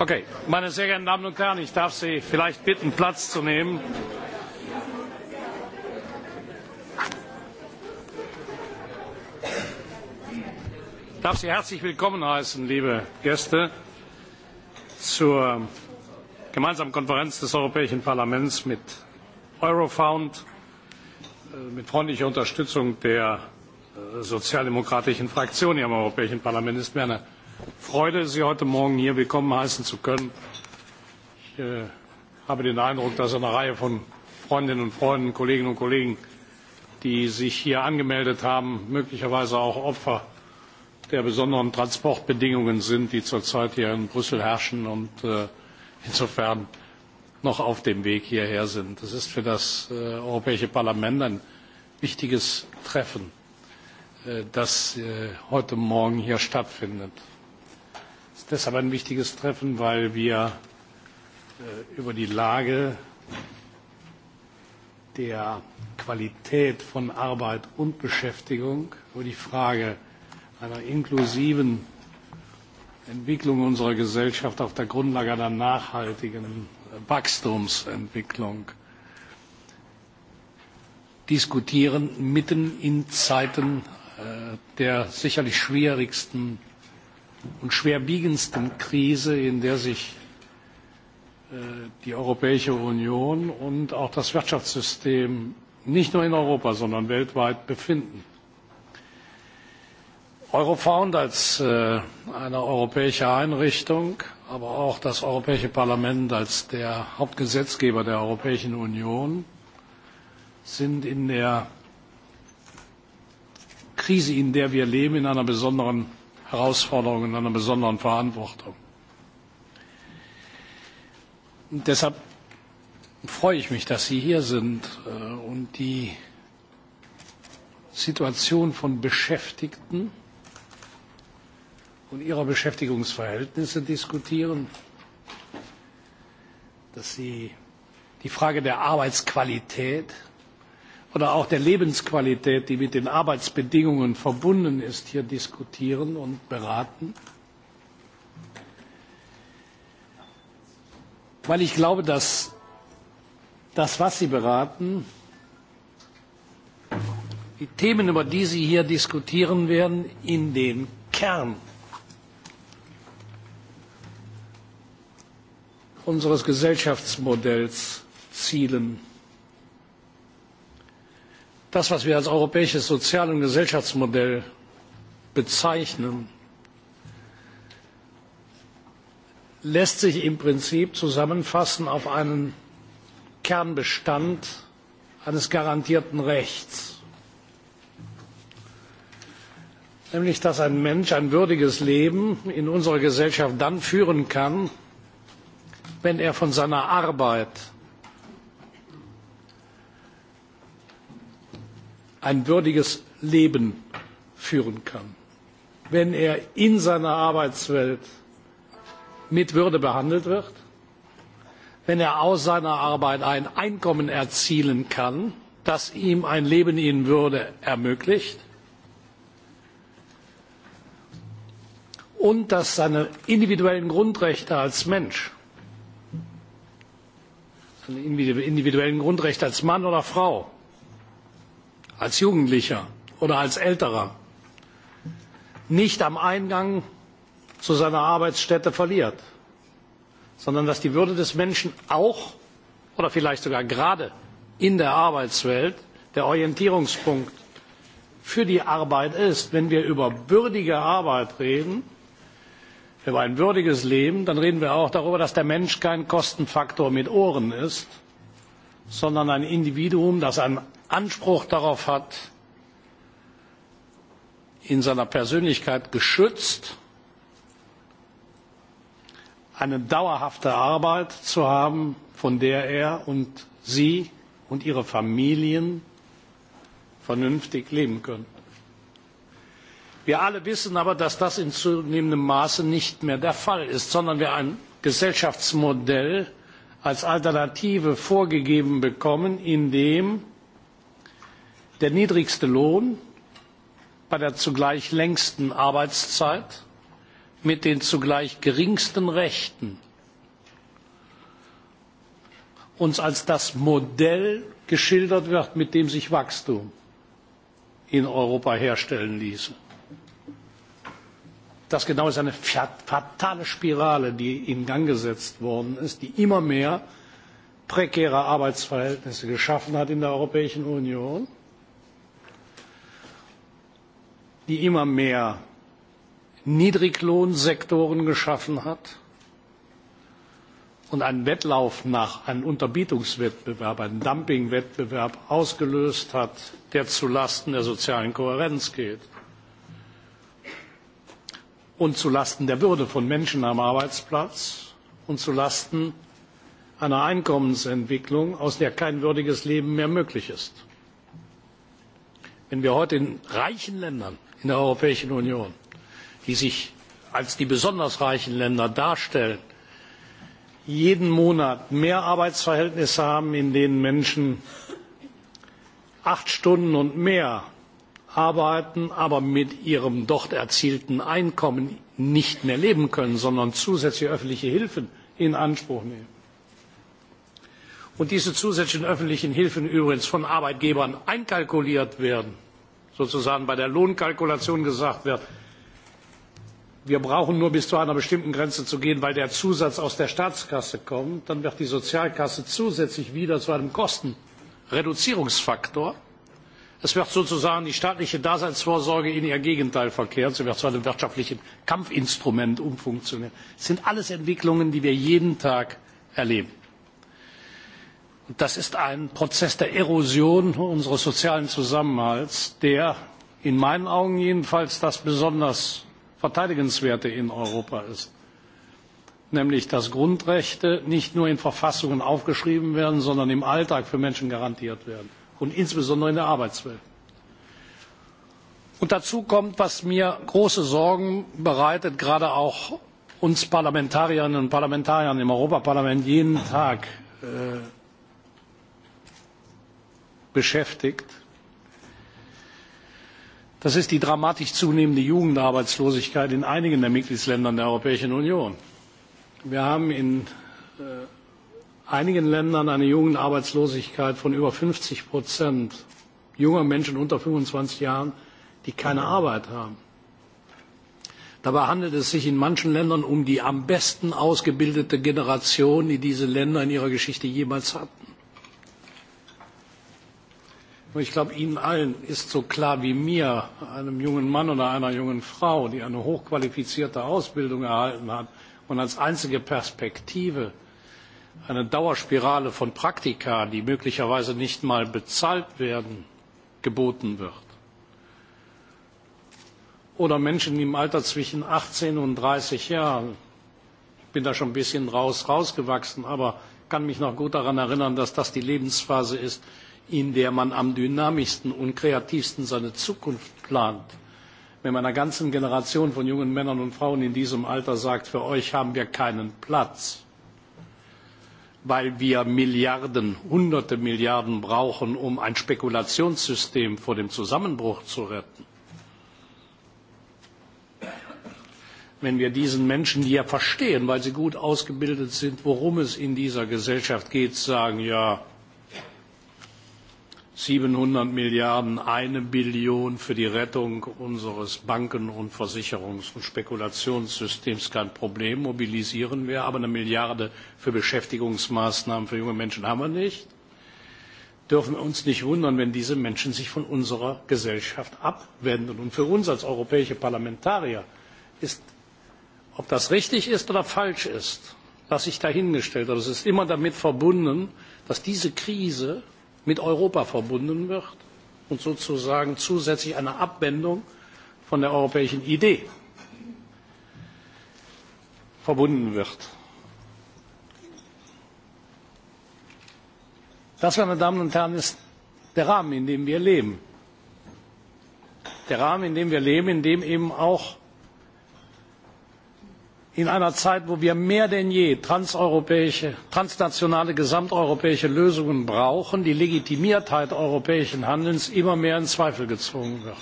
Okay, meine sehr geehrten Damen und Herren, ich darf Sie vielleicht bitten, Platz zu nehmen. Ich darf Sie herzlich willkommen heißen, liebe Gäste, zur gemeinsamen Konferenz des Europäischen Parlaments mit Eurofound mit freundlicher Unterstützung der sozialdemokratischen Fraktion hier im Europäischen Parlament ist mir eine freude sie heute morgen hier willkommen heißen zu können. ich habe den eindruck dass eine reihe von freundinnen und freunden kolleginnen und kollegen die sich hier angemeldet haben möglicherweise auch opfer der besonderen transportbedingungen sind die zurzeit hier in brüssel herrschen und insofern noch auf dem weg hierher sind. es ist für das europäische parlament ein wichtiges treffen das heute morgen hier stattfindet. Es ist deshalb ein wichtiges Treffen, weil wir über die Lage der Qualität von Arbeit und Beschäftigung, über die Frage einer inklusiven Entwicklung unserer Gesellschaft auf der Grundlage einer nachhaltigen Wachstumsentwicklung diskutieren, mitten in Zeiten der sicherlich schwierigsten und schwerwiegendsten Krise, in der sich die Europäische Union und auch das Wirtschaftssystem nicht nur in Europa, sondern weltweit befinden. Eurofound als eine europäische Einrichtung, aber auch das Europäische Parlament als der Hauptgesetzgeber der Europäischen Union sind in der Krise, in der wir leben, in einer besonderen Herausforderung und einer besonderen Verantwortung. deshalb freue ich mich, dass Sie hier sind und die Situation von Beschäftigten und ihrer Beschäftigungsverhältnisse diskutieren, dass Sie die Frage der Arbeitsqualität oder auch der Lebensqualität, die mit den Arbeitsbedingungen verbunden ist, hier diskutieren und beraten. Weil ich glaube, dass das, was Sie beraten, die Themen, über die Sie hier diskutieren werden, in den Kern unseres Gesellschaftsmodells zielen das was wir als europäisches sozial und gesellschaftsmodell bezeichnen lässt sich im prinzip zusammenfassen auf einen kernbestand eines garantierten rechts nämlich dass ein mensch ein würdiges leben in unserer gesellschaft dann führen kann wenn er von seiner arbeit ein würdiges Leben führen kann, wenn er in seiner Arbeitswelt mit Würde behandelt wird, wenn er aus seiner Arbeit ein Einkommen erzielen kann, das ihm ein Leben in Würde ermöglicht und dass seine individuellen Grundrechte als Mensch, seine individuellen Grundrechte als Mann oder Frau als Jugendlicher oder als Älterer nicht am Eingang zu seiner Arbeitsstätte verliert, sondern dass die Würde des Menschen auch oder vielleicht sogar gerade in der Arbeitswelt der Orientierungspunkt für die Arbeit ist. Wenn wir über würdige Arbeit reden, über ein würdiges Leben, dann reden wir auch darüber, dass der Mensch kein Kostenfaktor mit Ohren ist, sondern ein Individuum, das an anspruch darauf hat in seiner persönlichkeit geschützt eine dauerhafte arbeit zu haben von der er und sie und ihre familien vernünftig leben können. wir alle wissen aber dass das in zunehmendem maße nicht mehr der fall ist sondern wir ein gesellschaftsmodell als alternative vorgegeben bekommen in dem der niedrigste lohn bei der zugleich längsten arbeitszeit mit den zugleich geringsten rechten uns als das modell geschildert wird mit dem sich wachstum in europa herstellen ließe. das genau ist eine fatale spirale die in gang gesetzt worden ist die immer mehr prekäre arbeitsverhältnisse geschaffen hat in der europäischen union die immer mehr Niedriglohnsektoren geschaffen hat und einen Wettlauf nach, einen Unterbietungswettbewerb, einen Dumpingwettbewerb ausgelöst hat, der zulasten der sozialen Kohärenz geht und zulasten der Würde von Menschen am Arbeitsplatz und zulasten einer Einkommensentwicklung, aus der kein würdiges Leben mehr möglich ist. Wenn wir heute in reichen Ländern in der Europäischen Union, die sich als die besonders reichen Länder darstellen, jeden Monat mehr Arbeitsverhältnisse haben, in denen Menschen acht Stunden und mehr arbeiten, aber mit ihrem dort erzielten Einkommen nicht mehr leben können, sondern zusätzliche öffentliche Hilfen in Anspruch nehmen. Und diese zusätzlichen öffentlichen Hilfen übrigens von Arbeitgebern einkalkuliert werden sozusagen bei der lohnkalkulation gesagt wird wir brauchen nur bis zu einer bestimmten grenze zu gehen weil der zusatz aus der staatskasse kommt dann wird die sozialkasse zusätzlich wieder zu einem kostenreduzierungsfaktor. es wird sozusagen die staatliche daseinsvorsorge in ihr gegenteil verkehrt sie wird zu einem wirtschaftlichen kampfinstrument umfunktioniert. das sind alles entwicklungen die wir jeden tag erleben das ist ein prozess der erosion unseres sozialen zusammenhalts der in meinen augen jedenfalls das besonders verteidigenswerte in europa ist nämlich dass grundrechte nicht nur in verfassungen aufgeschrieben werden sondern im alltag für menschen garantiert werden und insbesondere in der arbeitswelt. dazu kommt was mir große sorgen bereitet gerade auch uns parlamentarierinnen und parlamentariern im europäischen parlament jeden tag beschäftigt. Das ist die dramatisch zunehmende Jugendarbeitslosigkeit in einigen der Mitgliedstaaten der Europäischen Union. Wir haben in einigen Ländern eine Jugendarbeitslosigkeit von über fünfzig junger Menschen unter fünfundzwanzig Jahren, die keine Arbeit haben. Dabei handelt es sich in manchen Ländern um die am besten ausgebildete Generation, die diese Länder in ihrer Geschichte jemals hatten. Und ich glaube, Ihnen allen ist so klar wie mir, einem jungen Mann oder einer jungen Frau, die eine hochqualifizierte Ausbildung erhalten hat und als einzige Perspektive eine Dauerspirale von Praktika, die möglicherweise nicht mal bezahlt werden, geboten wird. Oder Menschen im Alter zwischen achtzehn und dreißig Jahren. Ich bin da schon ein bisschen raus, rausgewachsen, aber kann mich noch gut daran erinnern, dass das die Lebensphase ist, in der man am dynamischsten und kreativsten seine Zukunft plant, wenn man einer ganzen Generation von jungen Männern und Frauen in diesem Alter sagt, für euch haben wir keinen Platz, weil wir Milliarden, hunderte Milliarden brauchen, um ein Spekulationssystem vor dem Zusammenbruch zu retten. Wenn wir diesen Menschen, die ja verstehen, weil sie gut ausgebildet sind, worum es in dieser Gesellschaft geht, sagen, ja, siebenhundert Milliarden, eine Billion für die Rettung unseres Banken- und Versicherungs- und Spekulationssystems kein Problem, mobilisieren wir, aber eine Milliarde für Beschäftigungsmaßnahmen für junge Menschen haben wir nicht. Dürfen wir uns nicht wundern, wenn diese Menschen sich von unserer Gesellschaft abwenden. Und für uns als europäische Parlamentarier ist, ob das richtig ist oder falsch ist, was sich dahingestellt hat, es ist immer damit verbunden, dass diese Krise mit europa verbunden wird und sozusagen zusätzlich eine abwendung von der europäischen idee verbunden wird. das meine damen und herren ist der rahmen in dem wir leben der rahmen in dem wir leben in dem eben auch in einer zeit in der wir mehr denn je transnationale gesamteuropäische lösungen brauchen die legitimiertheit europäischen handelns immer mehr in zweifel gezwungen wird.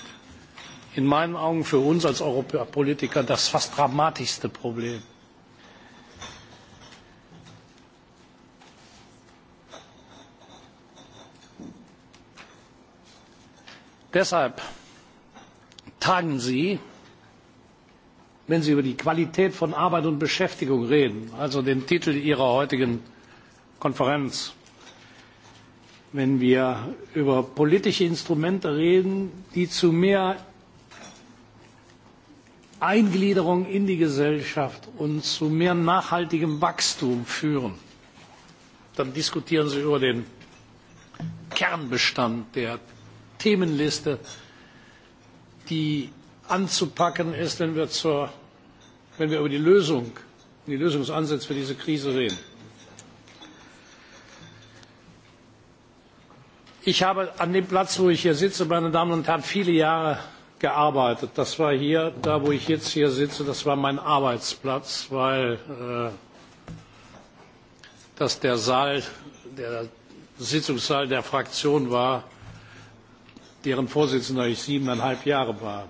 in meinen augen für uns als europapolitiker das fast dramatischste problem. deshalb tagen sie wenn sie über die qualität von arbeit und beschäftigung reden also den titel ihrer heutigen konferenz wenn wir über politische instrumente reden die zu mehr eingliederung in die gesellschaft und zu mehr nachhaltigem wachstum führen dann diskutieren sie über den kernbestand der themenliste die anzupacken ist, wenn wir, zur, wenn wir über die Lösung, die Lösungsansätze für diese Krise reden. Ich habe an dem Platz, wo ich hier sitze, meine Damen und Herren, viele Jahre gearbeitet. Das war hier, da wo ich jetzt hier sitze, das war mein Arbeitsplatz, weil das der Saal, der Sitzungssaal der Fraktion war, deren Vorsitzender ich siebeneinhalb Jahre war.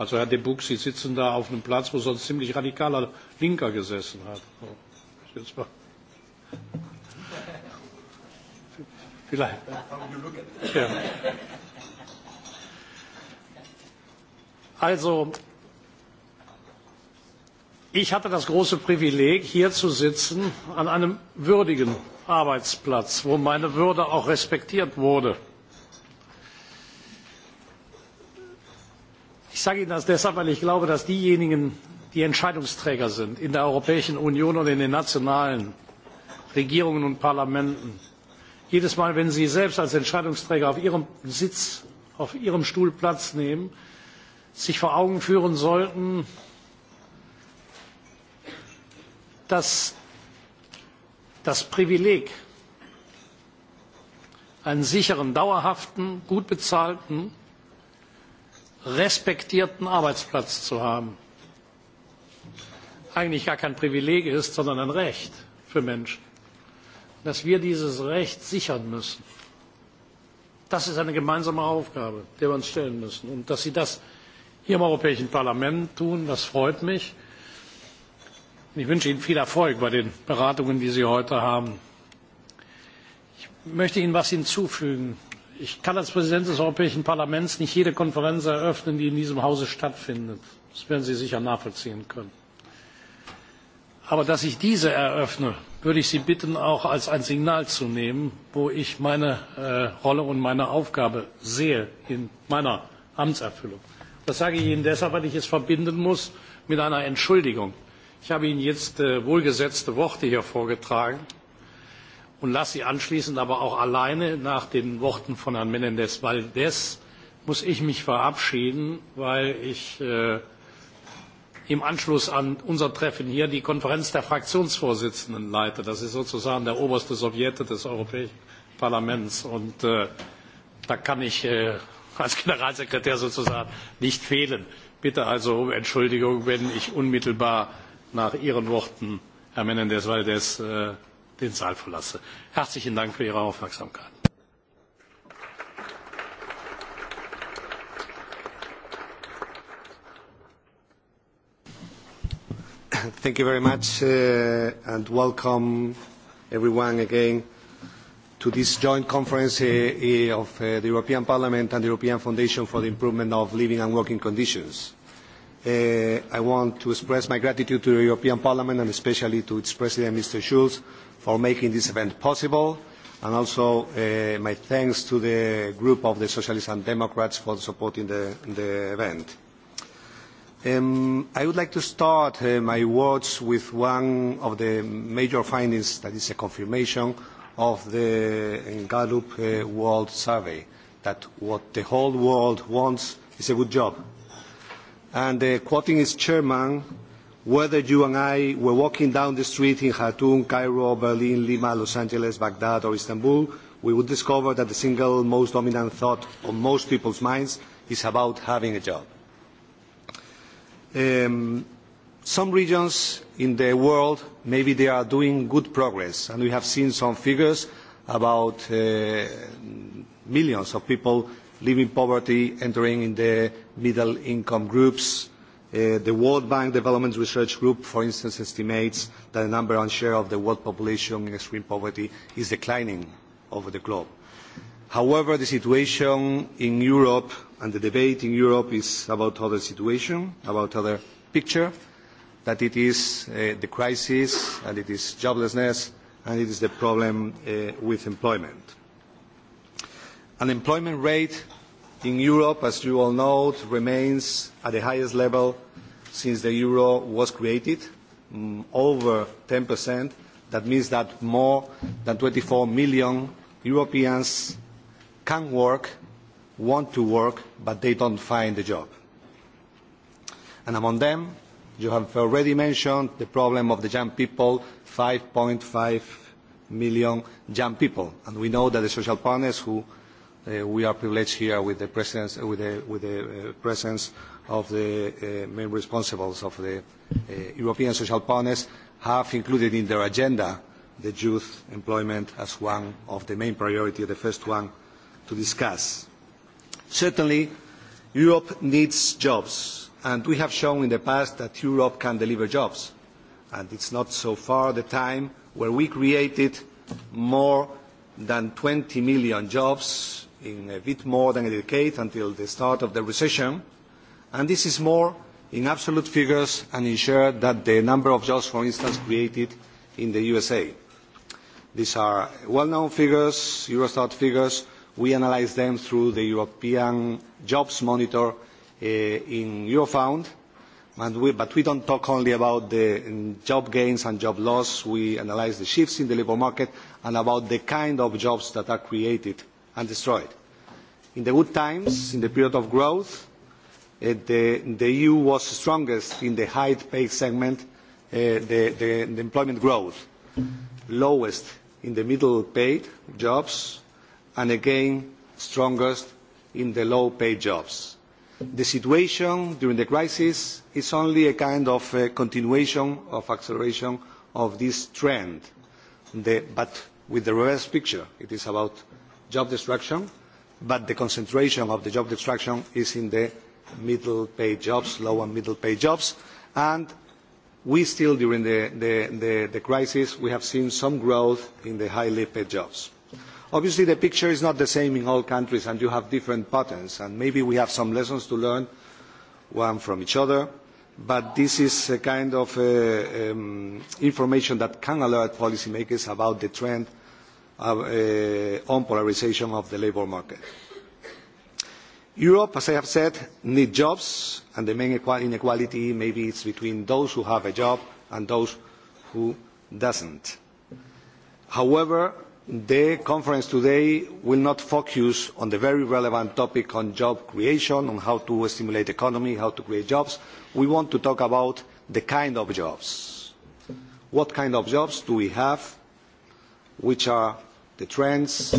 Also Herr de Buch, Sie sitzen da auf einem Platz, wo sonst ziemlich radikaler Linker gesessen hat. Vielleicht. Ja. Also, ich hatte das große Privileg, hier zu sitzen, an einem würdigen Arbeitsplatz, wo meine Würde auch respektiert wurde ich sage ihnen das deshalb weil ich glaube dass diejenigen die entscheidungsträger sind in der europäischen union und in den nationalen regierungen und parlamenten jedes mal wenn sie selbst als entscheidungsträger auf ihrem sitz auf ihrem stuhl platz nehmen sich vor augen führen sollten dass das privileg einen sicheren dauerhaften gut bezahlten respektierten Arbeitsplatz zu haben, eigentlich gar kein Privileg ist, sondern ein Recht für Menschen, dass wir dieses Recht sichern müssen. Das ist eine gemeinsame Aufgabe, der wir uns stellen müssen. Und dass Sie das hier im Europäischen Parlament tun, das freut mich. Ich wünsche Ihnen viel Erfolg bei den Beratungen, die Sie heute haben. Ich möchte Ihnen etwas hinzufügen ich kann als präsident des europäischen parlaments nicht jede konferenz eröffnen die in diesem hause stattfindet das werden sie sicher nachvollziehen können. aber dass ich diese eröffne würde ich sie bitten auch als ein signal zu nehmen wo ich meine rolle und meine aufgabe sehe in meiner amtserfüllung. das sage ich ihnen deshalb weil ich es verbinden muss mit einer entschuldigung. ich habe ihnen jetzt wohlgesetzte worte hier vorgetragen und lasse sie anschließend aber auch alleine nach den worten von herrn menéndez valdés muss ich mich verabschieden weil ich im anschluss an unser treffen hier die konferenz der fraktionsvorsitzenden leite. das ist sozusagen der oberste sowjet des europäischen parlaments und da kann ich als generalsekretär sozusagen nicht fehlen. bitte also um entschuldigung wenn ich unmittelbar nach ihren worten herr menéndez valdés den Saal verlasse. Herzlichen Dank für Ihre Aufmerksamkeit. Thank you very much and welcome everyone again to this joint conference of the European Parliament and the European Foundation for the Improvement of Living and Working Conditions. I want to express my gratitude to the European Parliament and especially to its President, Mr. Schulz, for making this event possible. And also my thanks to the group of the Socialists and Democrats for supporting the, event. I would like to start my words with one of the major findings that is a confirmation of the Gallup World Survey, that what the whole world wants is a good job. And quoting its chairman, whether you and I were walking down the street in Khartoum, Cairo, Berlin, Lima, Los Angeles, Baghdad, or Istanbul, we would discover that the single most dominant thought on most people's minds is about having a job. some regions in the world, maybe they are doing good progress, and we have seen some figures about millions of people leaving poverty, entering in the middle income groups, the World Bank Development Research Group, for instance, estimates that the number and share of the world population in extreme poverty is declining over the globe. However, the situation in Europe and the debate in Europe is about other situation, about other picture, that it is the crisis and it is joblessness and it is the problem with employment. Unemployment rate in Europe, as you all know, remains at the highest level since the euro was created, over 10%. That means that more than 24 million Europeans can work, want to work, but they don't find a job. And among them, you have already mentioned the problem of the young people, 5.5 million young people. And we know that the social partners who we are privileged here with the presence, with the, with the presence of the main responsibles of the European social partners have included in their agenda the youth employment as one of the main priorities, the first one to discuss. Certainly, Europe needs jobs, and we have shown in the past that Europe can deliver jobs. And it's not so far the time where we created more than twenty million jobs in a bit more than a decade until the start of the recession, And this is more in absolute figures and ensure that the number of jobs, for instance, created in the USA. These are well-known figures, Eurostat figures. We analyse them through the European Jobs Monitor in Eurofound. But we don't talk only about the job gains and job loss. We analyse the shifts in the labour market and about the kind of jobs that are created and destroyed. In the good times, in the period of growth, the EU was strongest in the high-paid segment, the employment growth, lowest in the middle-paid jobs, and again, strongest in the low-paid jobs. The situation during the crisis is only a kind of continuation of acceleration of this trend, but with the reverse picture. It is about job destruction, but the concentration of the job destruction is in the middle paid jobs, low and middle paid jobs. And we still, during the crisis, we have seen some growth in the highly paid jobs. Obviously, the picture is not the same in all countries, and you have different patterns, and maybe we have some lessons to learn, one from each other, but this is a kind of information that can alert policymakers about the trend on polarisation of the labour market. Europe, as I have said, needs jobs, and the main inequality maybe is between those who have a job and those who not. However, the conference today will not focus on the very relevant topic on job creation, on how to stimulate the economy, how to create jobs. We want to talk about the kind of jobs. What kind of jobs do we have? Which are the trends?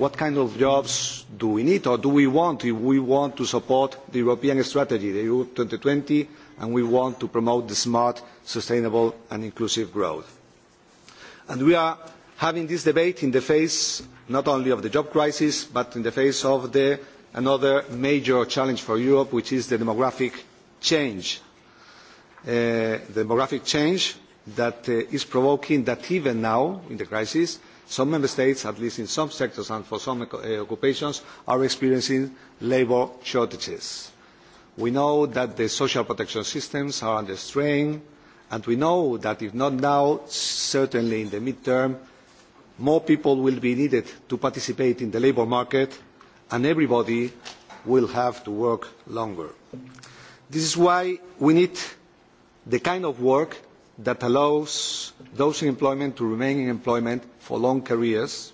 what kind of jobs do we need or do we want? if we want to support the European strategy, the Europe 2020, and we want to promote the smart, sustainable and inclusive growth. And we are having this debate in the face not only of the job crisis, but in the face of the, another major challenge for Europe, which is the demographic change. the demographic change that is provoking that even now in the crisis Some member states, at least in some sectors and for some occupations, are experiencing labour shortages. We know that the social protection systems are under strain, and we know that if not now, certainly in the mid term, more people will be needed to participate in the labour market, and everybody will have to work longer. This is why we need the kind of work that allows those in employment to remain in employment for long careers,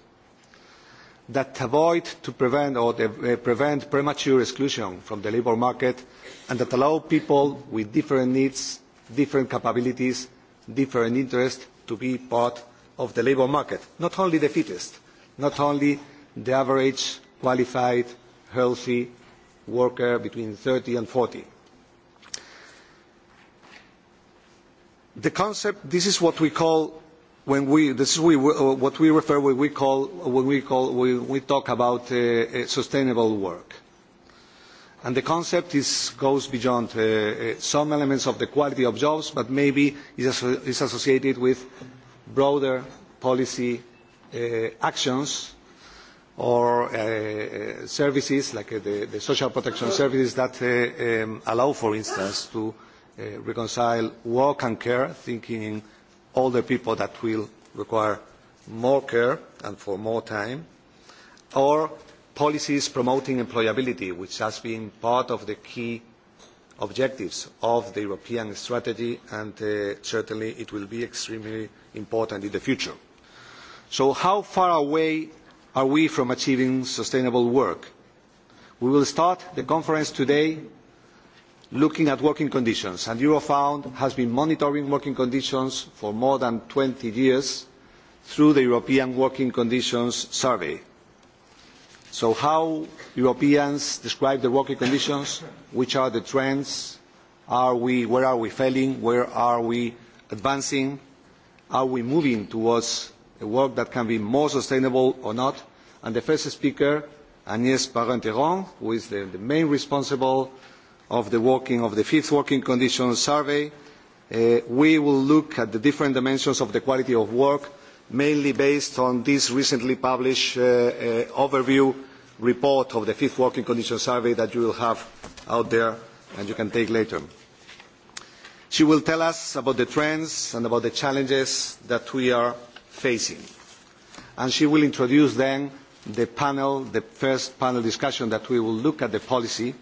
that avoid to prevent or prevent premature exclusion from the labour market, and that allow people with different needs, different capabilities, different interests to be part of the labour market. Not only the fittest, not only the average qualified, healthy worker between thirty and forty the concept, this is what we call when we, this is we, what we refer when we call, when we, call, when we talk about uh, sustainable work. And the concept is, goes beyond uh, some elements of the quality of jobs, but maybe is, is associated with broader policy uh, actions or uh, services like uh, the, the social protection services that uh, um, allow, for instance, to reconcile work and care, thinking in all the people that will require more care and for more time, or policies promoting employability, which has been part of the key objectives of the European strategy, and certainly it will be extremely important in the future. So how far away are we from achieving sustainable work? We will start the conference today looking at working conditions. And Eurofound has been monitoring working conditions for more than twenty years through the European Working Conditions Survey. So how Europeans describe the working conditions, which are the trends, are we, where are we failing, where are we advancing, are we moving towards a work that can be more sustainable or not, and the first speaker, Agnès parent who is the, main responsible of the, working, of the fifth working conditions survey, we will look at the different dimensions of the quality of work, mainly based on this recently published overview report of the fifth working conditions survey that you will have out there and you can take later. She will tell us about the trends and about the challenges that we are facing. And she will introduce then the panel, the first panel discussion that we will look at the policy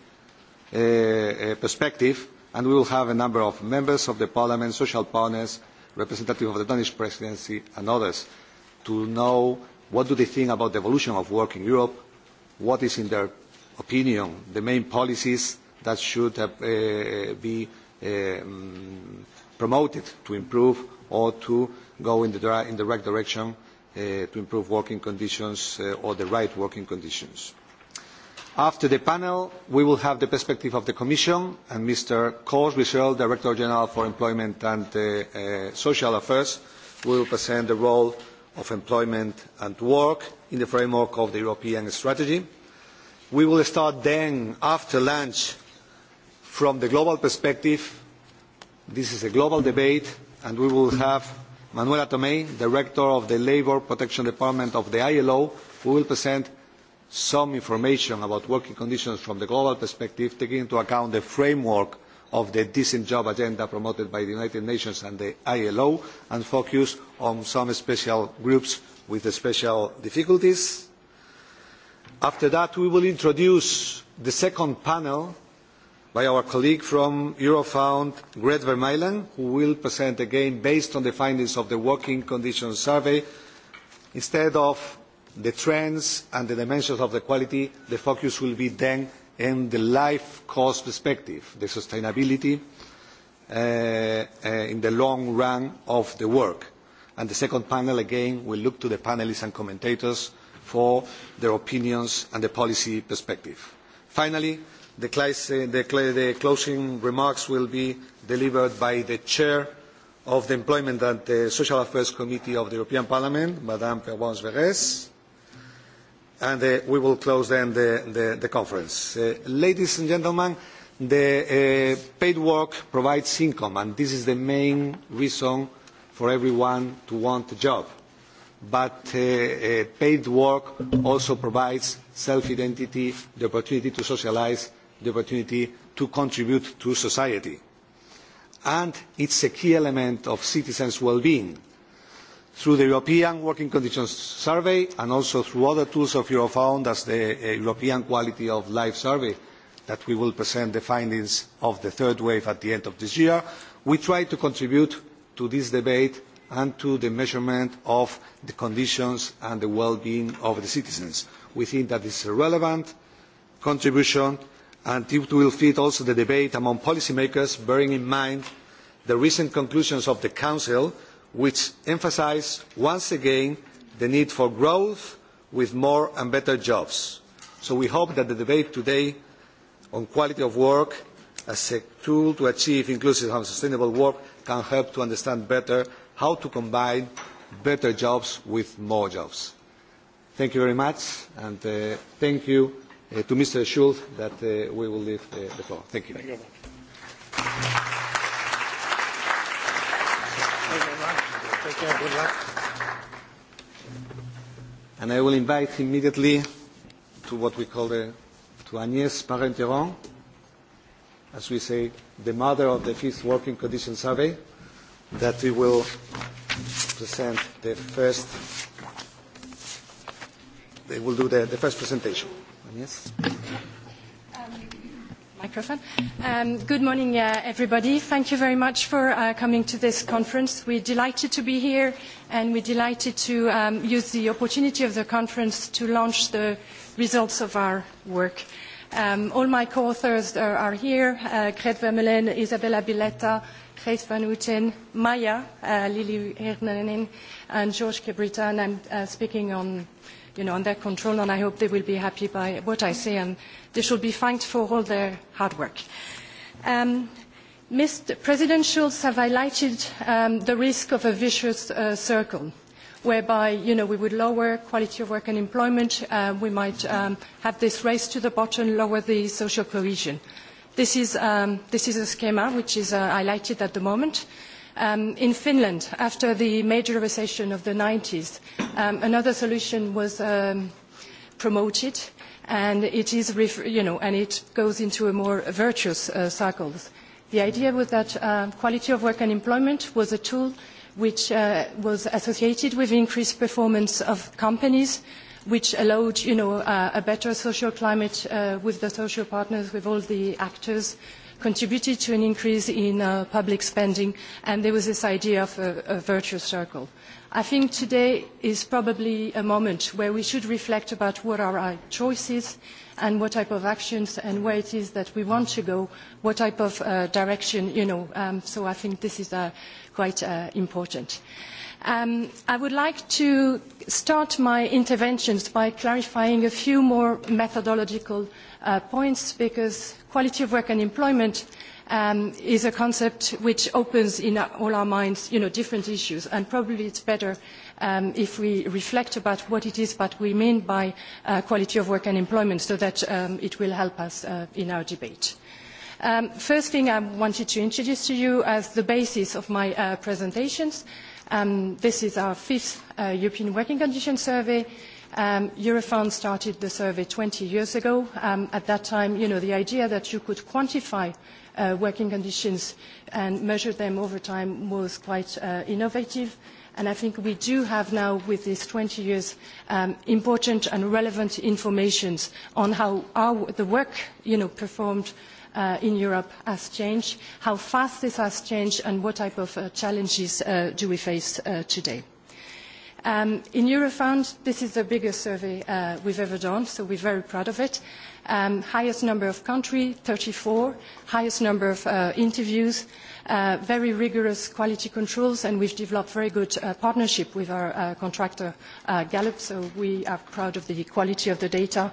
perspective, and we will have a number of members of the Parliament, social partners, representatives of the Danish presidency, and others to know what do they think about the evolution of work in Europe, what is, in their opinion, the main policies that should be promoted to improve or to go in the, in the right direction to improve working conditions or the right working conditions. After the panel, we will have the perspective of the Commission and Mr. Kors Michel, Director General for Employment and Social Affairs, will present the role of employment and work in the framework of the European strategy. We will start then, after lunch, from the global perspective. This is a global debate, and we will have Manuela Tomei, Director of the Labour Protection Department of the ILO, who will present some information about working conditions from the global perspective, taking into account the framework of the decent job agenda promoted by the United Nations and the ILO, and focus on some special groups with special difficulties. After that, we will introduce the second panel by our colleague from Eurofound, Gret Vermeulen, who will present again, based on the findings of the Working Conditions Survey, instead of the trends and the dimensions of the quality, the focus will be then in the life cost perspective, the sustainability in the long run of the work. And the second panel, again, will look to the panelists and commentators for their opinions and the policy perspective. Finally, the closing remarks will be delivered by the chair of the Employment and Social Affairs Committee of the European Parliament, Madame Pervenche Beres and we will close then the conference. Ladies and gentlemen, the paid work provides income, and this is the main reason for everyone to want a job. But paid work also provides self-identity, the opportunity to socialise, the opportunity to contribute to society. And it's a key element of citizens' well-being through the European Working Conditions Survey and also through other tools of Eurofound as the European Quality of Life Survey that we will present the findings of the third wave at the end of this year. We try to contribute to this debate and to the measurement of the conditions and the well-being of the citizens. We think that this is a relevant contribution and it will feed also the debate among policymakers, bearing in mind the recent conclusions of the Council which emphasise once again the need for growth with more and better jobs. So we hope that the debate today on quality of work as a tool to achieve inclusive and sustainable work can help to understand better how to combine better jobs with more jobs. Thank you very much, and thank you to Mr. Schulz that we will leave the floor. Thank you. Good luck. And I will invite immediately to what we call the, to Agnès Marenteron, as we say, the mother of the fifth working condition survey, that we will present the first, they will do the, the first presentation. Agnès? microphone. good morning, uh, everybody. Thank you very much for uh, coming to this conference. We're delighted to be here, and we're delighted to um, use the opportunity of the conference to launch the results of our work. Um, all my co-authors are, are here, uh, Gret Vermeulen, Isabella Biletta, Gijs van Houten, Maya, uh, Lili Hernanen, and George Kebrita, and I'm uh, speaking on you know, under control, and I hope they will be happy by what I say, and they should be thanked for all their hard work. Mr. President Schulz have highlighted the risk of a vicious circle whereby you know, we would lower quality of work and employment, we might have this race to the bottom, lower the social cohesion. This is, a schema which is highlighted at the moment in Finland, after the major recession of the 90s, um, another solution was promoted, and it, is you know, and it goes into a more virtuous cycle. The idea was that quality of work and employment was a tool which was associated with increased performance of companies, which allowed you know, a better social climate with the social partners, with all the actors, contributed to an increase in public spending, and there was this idea of a, virtuous circle. I think today is probably a moment where we should reflect about what are our choices and what type of actions and where it is that we want to go, what type of direction, you know. so I think this is quite important. I would like to start my interventions by clarifying a few more methodological points because quality of work and employment is a concept which opens in all our minds different issues and probably it is better if we reflect about what it is that we mean by quality of work and employment so that it will help us in our debate. The first thing I wanted to introduce to you as the basis of my presentations this is our fifth European Working Conditions Survey. Eurofound started the survey twenty years ago. at that time, the idea that you could quantify working conditions and measure them over time was quite innovative. And I think we do have now, with these twenty years, important and relevant information on how the work performed in Europe has changed, how fast this has changed, and what type of challenges do we face today. in Eurofound, this is the biggest survey we have ever done, so we are very proud of it. highest number of countries, thirty four, highest number of interviews, very rigorous quality controls, and we have developed very good partnership with our contractor, Gallup, so we are proud of the quality of the data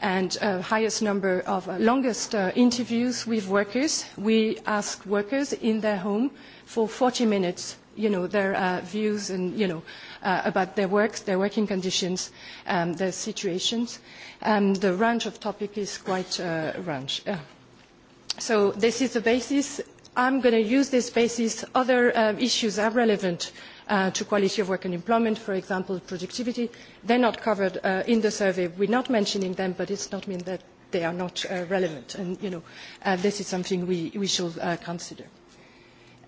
and uh, highest number of longest interviews with workers. We ask workers in their home for 40 minutes, you know, their views and, you know, about their work, their working conditions, um, their situations. Um, the range of topic is quite uh, range. so this is the basis. I'm going to use this basis. Other issues are relevant to quality of work and employment, for example, productivity. They are not covered in the survey. We are not mentioning them, but it does not mean that they are not relevant. And, you know, this is something we, we should consider.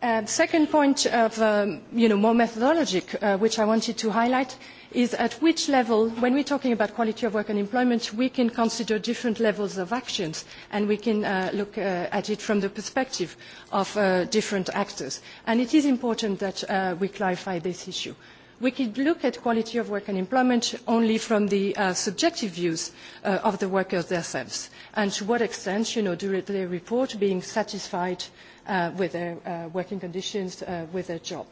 The second point of, more methodologic, which I wanted to highlight, is at which level, when we are talking about quality of work and employment, we can consider different levels of actions and we can look at it from the perspective of different actors. And it is important that we clarify this issue. We could look at quality of work and employment only from the subjective views of the workers themselves and to what extent do they report being satisfied with their working conditions, with their job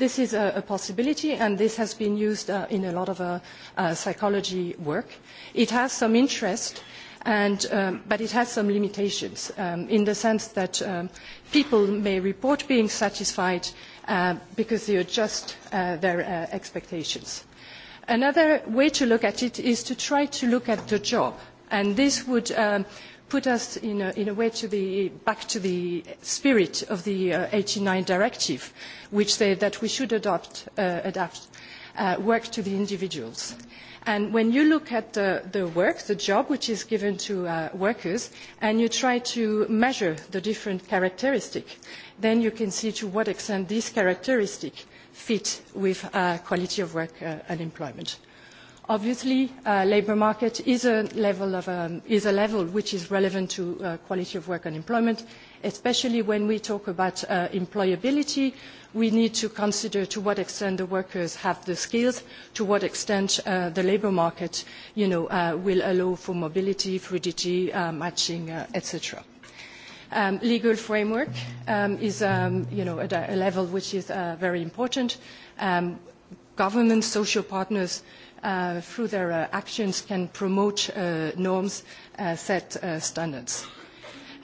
This is a, a possibility, and this has been used uh, in a lot of uh, uh, psychology work. It has some interest, and, um, but it has some limitations um, in the sense that um, people may report being satisfied uh, because they adjust uh, their uh, expectations. Another way to look at it is to try to look at the job, and this would um, put us in a, in a way to the, back to the spirit of the uh, 89 directive, which said that we should adopt, uh, adapt uh, work to the individuals. And when you look at the, the work, the job which is given to uh, workers, and you try to measure the different characteristics, then you can see to what extent these characteristics fit with uh, quality of work uh, and employment. Obviously, labor labour market is a, level of, is a level which is relevant to quality of work and employment, especially when we talk about employability. We need to consider to what extent the workers have the skills, to what extent the labour market you know, will allow for mobility, fluidity, matching, et etc legal framework is at a level which is very important. governments, social partners through their actions, can promote norms, set standards.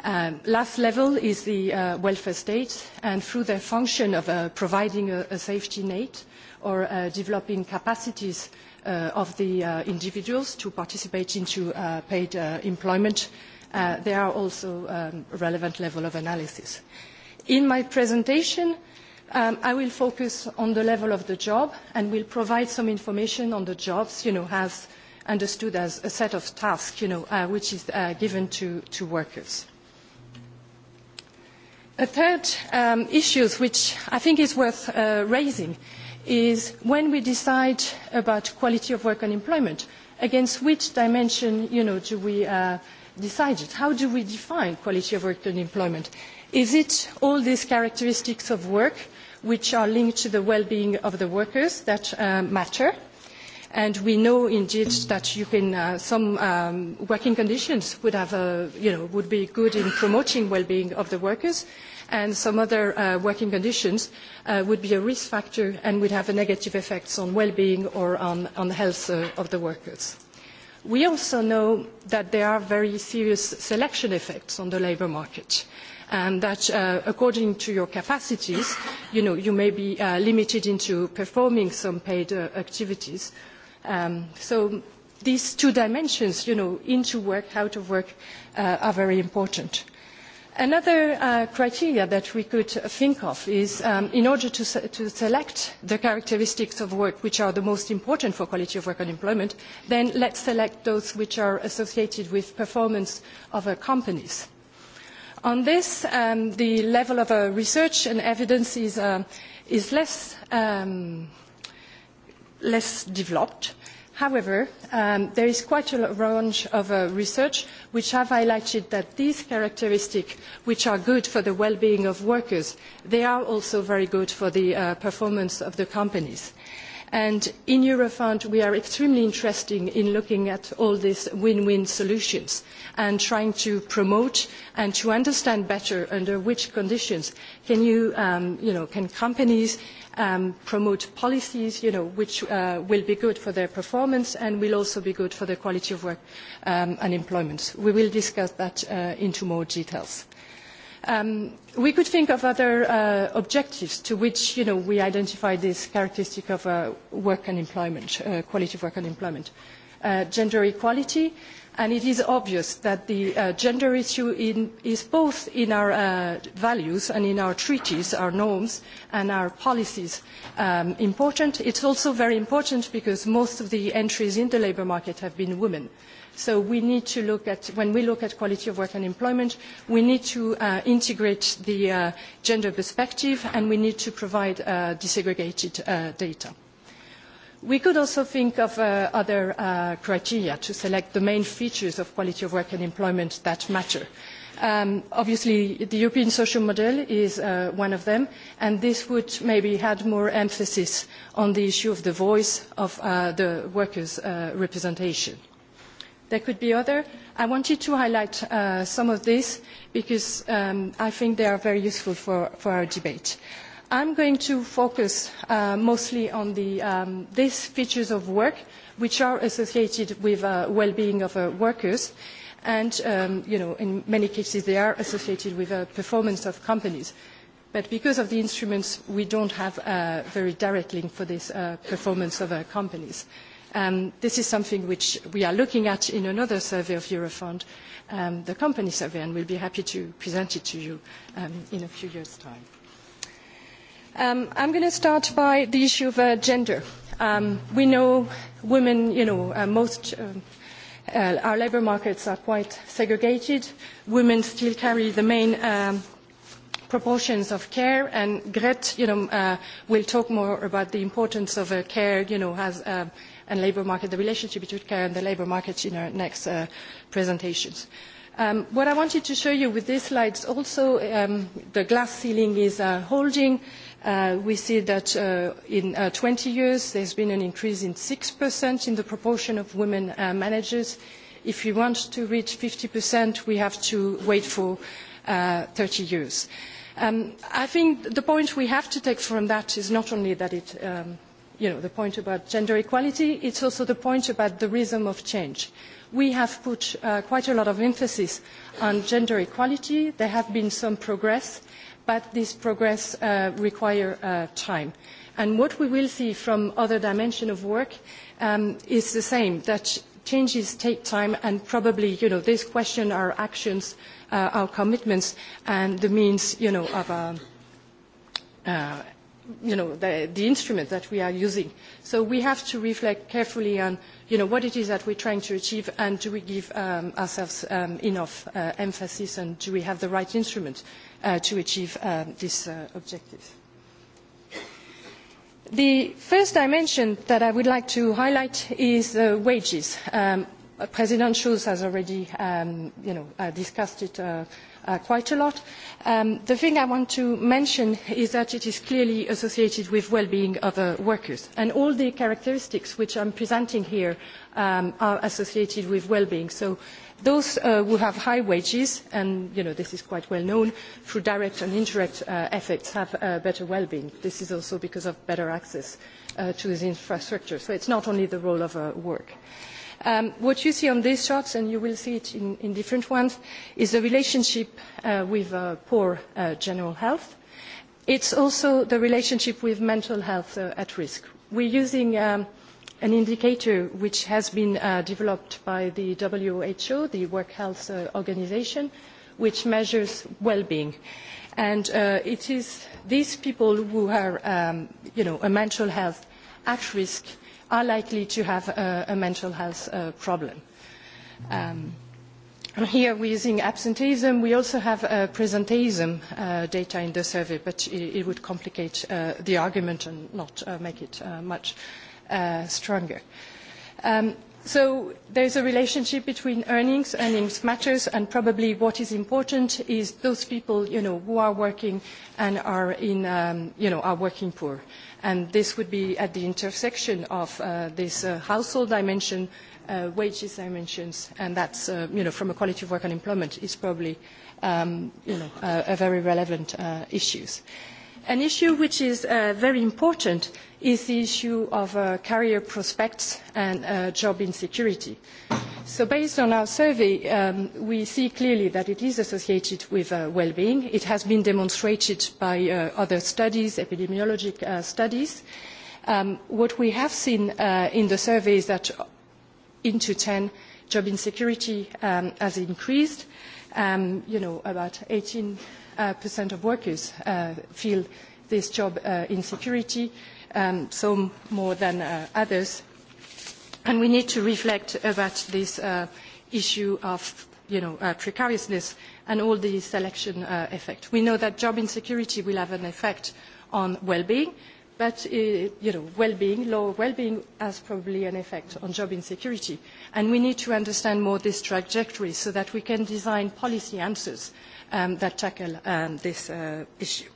last level is the welfare state, and through their function of providing a, safety net or developing capacities of the individuals to participate into paid employment, they are also a relevant level of analysis. In my presentation, I will focus on the level of the job and will provide some information on the jobs, you know, as understood as a set of tasks, you know, which is given to workers. A third issue, which I think is worth raising, is when we decide about quality of work and employment, against which dimension do we decide it? How do we define quality of work and employment? Is it all these characteristics of work which are linked to the well-being of the workers that matter. And we know indeed that you can, some working conditions would, have a, you know, would be good in promoting well-being of the workers, and some other working conditions would be a risk factor and would have a negative effects on well-being or on, on the health of the workers. We also know that there are very serious selection effects on the labour market and that according to your capacities, you know, you may be limited into performing some paid activities. so these two dimensions, you know, into work, out of work, are very important. Another criteria that we could think of is in order to, select the characteristics of work which are the most important for quality of work and employment, then let us select those which are associated with performance of our companies on this. the level of research and evidence is, less, developed. However, there is quite a range of research which have highlighted that these characteristics, which are good for the well-being of workers, they are also very good for the performance of the companies And in Eurofund, we are extremely interested in looking at all these win-win solutions and trying to promote and to understand better under which conditions can you, you know, can companies promote policies, you know, which will be good for their performance and will also be good for the quality of work and employment. We will discuss that in more details we could think of other objectives to which we identify this characteristic of work and employment, quality of work and employment. gender equality, and it is obvious that the gender issue is both in our values and in our treaties, our norms and our policies important. It is also very important because most of the entries in the labour market have been women So we need to look at, when we look at quality of work and employment, we need to integrate the gender perspective and we need to provide desegregated data. We could also think of other criteria to select the main features of quality of work and employment that matter. obviously, the European social model is one of them, and this would maybe add more emphasis on the issue of the voice of the workers' representation. There could be other. I wanted to highlight some of these because I think they are very useful for, our debate. I am going to focus mostly on these features of work which are associated with the well-being of workers and in many cases they are associated with the performance of companies. But because of the instruments, we do not have a very direct link for this performance of companies this is something which we are looking at in another survey of Eurofund, the company survey, and we will be happy to present it to you in a few years' time. I am going to start by the issue of gender. we know women, you know, most our labour markets are quite segregated. Women still carry the main proportions of care, and Gret, you know, will talk more about the importance of care, you know, as and labour market, the relationship between care and the labour market in our next presentations. what I wanted to show you with these slides also, the glass ceiling is holding. we see that in twenty years there's been an increase in 6% in the proportion of women managers. If we want to reach 50%, we have to wait for thirty years. I think the point we have to take from that is not only that it you know, the point about gender equality. It's also the point about the rhythm of change. We have put quite a lot of emphasis on gender equality. There have been some progress, but this progress requires time. And what we will see from other dimensions of work is the same, that changes take time and probably, you know, this question our actions, our commitments and the means, you know, of you know, the, the instrument that we are using. So we have to reflect carefully on, you know, what it is that we're trying to achieve and do we give um, ourselves um, enough uh, emphasis and do we have the right instrument uh, to achieve um, this uh, objective. The first dimension that I would like to highlight is uh, wages. Um, President Schulz has already, um, you know, uh, discussed it uh, quite a lot. the thing I want to mention is that it is clearly associated with well-being of workers, and all the characteristics which I am presenting here are associated with well-being. So those who have high wages, and this is quite well known, through direct and indirect effects have better well-being. This is also because of better access to the infrastructure. So it is not only the role of work. Uh, what you see on these charts and you will see it in, in different ones, is the relationship with poor general health. It's also the relationship with mental health at risk. We're using an indicator which has been developed by the WHO, the Work Health Organisation, which measures well-being. And it is these people who are, you know, a mental health at risk are likely to have a mental health problem. Here we're using absenteeism. We also have presenteeism data in the survey, but it would complicate the argument and not make it much stronger. So there is a relationship between earnings, earnings matters, and probably what is important is those people, who are working and are working poor And this would be at the intersection of this household dimension, wages dimensions, and that's, you know, from a quality of work and employment is probably, um, you know, a, a very relevant uh, issue. An issue which is uh, very important is the issue of career prospects and job insecurity. So based on our survey, we see clearly that it is associated with well-being. It has been demonstrated by other studies, epidemiologic studies. what we have seen in the survey is that into ten job insecurity has increased. you know, about 18% of workers feel this job insecurity, some more than others. And we need to reflect about this issue of precariousness and all the selection effect. We know that job insecurity will have an effect on well-being, but well-being, lower well-being has probably an effect on job insecurity. And we need to understand more this trajectory so that we can design policy answers that tackle this issue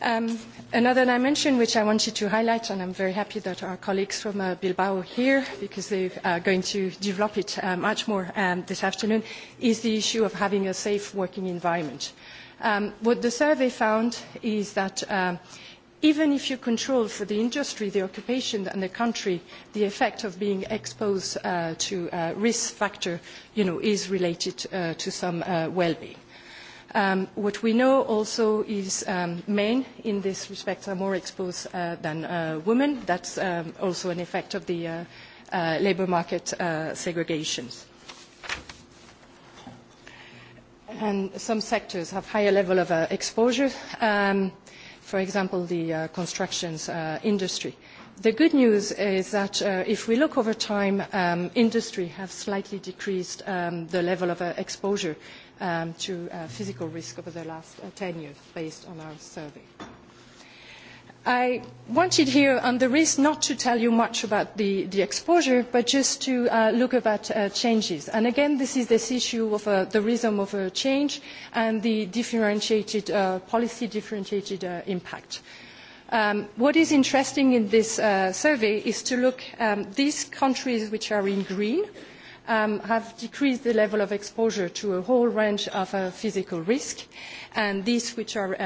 another dimension which I wanted to highlight, and I'm very happy that our colleagues from uh, Bilbao are here because they are going to develop it uh, much more um, this afternoon, is the issue of having a safe working environment. Um, what the survey found is that um, even if you control for the industry, the occupation and the country, the effect of being exposed uh, to a risk factor you know, is related uh, to some uh, well-being what we know also is men in this respect are more exposed than women. That's um, also an effect of the labour market segregations. And some sectors have higher level of exposure, for example, the constructions industry. The good news is that if we look over time, industry has slightly decreased the level of exposure to physical risk over the last ten years based on our survey. I wanted here on the risk not to tell you much about the, exposure, but just to look about changes. And again, this is this issue of the rhythm of a change and the differentiated policy differentiated impact. what is interesting in this survey is to look at these countries which are in green, have decreased the level of exposure to a whole range of physical risk, and these which are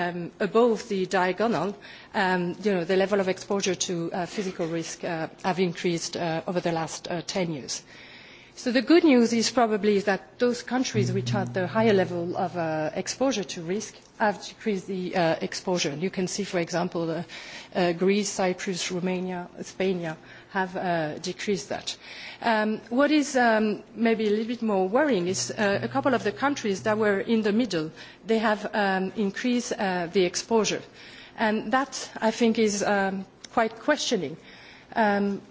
above the diagonal, the level of exposure to physical risk have increased over the last ten years. So the good news is probably that those countries which had the higher level of exposure to risk have decreased the exposure. You can see, for example, Greece, Cyprus, Romania, Spain have decreased that. what is maybe a little bit more worrying is a couple of the countries that were in the middle, they have increased the exposure. And that, I think, is quite questioning.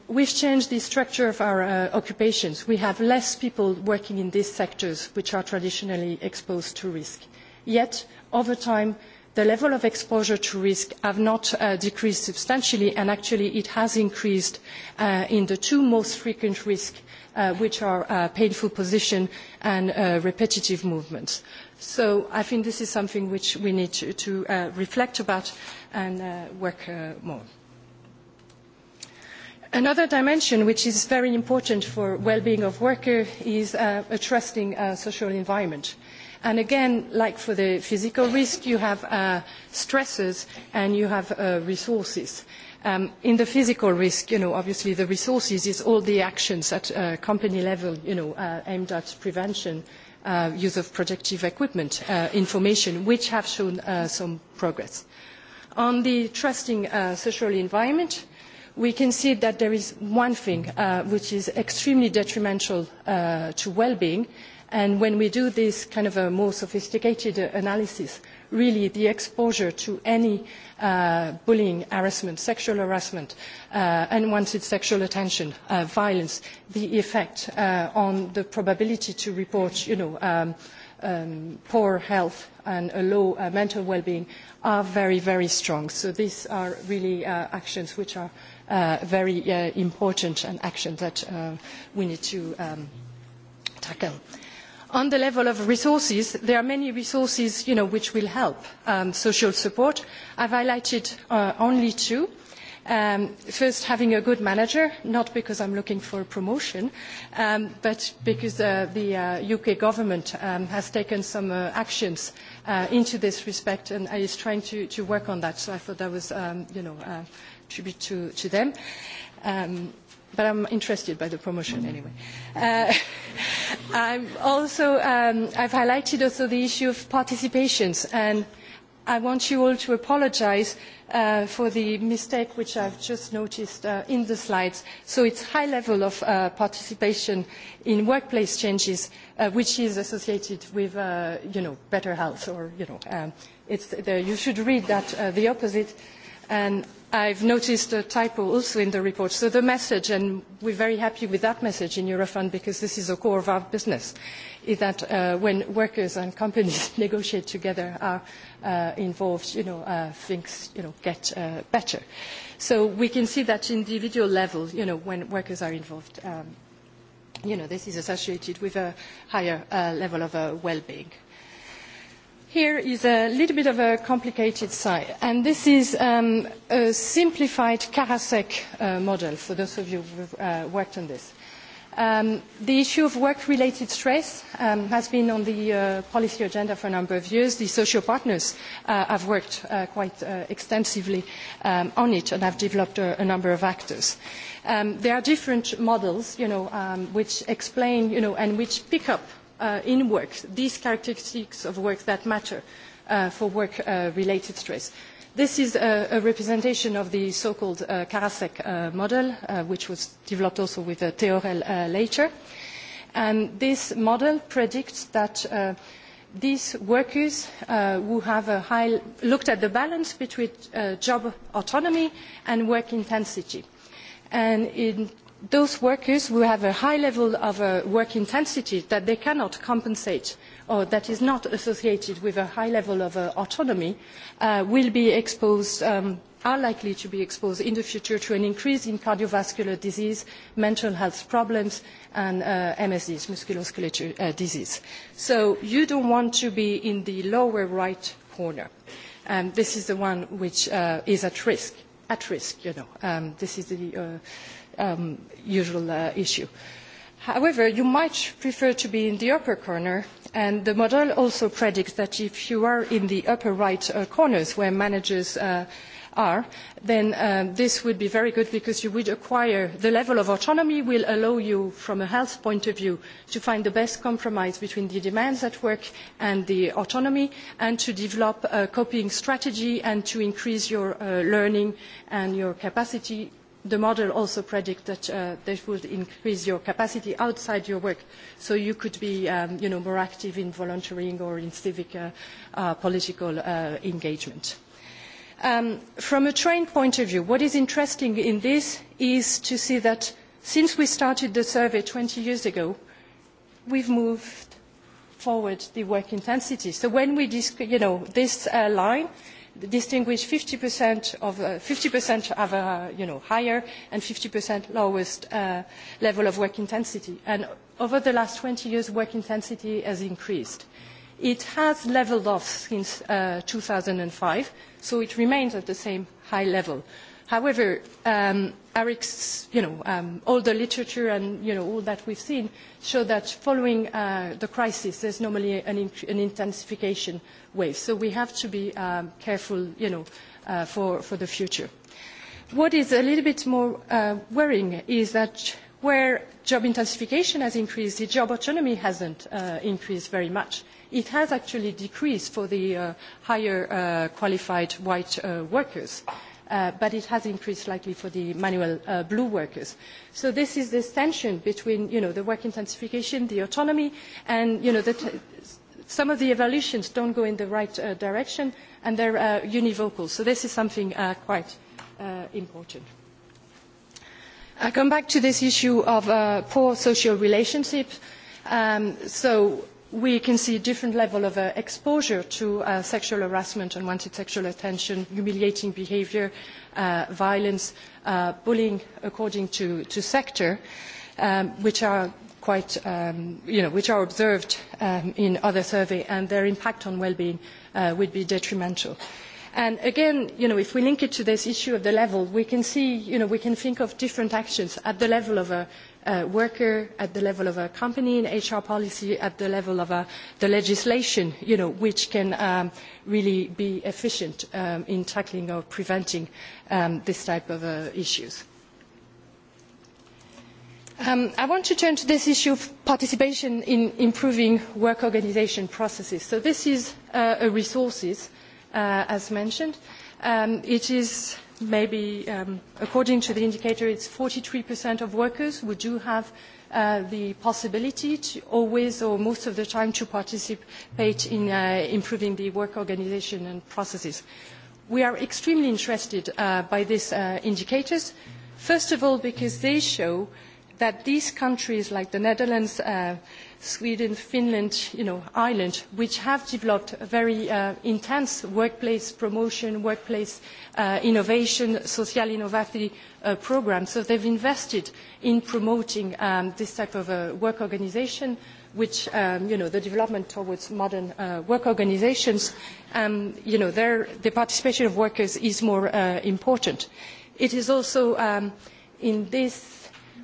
We have changed the structure of our occupations. We have less people working in these sectors which are traditionally exposed to risk. Yet, over time, the level of exposure to risk have not decreased substantially, and actually it has increased in the two most frequent risks, which are painful position and repetitive movements. So I think this is something which we need to, reflect about and work more. Another dimension which is very important for the well-being of workers is a trusting social environment And again, like for the physical risk, you have uh, stresses and you have uh, resources. Um, in the physical risk, you know, obviously the resources is all the actions at uh, company level, you know, uh, aimed at prevention, uh, use of protective equipment, uh, information, which have shown uh, some progress. On the trusting uh, social environment, we can see that there is one thing which is extremely detrimental to well-being, And when we do this kind of a more sophisticated analysis, really the exposure to any bullying, harassment, sexual harassment, unwanted sexual attention, violence, the effect on the probability to report, you know, poor health and a low mental well-being are very, very strong. So these are really actions which are very important and actions that we need to tackle. On the level of resources, there are many resources which will help social support. I have highlighted only two. first, having a good manager, not because I am looking for a promotion, but because the UK government has taken some actions into this respect and is trying to, work on that. So I thought that was a tribute to, them but I'm interested by the promotion anyway. Uh, I'm also, um, I've highlighted also the issue of participations, and I want you all to apologise uh, for the mistake which I've just noticed uh, in the slides. So it's high level of uh, participation in workplace changes, uh, which is associated with, uh, you know, better health, or you know, um, it's the, you should read that uh, the opposite, and I have noticed a typo also in the report. So the message, and we are very happy with that message in Eurofund because this is the core of our business, is that when workers and companies negotiate together, are involved, things get better. So we can see that individual level, when workers are involved, this is associated with a higher level of well-being. Here is a little bit of a complicated side, and this is um, a simplified Karasek uh, model, for those of you who have uh, worked on this. Um, the issue of work-related stress um, has been on the uh, policy agenda for a number of years. The social partners uh, have worked uh, quite uh, extensively um, on it and have developed a, a number of actors. Um, there are different models, you know, um, which explain, you know, and which pick up in work, these characteristics of work that matter for work-related stress. This is a, representation of the so-called Karasek model, which was developed also with uh, later. And this model predicts that these workers who have a high looked at the balance between job autonomy and work intensity and in those workers who have a high level of work intensity that they cannot compensate or that is not associated with a high level of autonomy will be exposed are likely to be exposed in the future to an increase in cardiovascular disease, mental health problems, and MSDs, musculoskeletal disease. So you don't want to be in the lower right corner. this is the one which is at risk, at risk, you know. this is the usual issue. However, you might prefer to be in the upper corner, and the model also predicts that if you are in the upper right corners where managers are, then this would be very good because you would acquire the level of autonomy will allow you, from a health point of view, to find the best compromise between the demands at work and the autonomy, and to develop a copying strategy and to increase your learning and your capacity the model also predicts that uh, would increase your capacity outside your work, so you could be um, you know, more active in volunteering or in civic uh, uh, political uh, engagement. Um, from a trained point of view, what is interesting in this is to see that since we started the survey 20 years ago, we've moved forward the work intensity. So when we, you know, this uh, line, distinguish 50% of, uh, 50% have a you know, higher and 50% lowest uh, level of work intensity. And over the last 20 years, work intensity has increased. It has leveled off since uh, 2005, so it remains at the same high level However, um, Eric's, you know, um, all the literature and you know, all that we've seen show that following uh, the crisis, there's normally an, an intensification wave. So we have to be um, careful you know, uh, for, for the future. What is a little bit more uh, worrying is that where job intensification has increased, the job autonomy hasn't uh, increased very much it has actually decreased for the higher qualified white workers but it has increased slightly for the manual blue workers. So this is this tension between the work intensification, the autonomy, and some of the evolutions don't go in the right direction, and they're univocal. So this is something quite important. I come back to this issue of poor social relationships. so we can see a different level of exposure to sexual harassment, unwanted sexual attention, humiliating behaviour, violence, bullying according to, sector, which are quite, you know, which are observed in other surveys, and their impact on well-being would be detrimental. And again, you know, if we link it to this issue of the level, we can see, you know, we can think of different actions at the level of a worker at the level of a company and HR policy at the level of the legislation, which can really be efficient in tackling or preventing this type of issues. I want to turn to this issue of participation in improving work organisation processes. So this is a resources, as mentioned. it is maybe um, according to the indicator, it's 43% of workers who do have uh, the possibility to always or most of the time to participate in uh, improving the work organization and processes. We are extremely interested uh, by these uh, indicators, first of all because they show uh, that these countries like the Netherlands, Sweden, Finland, Ireland, which have developed a very intense workplace promotion, workplace innovation, social innovative programmes, So they've invested in promoting this type of work organisation, which, the development towards modern work organisations, the participation of workers is more important. It is also in this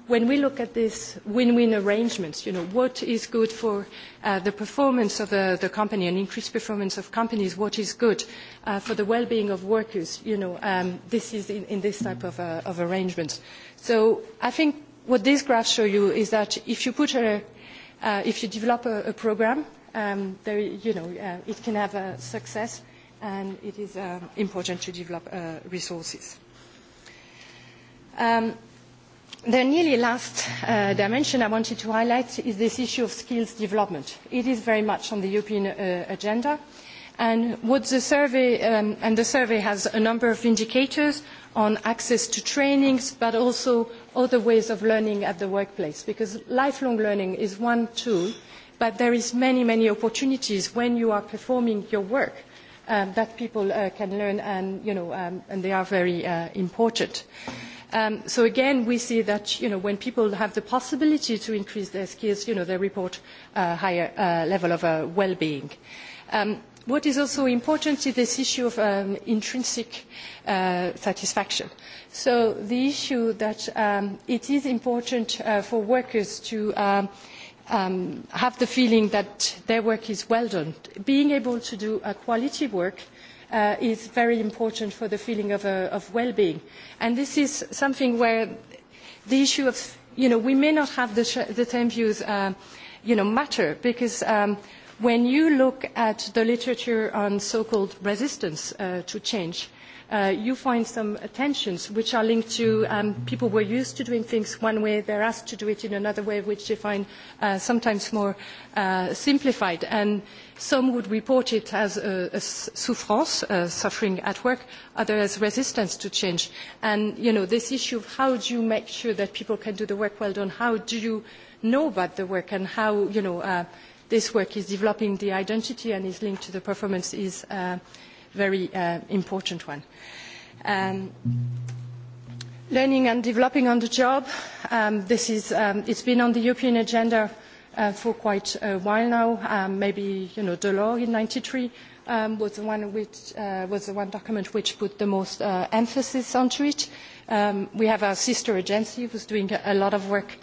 when we look at this win-win arrangements, you know, what is good for the performance of the company and increased performance of companies, what is good for the well-being of workers, you know, this is in this type of arrangements. So I think what these graphs show you is that if you put a, if you develop a program, there, you know, it can have a success, and it is important to develop resources. Um, The nearly last dimension I wanted to highlight is this issue of skills development. It is very much on the European agenda. And what the survey, and the survey has a number of indicators on access to trainings, but also other ways of learning at the workplace, because lifelong learning is one tool, but there is many, many opportunities when you are performing your work that people can learn and, you know, and they are very important so again, we see that you know, when people have the possibility to increase their skills, you know, they report a higher level of well-being. what is also important is this issue of intrinsic satisfaction. So the issue that it is important for workers to have the feeling that their work is well done, being able to do quality work is very important for the feeling of, of well-being. And this is something where the issue of, you know, we may not have the, the same views, you know, matter because when you look at the literature on so-called resistance to change, you find some tensions which are linked to people who are used to doing things one way, they're asked to do it in another way, which they find sometimes more simplified. And Some would report it as a, souffrance, suffering at work, others as resistance to change. And, you know, this issue of how do you make sure that people can do the work well done, how do you know about the work and how, you know, this work is developing the identity and is linked to the performance is a very important one. learning and developing on the job, um, this is, um, it's been on the European agenda for quite a while now. maybe you know Delors in '93 um, was the one which was the one document which put the most emphasis onto it. we have our sister agency who's doing a lot of work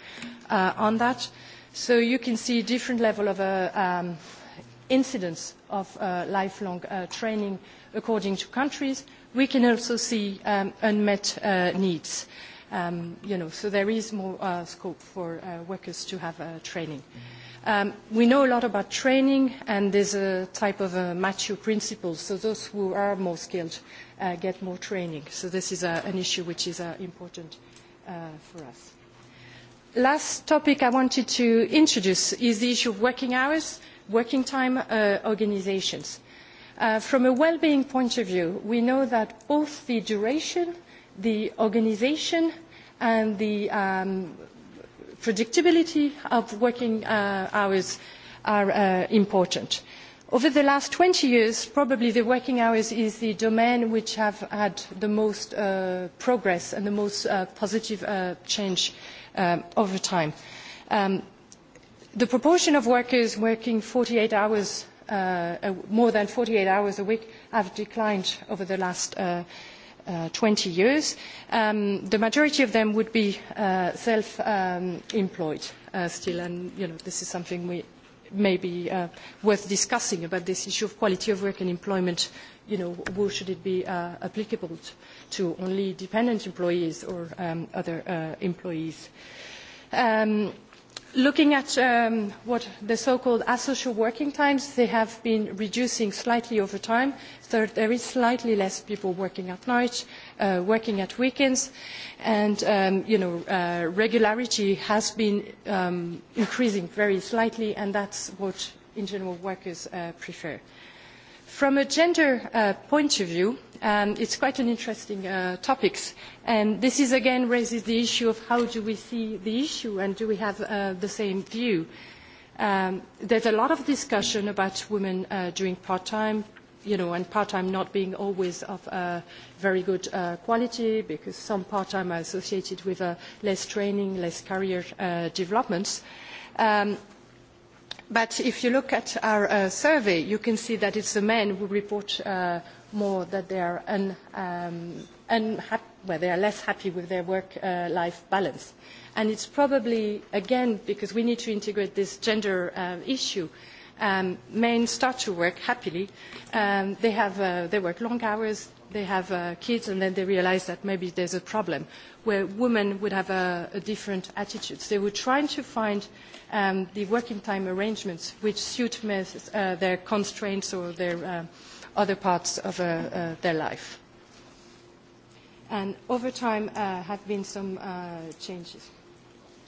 on that. So you can see different level of incidence of lifelong training according to countries. We can also see unmet needs Um, you know, so there is more uh, scope for uh, workers to have uh, training. Um, we know a lot about training, and there's a type of a macho principle. So those who are more skilled uh, get more training. So this is uh, an issue which is uh, important uh, for us last topic I wanted to introduce is the issue of working hours, working time uh organisations. from a well-being point of view, we know that both the duration, the organisation and the um, predictability of working uh, hours are uh, important. Over the last twenty years, probably the working hours is the domain which have had the most progress and the most positive change over time. the proportion of workers working forty eight hours, more than forty eight hours a week have declined over the last twenty years, the majority of them would be self-employed still, and this is something we may be worth discussing about this issue of quality of work and employment. who should it be applicable to? Only dependent employees or other employees? Looking at what the so-called asocial working times, they have been reducing slightly over time. So there is slightly less people working at night, working at weekends, and regularity has been increasing very slightly, and that's what in general workers prefer. From a gender point of view, it is quite an interesting topic. And this is again raises the issue of how do we see the issue and do we have the same view. There is a lot of discussion about women doing part-time, you know, and part-time not being always of very good quality because some part-time are associated with less training, less career developments. Um, But if you look at our survey, you can see that it's the men who report more that they are well, they are less happy with their work-life balance. And it's probably, again, because we need to integrate this gender issue, men start to work happily. they, have, they work long hours, they have uh, kids and then they realize that maybe there's a problem, where women would have a, a different attitude. They were trying to find um, the working time arrangements which suit uh, their constraints or their uh, other parts of uh, uh, their life. And over time uh, have been some uh, changes.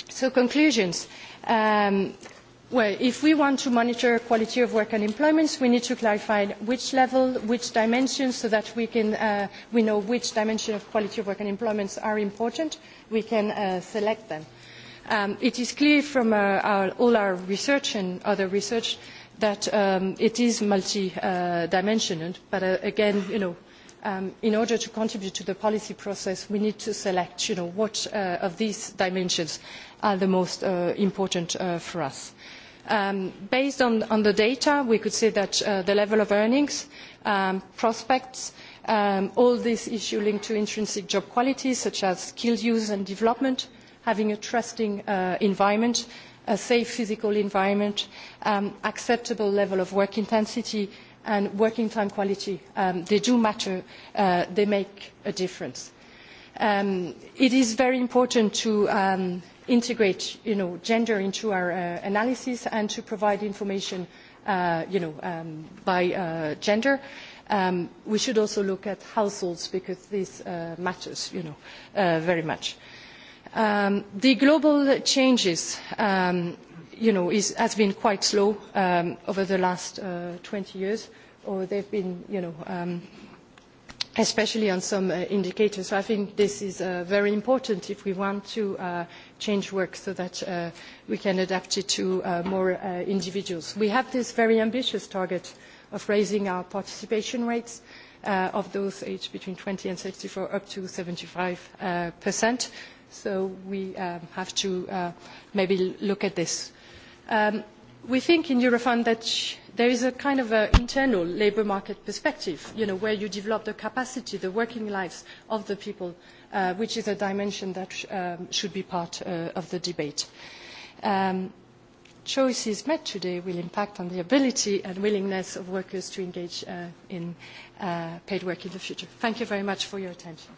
So conclusions. Um, Well, if we want to monitor quality of work and employment, we need to clarify which level, which dimensions, so that we, can, uh, we know which dimension of quality of work and employment are important. We can uh, select them. Um, it is clear from uh, our, all our research and other research that um, it is multi-dimensional, but uh, again, you know, um, in order to contribute to the policy process, we need to select, you know, what uh, of these dimensions are the most uh, important uh, for us based on, the data, we could see that the level of earnings, prospects, all these issues linked to intrinsic job quality, such as skilled use and development, having a trusting environment, a safe physical environment, acceptable level of work intensity, and working time quality. they do matter. they make a difference. it is very important to integrate you know, gender into our uh, analysis and to provide information uh, you know, um, by uh, gender. Um, we should also look at households because this uh, matters you know, uh, very much. Um, the global changes um, you know, is, has been quite slow um, over the last uh, 20 years, or they've been you know, um, especially on some indicators. So I think this is very important if we want to change work so that we can adapt it to more individuals. We have this very ambitious target of raising our participation rates of those aged between twenty and 64 four up to seventy 75%. So we have to maybe look at this. We think in Eurofund that there is a kind of an internal labour market perspective, you know, where you develop the capacity, the working lives of the people, which is a dimension that should be part of the debate. choices made today will impact on the ability and willingness of workers to engage in paid work in the future. Thank you very much for your attention.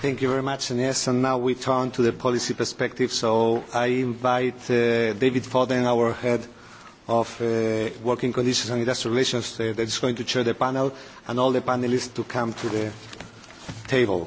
Thank you very much. Agnes, and now we turn to the policy perspective. So I invite David Foden, our head of Working Conditions and Industrial Relations, that is going to chair the panel, and all the panelists to come to the table.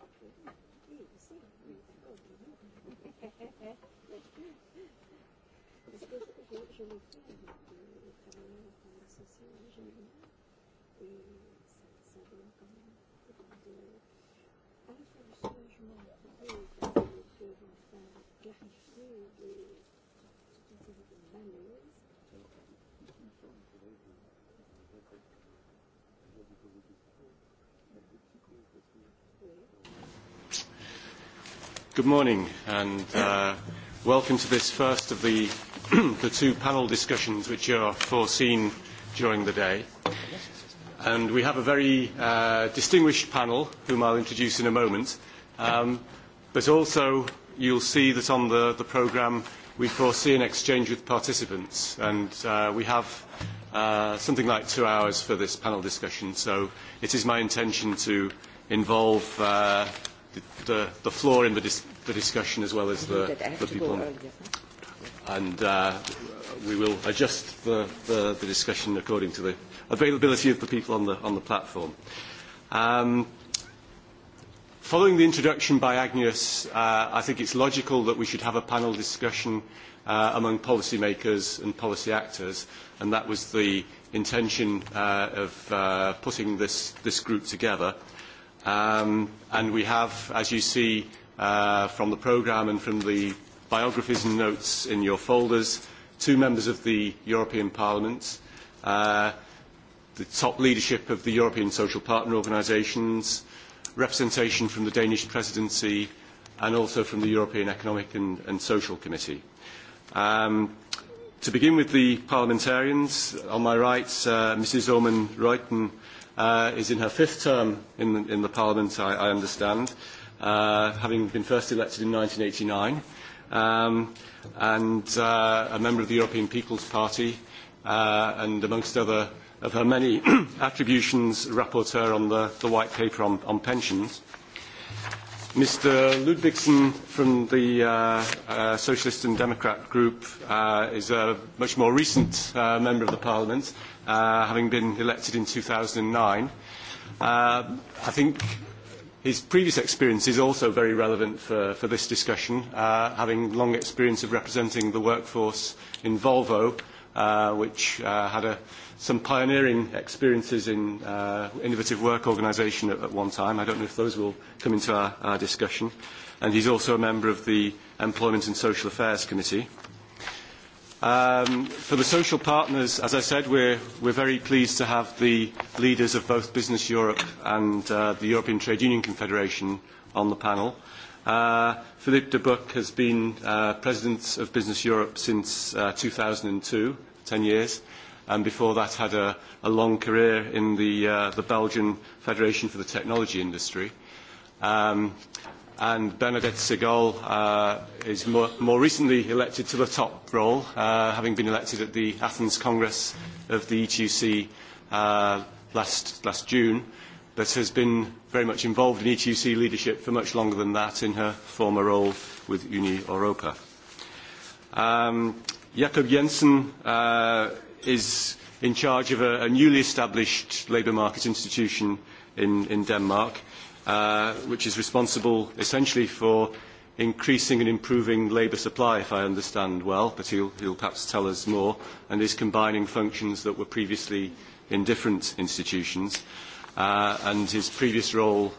Parce que je, je l'ai fait avec le travailleur en famille sociale en général, et ça, ça quand même de. à la fois du soulagement clarifier des, de malaises. Oui. Good morning and uh, welcome to this first of the, the two panel discussions which are foreseen during the day. And we have a very uh, distinguished panel whom I'll introduce in a moment. Um, but also you'll see that on the, the programme we foresee an exchange with participants and uh, we have uh, something like two hours for this panel discussion so it is my intention to involve uh, the, the floor in the, dis, the discussion as well as the, the people. And uh, we will adjust the, the, the discussion according to the availability of the people on the, on the platform. Um, following the introduction by Agnes, uh, I think it's logical that we should have a panel discussion uh, among policymakers and policy actors, and that was the intention uh, of uh, putting this, this group together and we have, as you see from the programme and from the biographies and notes in your folders, two members of the European Parliament, the top leadership of the European Social Partner Organisations, representation from the Danish Presidency, and also from the European Economic and, Social Committee. to begin with the parliamentarians, on my right, Mrs. Oman Reuten is in her fifth term in the, in the Parliament, I, I understand, uh, having been first elected in 1989, um, and uh, a member of the European People's Party, uh, and amongst other of her many attributions, rapporteur on the, the white paper on, on pensions. Mr. Ludvigsen from the uh, uh, Socialist and Democrat group uh, is a much more recent uh, member of the Parliament uh, having been elected in 2009. Uh, I think his previous experience is also very relevant for, for this discussion, uh, having long experience of representing the workforce in Volvo, uh, which uh, had a, some pioneering experiences in uh, innovative work organisation at, at one time. I don't know if those will come into our, our discussion. And he's also a member of the Employment and Social Affairs Committee. Uh, for the social partners, as I said, we're, we're very pleased to have the leaders of both Business Europe and the European Trade Union Confederation on the panel. Philippe de Buc has been President of Business Europe since uh, 2002, 10 years, and before that had a, long career in the, Belgian Federation for the Technology Industry and Bernadette Segal uh, is more, more recently elected to the top role, uh, having been elected at the Athens Congress of the ETUC uh, last, last June, but has been very much involved in ETUC leadership for much longer than that in her former role with Uni Europa. Um, Jakob Jensen uh, is in charge of a, a newly established labour market institution in, in Denmark, which is responsible essentially for increasing and improving labour supply, if I understand well, but he'll, he'll perhaps tell us more, and is combining functions that were previously in different institutions. and his previous role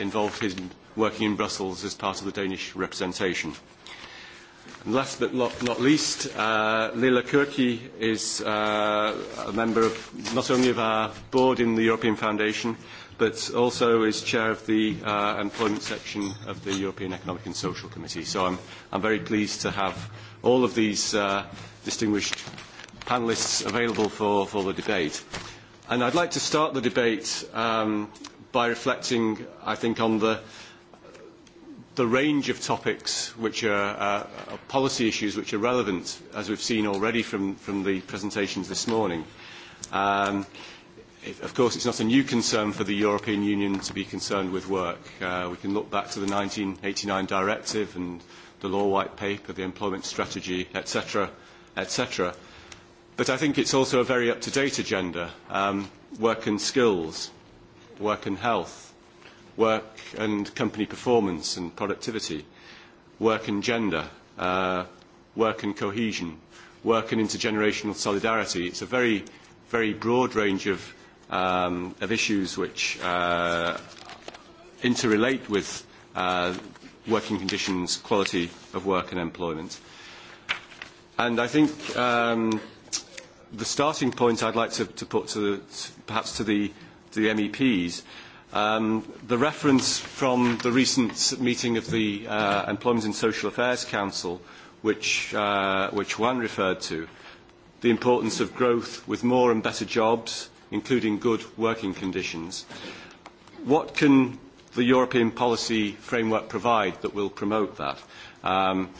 involved him working in Brussels as part of the Danish representation. And last but not least, Lila Kirki is a member of not only of our board in the European Foundation, but also is chair of the uh, employment section of the European Economic and Social Committee. So I'm, I'm very pleased to have all of these uh, distinguished panellists available for, for the debate. And I'd like to start the debate um, by reflecting, I think, on the, the range of topics which are, uh, policy issues which are relevant, as we've seen already from, from the presentations this morning. Um, of course, it's not a new concern for the European Union to be concerned with work. we can look back to the eighty nine directive and the law white paper, the employment strategy, etc., etc. But I think it's also a very up-to-date agenda. work and skills, work and health, work and company performance and productivity, work and gender, work and cohesion, work and intergenerational solidarity. It's a very, very broad range of um, of issues which uh, interrelate with uh, working conditions, quality of work and employment. And I think um, the starting point I'd like to, to put to the, perhaps to the, to the MEPs, um, the reference from the recent meeting of the uh, Employment and Social Affairs Council, which, uh, which Juan referred to, the importance of growth with more and better jobs, including good working conditions. What can the European policy framework provide that will promote that? Um,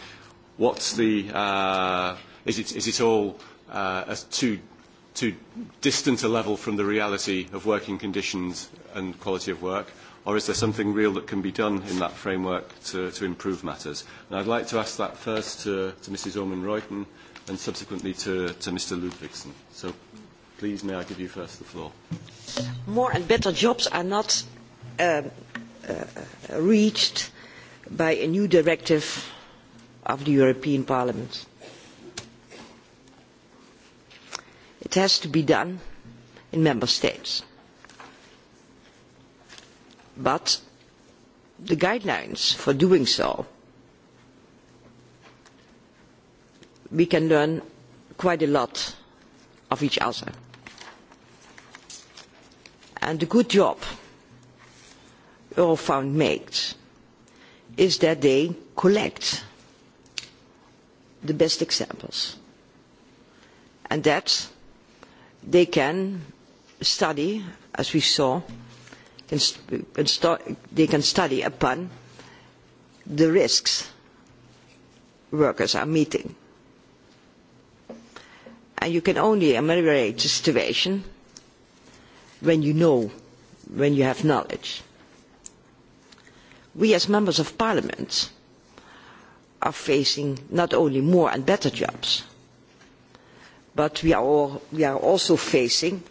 what's the, uh, is, it, is it all uh, a too, too distant a level from the reality of working conditions and quality of work? or is there something real that can be done in that framework to, to improve matters? And I'd like to ask that first to, to Mrs. Oman Reuten and subsequently to, to Mr. Ludvigsen. So Please, may I give you first the floor? More and better jobs are not reached by a new directive of the European Parliament. It has to be done in member states. But the guidelines for doing so, we can learn quite a lot of each other and the good job Eurofound makes is that they collect the best examples and that they can study, as we saw, they can study upon the risks workers are meeting. And you can only ameliorate the situation when you know, when you have knowledge. We as members of parliament are facing not only more and better jobs, but we are, all, we are also facing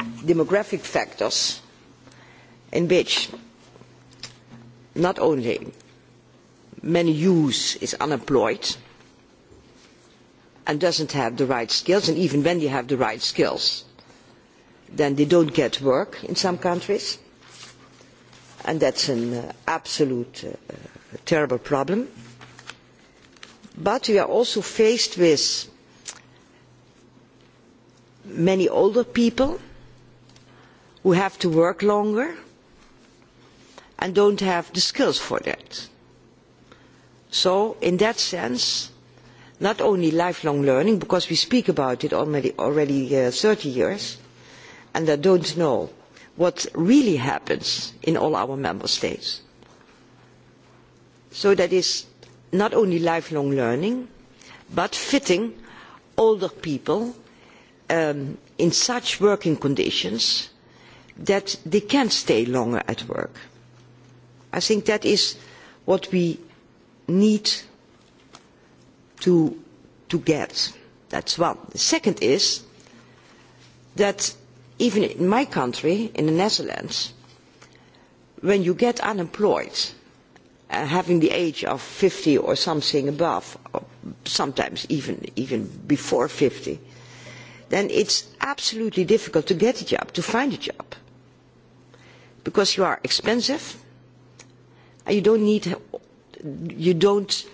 demographic factors in which not only many youth is unemployed and doesn't have the right skills, and even when they have the right skills, then they do not get work in some countries. And that is an absolute terrible problem. But we are also faced with many older people who have to work longer and do not have the skills for that. So in that sense, not only lifelong learning, because we speak about it already, already uh, 30 years, and they do not know what really happens in all our member states. So that is not only lifelong learning, but fitting older people in such working conditions that they can stay longer at work. I think that is what we need to, to get. That's one. The second is that even in my country, in the Netherlands, when you get unemployed, uh, having the age of 50 or something above, or sometimes even, even before 50, then it's absolutely difficult to get a job, to find a job. Because you are expensive, and you don't need, you don't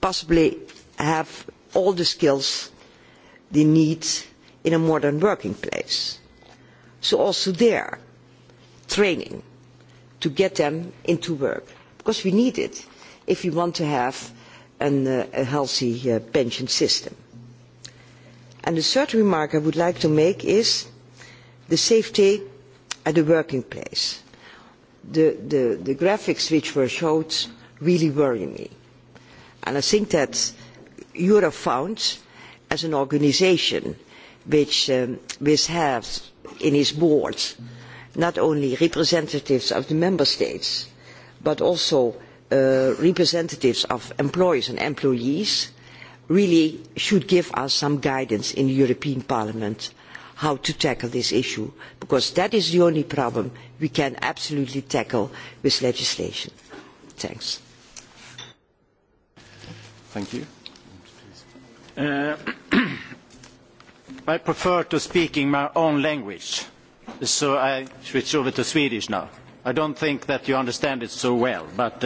possibly have all the skills you need in a modern working place. So also there, training to get them into work, because we need it if we want to have a healthy pension system. And the third remark I would like to make is the safety at the working place. The, graphics which were showed really worry me. And I think that Eurofound, as an organisation which has in his board not only representatives of the member states but also representatives of employers and employees really should give us some guidance in the European Parliament on how to tackle this issue because that is the only problem we can absolutely tackle with legislation. Thanks. Thank you. I prefer to speak in my own language, so I switch over to Swedish now. I don't think that you understand it so well, but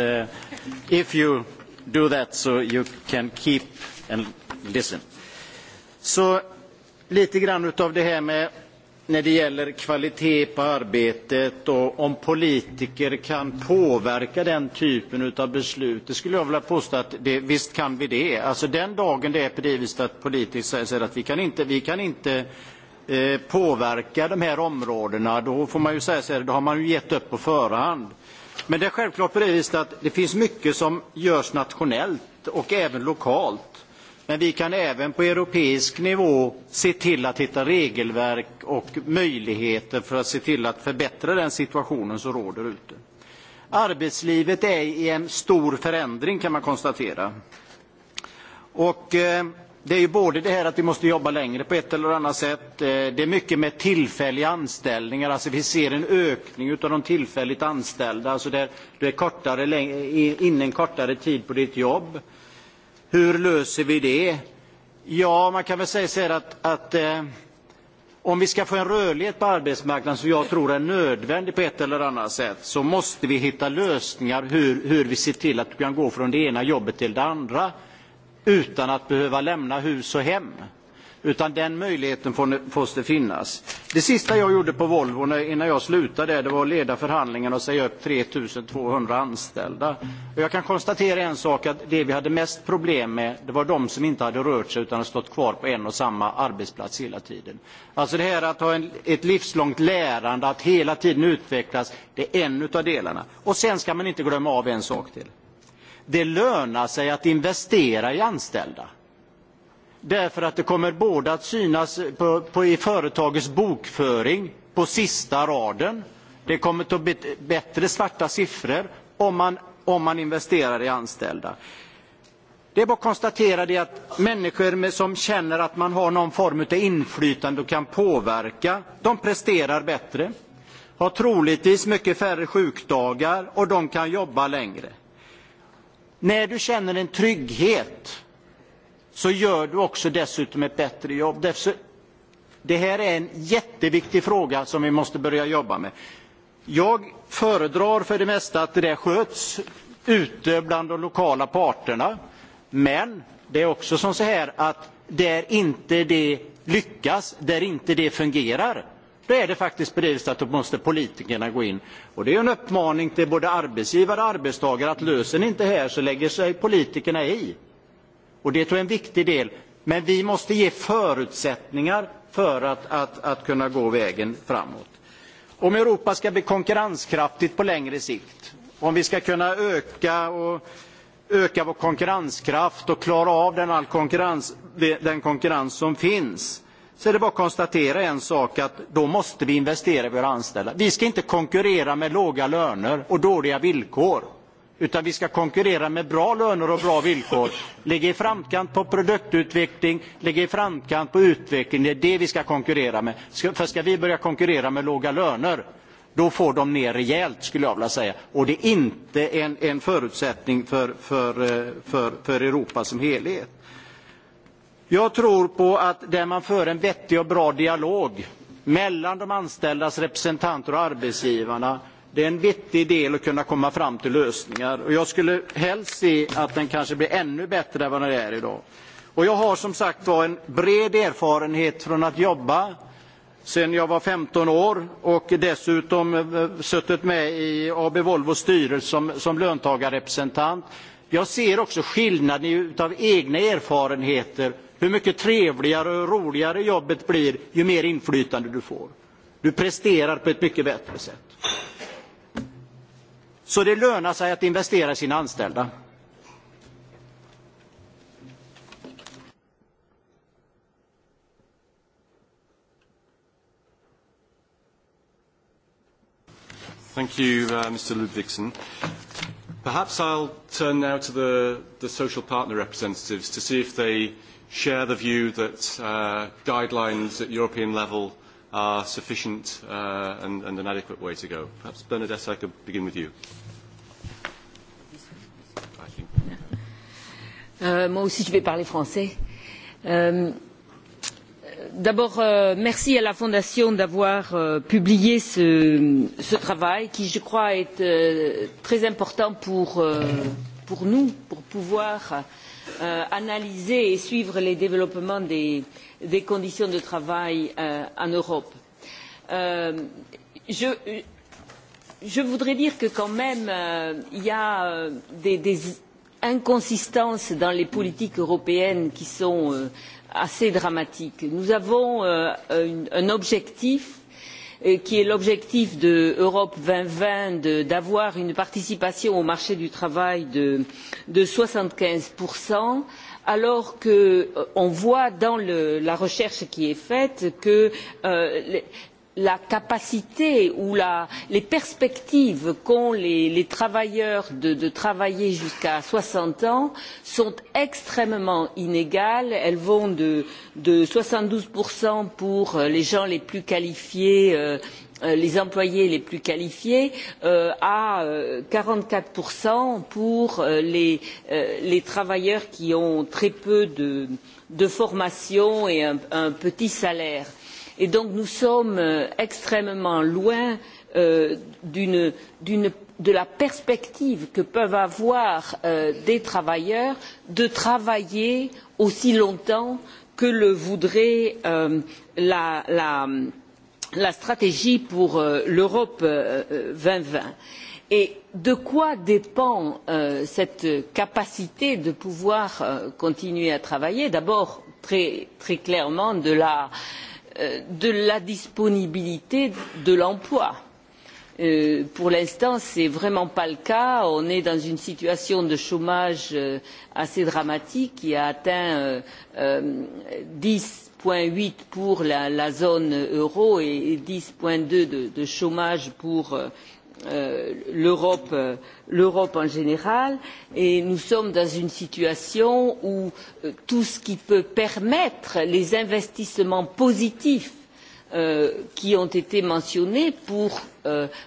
if you do that so you can keep and listen. Så lite grann av det här med när det gäller kvalitet på arbetet och om politiker kan påverka den typen av beslut. Det skulle jag vilja påstå att det, visst kan vi det. Alltså den dagen det är på det viset att politiker säger att vi kan inte, vi kan inte påverka de här områdena, då får man ju säga så här, då har man ju gett upp på förhand. Men det är självklart på det viset att det finns mycket som görs nationellt och även lokalt. Men vi kan även på europeisk nivå se till att hitta regelverk och möjligheter för att se till att förbättra den situationen som råder ute. Arbetslivet är i en stor förändring kan man konstatera. Och det är ju både det här att vi måste jobba längre på ett eller annat sätt. Det är mycket med tillfälliga anställningar. Alltså vi ser en ökning av de tillfälligt anställda. Alltså där du är kortare, in en kortare tid på ditt jobb. Hur löser vi det? Ja, man kan väl säga så här att, om vi ska få en rörlighet på arbetsmarknaden som jag tror är nödvändig på ett eller annat sätt så måste vi hitta lösningar hur, hur vi ser till att du kan gå från det ena jobbet till det andra utan att behöva lämna hus och hem. Utan den möjligheten måste finnas. Det sista jag gjorde på Volvo innan jag slutade det var att leda förhandlingen och säga upp 3 200 anställda. Jag kan konstatera en sak att det vi hade mest problem med var de som inte hade rört sig utan stått kvar på en och samma arbetsplats hela tiden. Alltså det här att ha ett livslångt lärande, att hela tiden utvecklas, det är en av delarna. Och sen ska man inte glömma av en sak till. Det lönar sig att investera i anställda därför att det kommer både att synas i företagets bokföring på sista raden, det kommer att bli bättre svarta siffror om man investerar i anställda. Det är bara att konstatera att människor som känner att de har någon form av inflytande och kan påverka, de presterar bättre, har troligtvis mycket färre sjukdagar och de kan jobba längre. När du känner en trygghet så gör du också dessutom ett bättre jobb. Det här är en jätteviktig fråga som vi måste börja jobba med. Jag föredrar för det mesta att det sköts ute bland de lokala parterna. Men det är också som så här att där inte det lyckas, där inte det fungerar, då är det faktiskt på det viset att då måste politikerna gå in. Och det är en uppmaning till både arbetsgivare och arbetstagare att löser ni inte det här så lägger sig politikerna i. Och det är en viktig del. Men vi måste ge förutsättningar för att, kunna gå vägen framåt. Om Europa ska bli konkurrenskraftigt på längre sikt, om vi ska kunna öka, och öka vår konkurrenskraft och klara av den, all konkurrens, den konkurrens som finns, så är det bara att konstatera en sak, att då måste vi investera i våra anställda. Vi ska inte konkurrera med låga löner och dåliga villkor utan vi ska konkurrera med bra löner och bra villkor. Ligga i framkant på produktutveckling, ligga i framkant på utveckling. Det är det vi ska konkurrera med. För ska vi börja konkurrera med låga löner, då får de ner rejält skulle jag vilja säga. Och det är inte en, förutsättning för, Europa som helhet. Jag tror på att där man för en vettig och bra dialog mellan de anställdas representanter och arbetsgivarna Det är en vettig del att kunna komma fram till lösningar. Och jag skulle helst se att den kanske blir ännu bättre än vad den är idag. Och jag har som sagt var en bred erfarenhet från att jobba sedan jag var 15 år och dessutom suttit med i AB Volvos styrelse som, som löntagarrepresentant. Jag ser också skillnaden av egna erfarenheter, hur mycket trevligare och roligare jobbet blir ju mer inflytande du får. Du presterar på ett mycket bättre sätt. Så det lönar sig att investera i sina anställda. Thank you, uh, Mr. Ludvigsen. Perhaps I'll turn now to the, the social partner representatives to see if they share the view that uh, guidelines at European level are sufficient uh, and, and an adequate way to go. Perhaps Bernadette, I could begin with you. Euh, moi aussi, je vais parler français. Euh, D'abord, euh, merci à la Fondation d'avoir euh, publié ce, ce travail qui, je crois, est euh, très important pour, euh, pour nous, pour pouvoir euh, analyser et suivre les développements des, euh, des conditions de travail en Europe. je, voudrais dire que quand même, il y a des, inconsistances dans les politiques européennes qui sont assez dramatiques. Nous avons un objectif qui est l'objectif de Europe deux mille vingt d'avoir une participation au marché du travail de soixante quinze alors qu'on voit dans la recherche qui est faite que la capacité ou les perspectives qu'ont les travailleurs de travailler jusqu'à soixante ans sont extrêmement inégales elles vont de soixante douze pour les gens les plus qualifiés les employés les plus qualifiés à quarante quatre pour les travailleurs qui ont très peu de formation et un petit salaire. et donc nous sommes extrêmement loin de la perspective que peuvent avoir des travailleurs de travailler aussi longtemps que le voudrait la la stratégie pour l'Europe deux mille vingt et de quoi dépend cette capacité de pouvoir continuer à travailler d'abord très clairement de la disponibilité de l'emploi. pour l'instant ce n'est vraiment pas le cas on est dans une situation de chômage assez dramatique qui a atteint dix huit pour la, zone euro et dix deux de chômage pour l'europe en général et nous sommes dans une situation où tout ce qui peut permettre les investissements positifs qui ont été mentionnés pour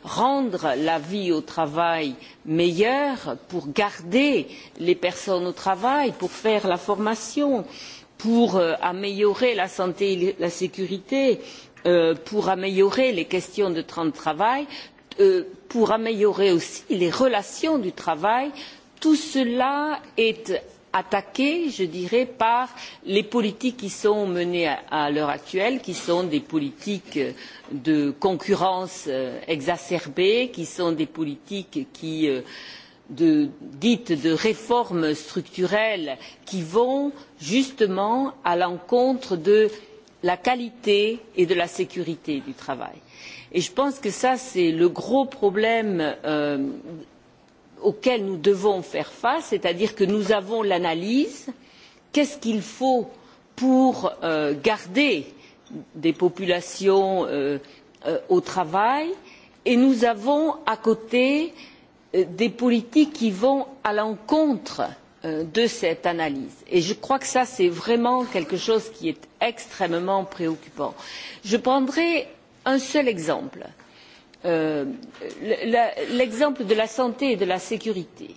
rendre la vie au travail meilleure pour garder les personnes au travail pour faire la formation etc pour améliorer la santé et la sécurité, pour améliorer les questions de temps de travail, pour améliorer aussi les relations du travail, tout cela est attaqué, je dirais, par les politiques qui sont menées à l'heure actuelle, qui sont des politiques de concurrence exacerbée, qui sont des politiques qui dites de réformes structurelles qui vont justement à l'encontre de la qualité et de la sécurité du travail. je pense que c'est le gros problème auquel nous devons faire face c'est à dire que nous avons l'analyse qu'est ce qu'il faut pour garder des populations au travail et nous avons à côté des politiques qui vont à l'encontre de cette analyse et je crois que c'est vraiment quelque chose qui est extrêmement préoccupant. je prendrai un seul exemple l'exemple de la santé et de la sécurité.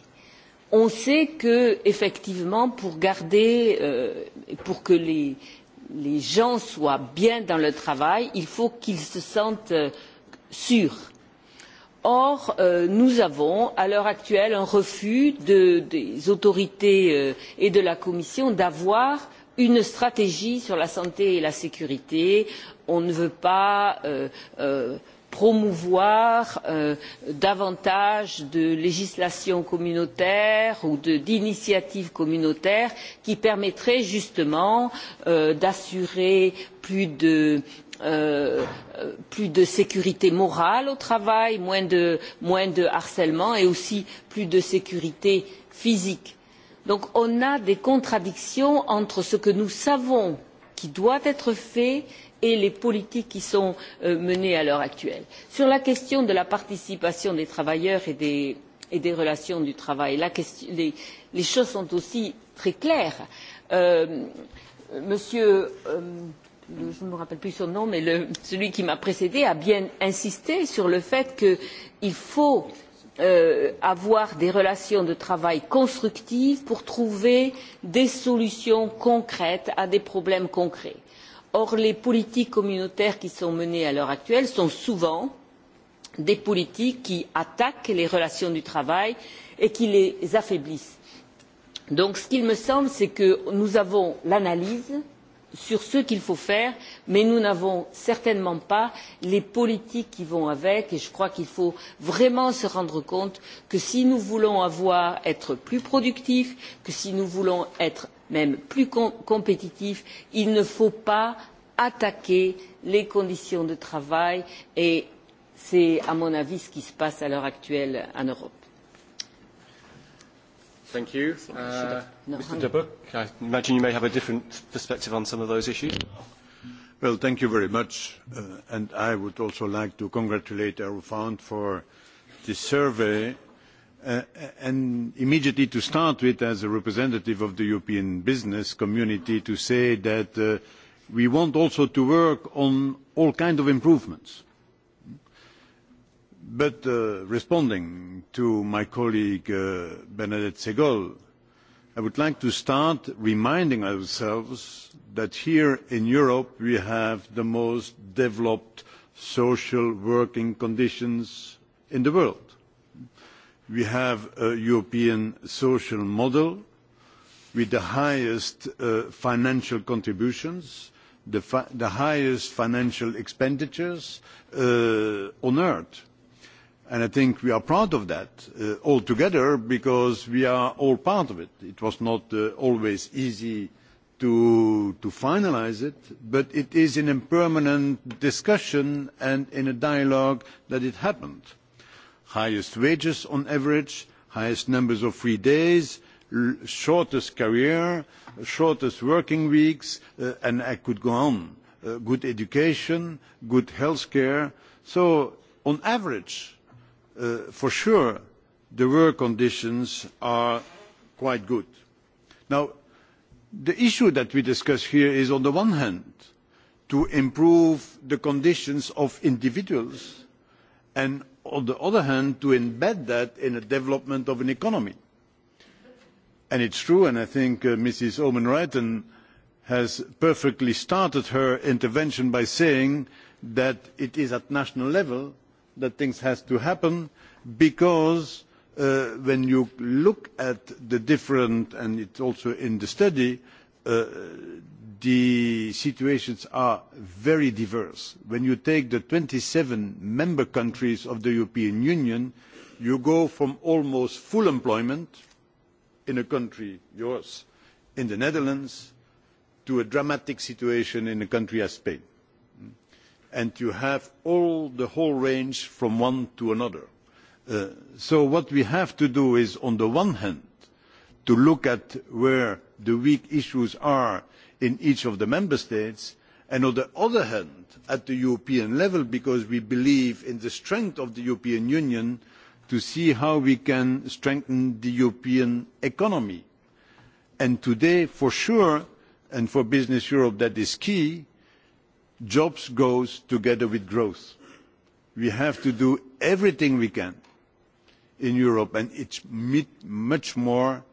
on sait que effectivement pour garder pour que les les gens soient bien dans leur travail il faut qu'ils se sentent sûrs Or, nous avons à l'heure actuelle un refus des autorités et de la Commission d'avoir une stratégie sur la santé et la sécurité. On ne veut pas promouvoir davantage de législation communautaire ou d'initiatives communautaires qui permettraient justement d'assurer plus de plus de sécurité morale au travail, moins de, harcèlement et aussi plus de sécurité physique. Donc on a des contradictions entre ce que nous savons qui doit être fait et les politiques qui sont menées à l'heure actuelle. Sur la question de la participation des travailleurs et des, relations du travail, les, choses sont aussi très claires. monsieur je ne me rappelle plus son nom, mais celui qui m'a précédé a bien insisté sur le fait qu'il faut avoir des relations de travail constructives pour trouver des solutions concrètes à des problèmes concrets. Or les politiques communautaires qui sont menées à l'heure actuelle sont souvent des politiques qui attaquent les relations du travail et qui les affaiblissent. Donc ce qu'il me semble, c'est que nous avons l'analyse, sur ce qu'il faut faire mais nous n'avons certainement pas les politiques qui vont avec et je crois qu'il faut vraiment se rendre compte que si nous voulons être plus productifs que si nous voulons être même plus compétitifs il ne faut pas attaquer les conditions de travail et c'est à mon avis ce qui se passe à l'heure actuelle en europe. Thank you. Uh, Mr. De Boek, I imagine you may have a different perspective on some of those issues. Well, thank you very much. Uh, and I would also like to congratulate our fund for this survey. Uh, and immediately to start with, as a representative of the European business community, to say that uh, we want also to work on all kinds of improvements But responding to my colleague Bernadette Segol, I would like to start reminding ourselves that here in Europe we have the most developed social working conditions in the world. We have a European social model with the highest financial contributions, the highest financial expenditures on earth and I think we are proud of that all together because we are all part of it. It was not always easy to finalise it, but it is in a permanent discussion and in a dialogue that it happened. Highest wages on average, highest numbers of free days, shortest career, shortest working weeks, and I could go on. Good education, good health care. So on average, for sure, the work conditions are quite good. Now, the issue that we discuss here is, on the one hand, to improve the conditions of individuals, and on the other hand, to embed that in the development of an economy. And it's true, and I think Mrs. Oomen Ruijten has perfectly started her intervention by saying that it is at national level that things have to happen because when you look at the different, and it's also in the study, the situations are very diverse. When you take the twenty seven member countries of the European Union, you go from almost full employment in a country, yours, in the Netherlands, to a dramatic situation in a country as Spain and you have the whole range from one to another. so what we have to do is, on the one hand, to look at where the weak issues are in each of the member states, and on the other hand, at the European level, because we believe in the strength of the European Union, to see how we can strengthen the European economy. And today, for sure, and for Business Europe, that is key, jobs go together with growth. We have to do everything we can in Europe, and it's much more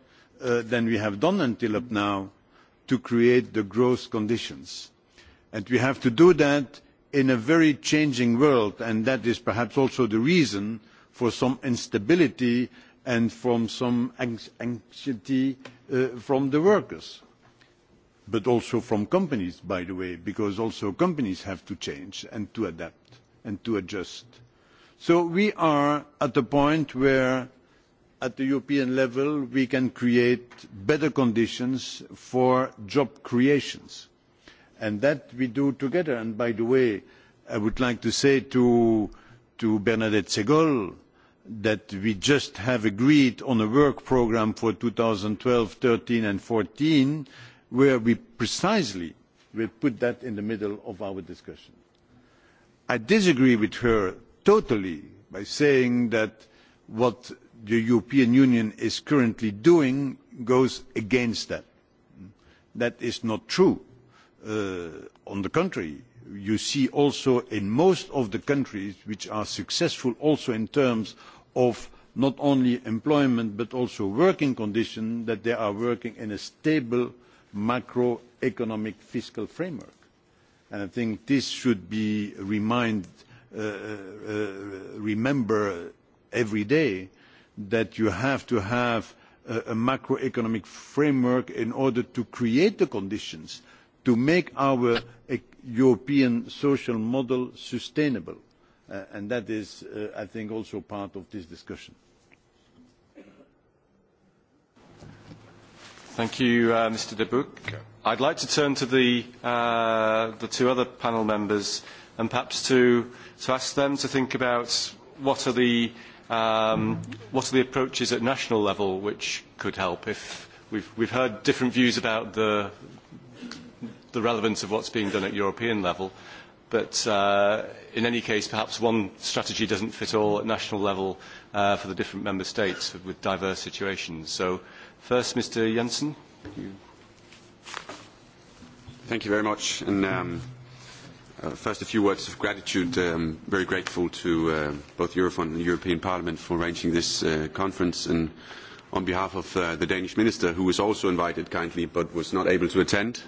than we have done until up now to create the growth conditions. And we have to do that in a very changing world, and that is perhaps also the reason for some instability and from some anxiety from the workers but also from companies, by the way, because also companies have to change and to adapt and to adjust. So we are at a point where, at the European level, we can create better conditions for job creations, and that we do together. And by the way, I would like to say to Bernadette Segol that we just have agreed on a work programme for 2012, 2013, and 2014, where we precisely will put that in the middle of our discussion. I disagree with her totally by saying that what the European Union is currently doing goes against that. That is not true. on the contrary, you see also in most of the countries which are successful also in terms of not only employment but also working conditions that they are working in a stable macroeconomic fiscal framework. And I think this should be remembered every day that you have to have a macroeconomic framework in order to create the conditions to make our European social model sustainable. and that is, I think, also part of this discussion. Thank you, uh, Mr. De Boek. I'd like to turn to the, uh, the two other panel members and perhaps to, to ask them to think about what are, the, um, what are the approaches at national level which could help. If we've, we've heard different views about the, the relevance of what's being done at European level, but uh, in any case, perhaps one strategy doesn't fit all at national level uh, for the different member states with diverse situations. So First, Mr. Jensen. You. Thank you very much. And um, uh, first, a few words of gratitude. Um, very grateful to uh, both Eurofund and the European Parliament for arranging this uh, conference. And on behalf of uh, the Danish minister, who was also invited kindly but was not able to attend,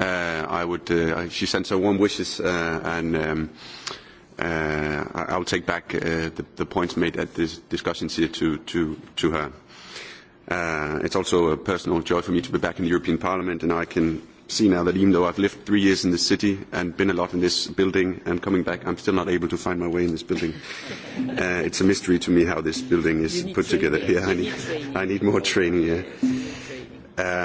uh, I would. Uh, she sends her warm wishes uh, and. Um, uh, I'll take back uh, the, the points made at this discussions here to, to, to her. Uh, it's also a personal joy for me to be back in the European Parliament, and I can see now that even though I've lived three years in this city and been a lot in this building and coming back, I'm still not able to find my way in this building. uh, it's a mystery to me how this building is put together. Yeah, I need, I need more training. Yeah.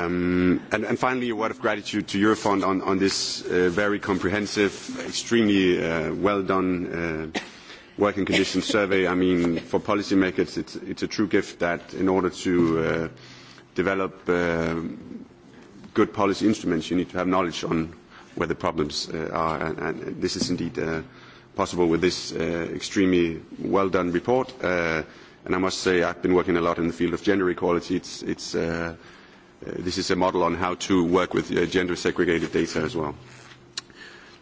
Um, and, and finally, a word of gratitude to Eurofund on, on this uh, very comprehensive, extremely uh, well done. Uh, working conditions survey, I mean, for policymakers, it's, it's a true gift that in order to develop good policy instruments, you need to have knowledge on where the problems uh are, and, and this is indeed uh possible with this uh extremely well done report. Uh and I must say, I've been working a lot in the field of gender equality. It's, it's, this is a model on how to work with uh gender segregated data as well.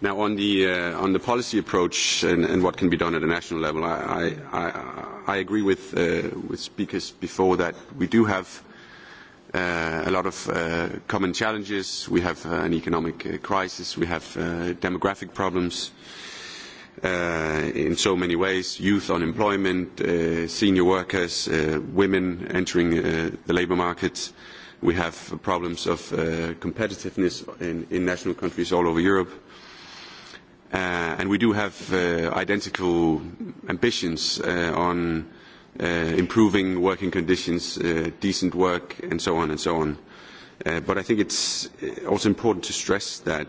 Now, on the uh, on the policy approach and, and what can be done at a national level, I I, I agree with uh, with speakers before that we do have uh, a lot of uh, common challenges. We have uh, an economic uh, crisis. We have uh, demographic problems uh, in so many ways: youth unemployment, uh, senior workers, uh, women entering uh, the labour market. We have problems of uh, competitiveness in, in national countries all over Europe and we do have identical ambitions on improving working conditions, decent work, and so on and so on. but I think it's also important to stress that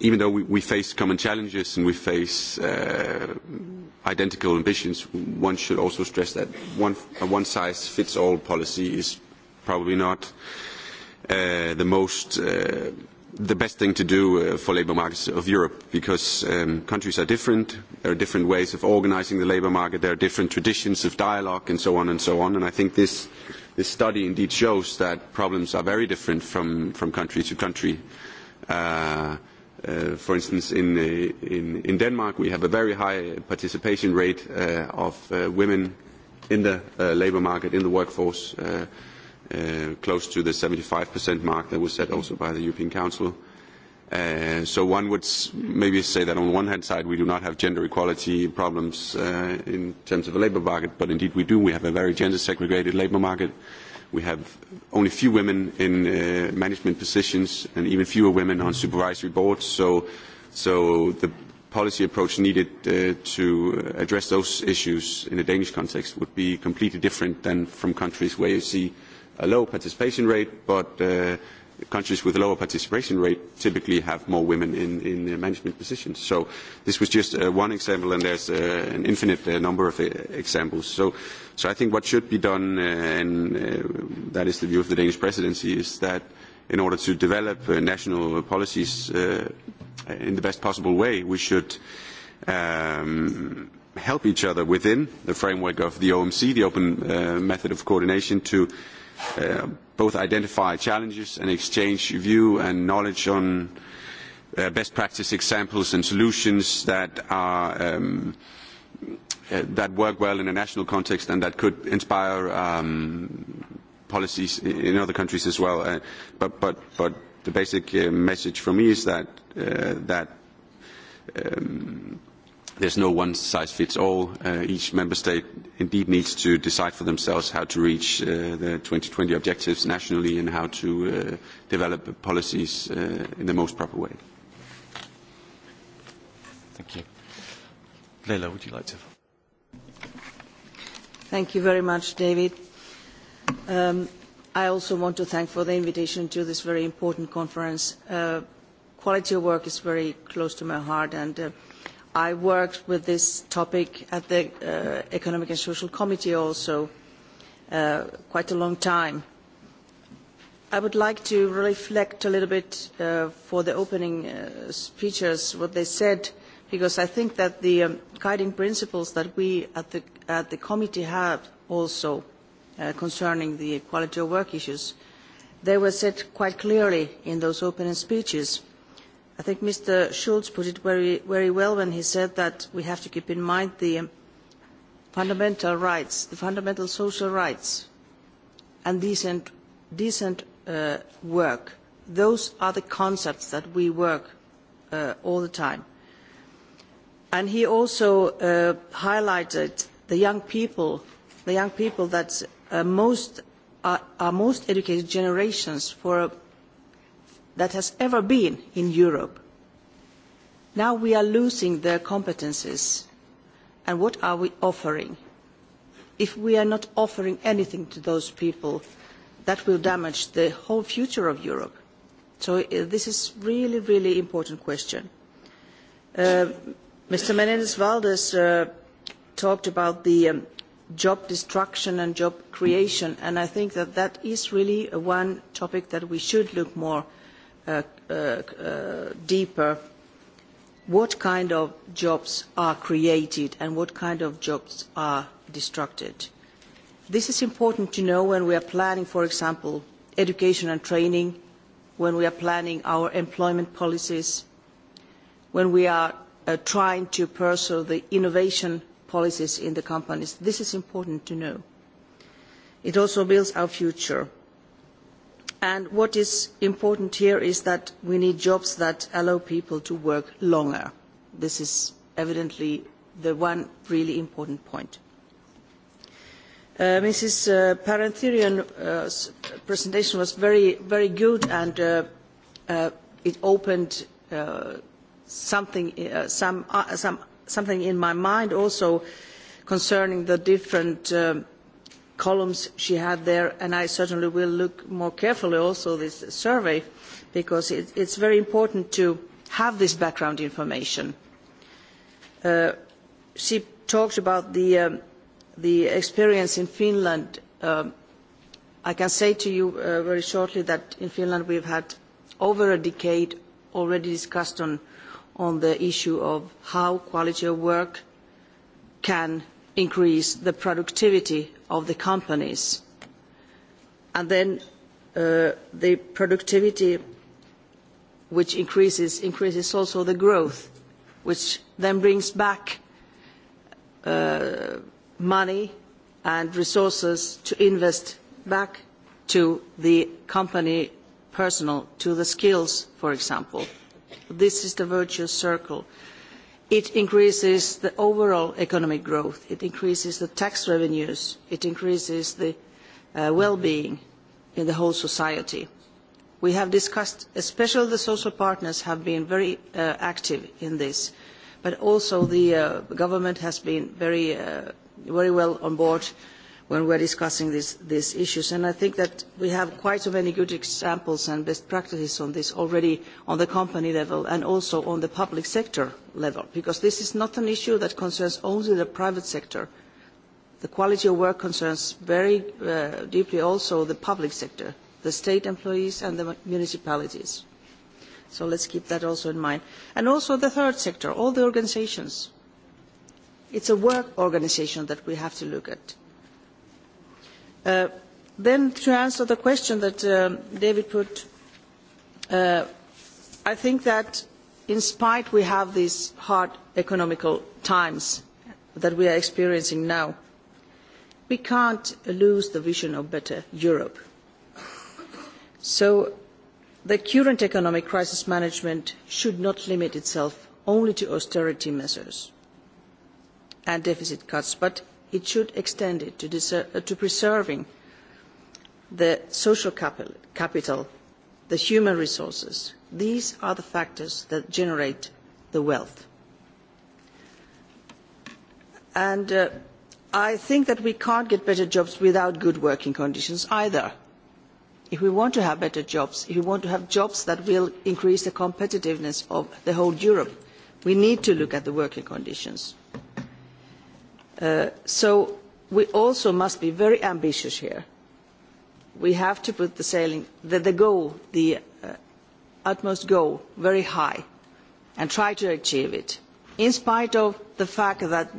even though we, we face common challenges and we face identical ambitions, one should also stress that one, a one-size-fits-all policy is probably not the most the best thing to do for labour markets of Europe because countries are different. There are different ways of organising the labour market. There are different traditions of dialogue and so on and so on. And I think this, this study indeed shows that problems are very different from, from country to country. for instance, in, in, in Denmark, we have a very high participation rate of women in the labour market, in the workforce. Uh, close to the 75% mark that was set also by the European Council. So one would maybe say that on one hand side, we do not have gender equality problems in terms of the labor market, but indeed we do. We have a very gender-segregated labor market. We have only few women in uh management positions and even fewer women on supervisory boards. So so the policy approach needed uh to address those issues in a Danish context would be completely different than from countries where you see a low participation rate, but uh, countries with a lower participation rate typically have more women in, in management positions. So this was just uh, one example, and there's uh, an infinite uh, number of uh, examples. So, so I think what should be done, uh, and uh, that is the view of the Danish presidency, is that in order to develop uh, national policies uh, in the best possible way, we should um, help each other within the framework of the OMC, the Open uh, Method of Coordination, to both identify challenges and exchange view and knowledge on best practice examples and solutions that are that work well in a national context and that could inspire policies in other countries as well. But but but the basic message for me is that that um there's no one size fits all. Uh, each member state indeed needs to decide for themselves how to reach uh, the 2020 objectives nationally and how to uh, develop policies uh, in the most proper way. Thank you. Leila, would you like to? Thank you very much, David. Um, I also want to thank for the invitation to this very important conference. Uh, quality of work is very close to my heart and uh, I worked with this topic at the Economic and Social Committee also quite a long time. I would like to reflect a little bit for the opening speeches, what they said, because I think that the guiding principles that we at the, committee have also concerning the equality of work issues, they were said quite clearly in those opening speeches – I think Mr. Schulz put it very, very well when he said that we have to keep in mind the fundamental rights, the fundamental social rights, and decent, decent uh, work. Those are the concepts that we work uh, all the time. And he also uh, highlighted the young people, the young people that uh, most are, are most educated generations for a that has ever been in Europe. Now we are losing their competences. And what are we offering? If we are not offering anything to those people, that will damage the whole future of Europe. So this is really, really important question. Mr. Menendez Valdez talked about the job destruction and job creation, and I think that that is really one topic that we should look more deeper what kind of jobs are created and what kind of jobs are destructed. This is important to know when we are planning, for example, education and training, when we are planning our employment policies, when we are trying to pursue the innovation policies in the companies. This is important to know. It also builds our future. And what is important here is that we need jobs that allow people to work longer. This is evidently the one really important point. Mrs. Parenthirian's presentation was very, very good and it opened something, in my mind also concerning the different columns she had there, and I certainly will look more carefully also this survey, because it, it's very important to have this background information. she talked about the, the experience in Finland. I can say to you very shortly that in Finland we've had over a decade already discussed on, on the issue of how quality of work can increase the productivity of the companies. And then the productivity which increases increases also the growth, which then brings back money and resources to invest back to the company personal, to the skills, for example. This is the virtuous circle. It increases the overall economic growth. It increases the tax revenues. It increases the well-being in the whole society. We have discussed, especially the social partners have been very active in this, but also the government has been very, well on board when we are discussing these issues. I think that we have quite so many good examples and best practices on this already on the company level and also on the public sector level, because this is not an issue that concerns only the private sector. The quality of work concerns very deeply also the public sector, the state employees and the municipalities. So let's keep that also in mind. And also the third sector, all the organisations. It's a work organisation that we have to look at Then to answer the question that David put, I think that in spite we have these hard economical times that we are experiencing now, we can't lose the vision of better Europe. So the current economic crisis management should not limit itself only to austerity measures and deficit cuts, but it should extend it to, preserving the social capital, the human resources. These are the factors that generate the wealth. And I think that we can't get better jobs without good working conditions either. If we want to have better jobs, if we want to have jobs that will increase the competitiveness of the whole Europe, we need to look at the working conditions so we also must be very ambitious here. We have to put the sailing, the, the goal, the utmost goal, very high and try to achieve it, in spite of the fact that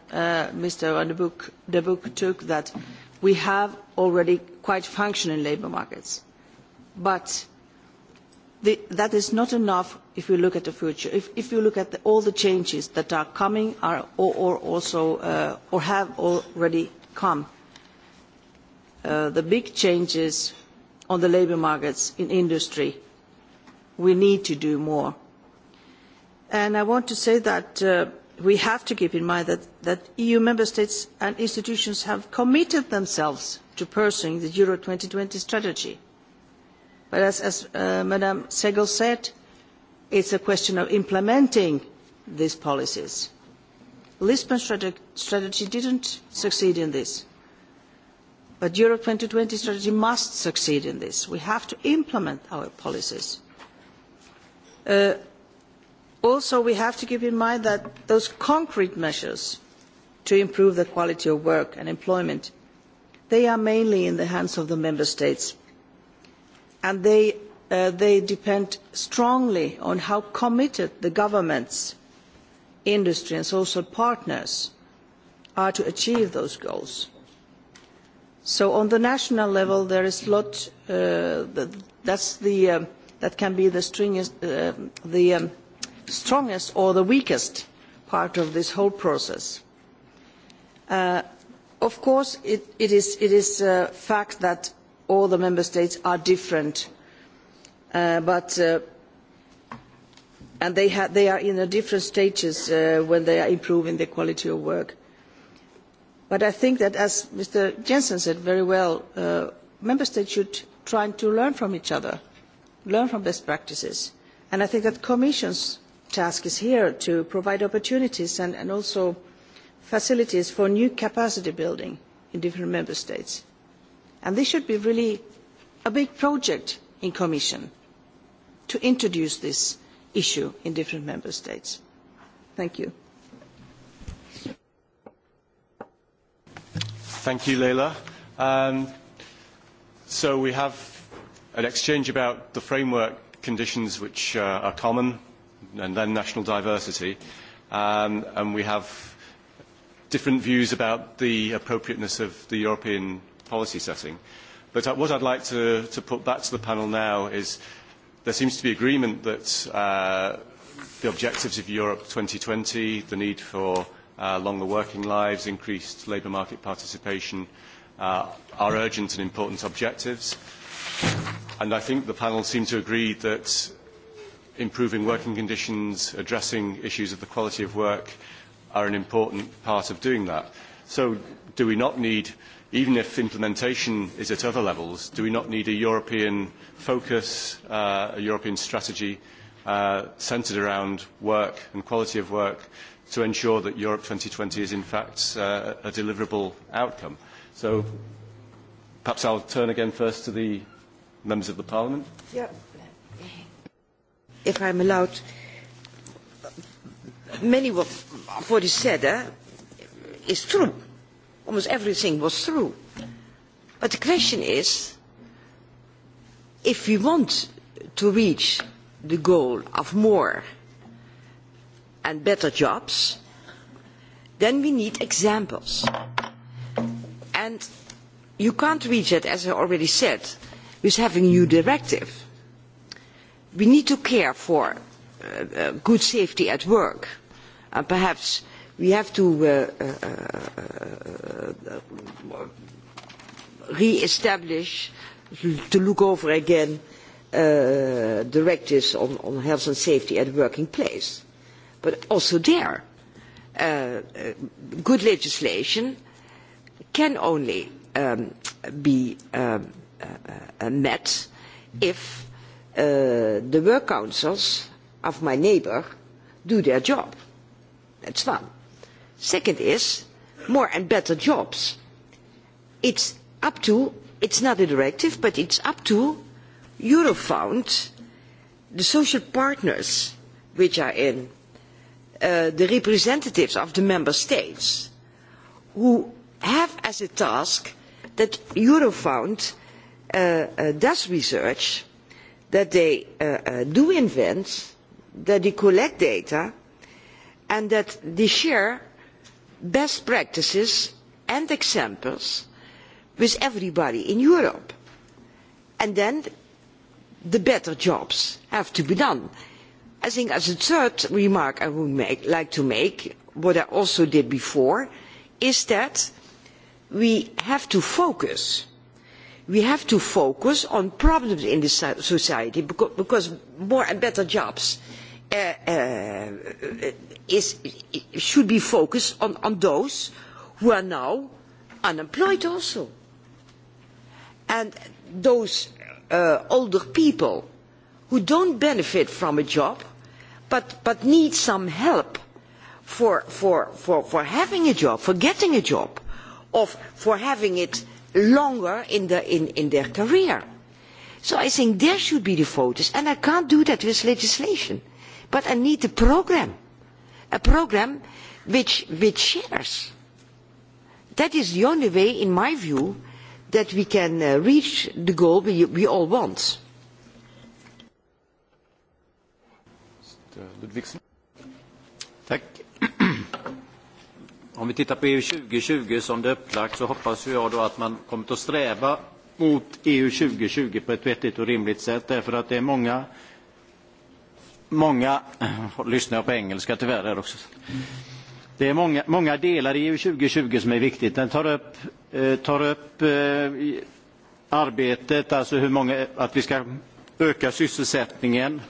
Mr. Van de Boek, took that we have already quite functioning labour markets. But that is not enough if we look at the future, if, if you look at all the changes that are coming are, or, or also or have already come, the big changes on the labour markets in industry, we need to do more. And I want to say that we have to keep in mind that, EU member states and institutions have committed themselves to pursuing the Euro twenty strategy. But as, Ms Segel said, it is a question of implementing these policies. The Lisbon strategy did not succeed in this. But Europe twenty strategy must succeed in this. We have to implement our policies. also, we have to keep in mind that those concrete measures to improve the quality of work and employment, they are mainly in the hands of the member states. And they they depend strongly on how committed the governments, industry and social partners are to achieve those goals. So on the national level, there is a lot, that can be the strongest or the weakest part of this whole process. of course, it, is, a fact that all the member states are different but and they have they are in a different stages when they are improving the quality of work. But I think that, as Mr. Jensen said very well, member states should try to learn from each other, learn from best practices, and I think that the Commission's task is here to provide opportunities and, and also facilities for new capacity building in different member states. And this should be really a big project in Commission to introduce this issue in different member states. Thank you. Thank you, Leila. Um, so we have an exchange about the framework conditions which uh, are common and then national diversity. Um, and we have different views about the appropriateness of the European policy setting. But what I'd like to, to put back to the panel now is there seems to be agreement that uh, the objectives of Europe 2020, the need for uh, longer working lives, increased labour market participation, uh, are urgent and important objectives. And I think the panel seemed to agree that improving working conditions, addressing issues of the quality of work, are an important part of doing that. So do we not need even if implementation is at other levels, do we not need a European focus, a European strategy centred around work and quality of work to ensure that Europe twenty is in fact a deliverable outcome? So perhaps I'll turn again first to the members of the Parliament. If I'm allowed, many of what is said is true almost everything was through. But the question is, if we want to reach the goal of more and better jobs, then we need examples. And you can't reach it, as I already said, with having a new directive. We need to care for good safety at work, and perhaps we have to uh, uh, re-establish, to look over again, uh, directives on, on health and safety at the working place. But also there, uh, good legislation can only um, be um, uh, met if uh, the work councils of my neighbour do their job. That's one Second is more and better jobs. It's up to, it's not a directive, but it's up to Eurofound, the social partners which are in, the representatives of the member states, who have as a task that Eurofound does research, that they do invent, that they collect data, and that they share best practices and examples with everybody in Europe. And then the better jobs have to be done. I think as a third remark I would like to make, what I also did before, is that we have to focus. We have to focus on problems in the society because more and better jobs should be focused on, those who are now unemployed also. And those older people who don't benefit from a job but, but need some help for, for, for, for having a job, for getting a job, or for having it longer in, the, in, in their career. So I think there should be the focus, and I can't do that with legislation but I need a programme, a programme which, which shares. That is the only way, in my view, that we can uh, reach the goal we, we all want. Ludvigsen. Tack. Om vi tittar på EU 2020 som det är upplagt så hoppas jag då att man kommer att sträva mot EU 2020 på ett vettigt och rimligt sätt därför att det är många många, lyssnar på engelska tyvärr här också. Det är många, många delar i EU 2020 som är viktigt. Den tar upp, eh, tar upp eh, arbetet, alltså hur många, att vi ska öka sysselsättningen,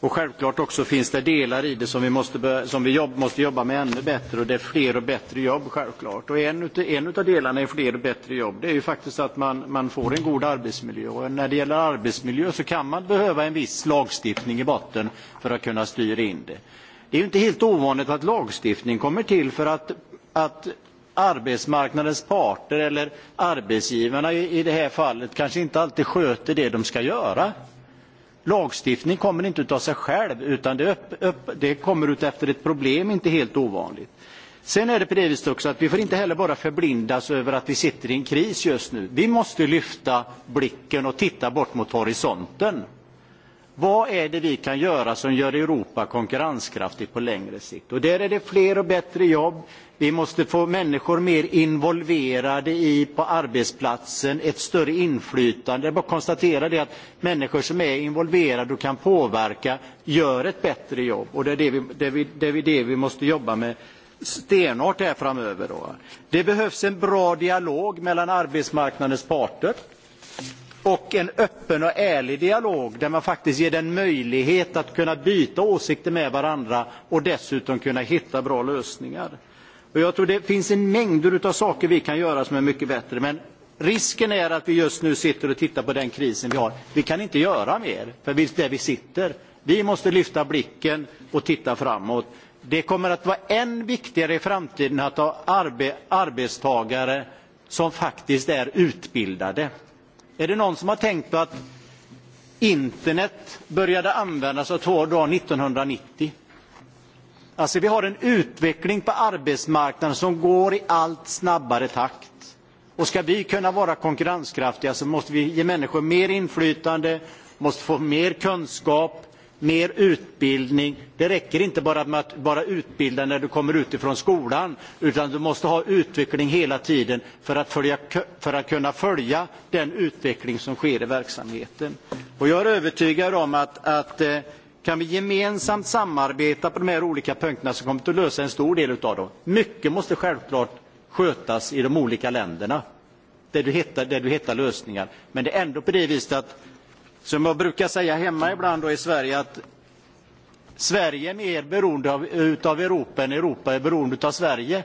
Och självklart också finns det delar i det som vi måste, som vi jobb, måste jobba med ännu bättre och det är fler och bättre jobb självklart. Och en, en av delarna i fler och bättre jobb det är ju faktiskt att man, man får en god arbetsmiljö. Och när det gäller arbetsmiljö så kan man behöva en viss lagstiftning i botten för att kunna styra in det. Det är ju inte helt ovanligt att lagstiftning kommer till för att, att arbetsmarknadens parter eller arbetsgivarna i, i det här fallet kanske inte alltid sköter det de ska göra Lagstiftning kommer inte av sig själv utan det kommer efter ett problem, inte helt ovanligt. Sen är det på det viset också att vi får inte heller bara förblindas över att vi sitter i en kris just nu. Vi måste lyfta blicken och titta bort mot horisonten. Vad är det vi kan göra som gör Europa konkurrenskraftigt på längre sikt? där är det fler och bättre jobb. Vi måste få människor mer involverade på arbetsplatsen, ett större inflytande. Jag bara konstatera att människor som är involverade och kan påverka gör ett bättre jobb. det är det vi måste jobba med stenhårt framöver. Det behövs en bra dialog mellan arbetsmarknadens parter och en öppen och ärlig dialog där man faktiskt ger den möjlighet att kunna byta åsikter med varandra och dessutom kunna hitta bra lösningar. Jag tror det finns en mängd av saker vi kan göra som är mycket bättre. Men risken är att vi just nu sitter och tittar på den krisen vi har. Vi kan inte göra mer för vi, där vi sitter. Vi måste lyfta blicken och titta framåt. Det kommer att vara än viktigare i framtiden att ha arbetstagare som faktiskt är utbildade. Är det någon som har tänkt på att internet började användas två år 1990? Alltså vi har en utveckling på arbetsmarknaden som går i allt snabbare takt. Och ska vi kunna vara konkurrenskraftiga så måste vi ge människor mer inflytande, måste få mer kunskap mer utbildning. Det räcker inte bara med att bara utbilda när du kommer utifrån skolan, utan du måste ha utveckling hela tiden för att, följa, för att kunna följa den utveckling som sker i verksamheten. Och jag är övertygad om att, att kan vi gemensamt samarbeta på de här olika punkterna så kommer vi att lösa en stor del av dem. Mycket måste självklart skötas i de olika länderna där du hittar, där du hittar lösningar. Men det är ändå på det viset att Som jag brukar säga hemma ibland i Sverige att Sverige är mer beroende av Europa än Europa är beroende av Sverige.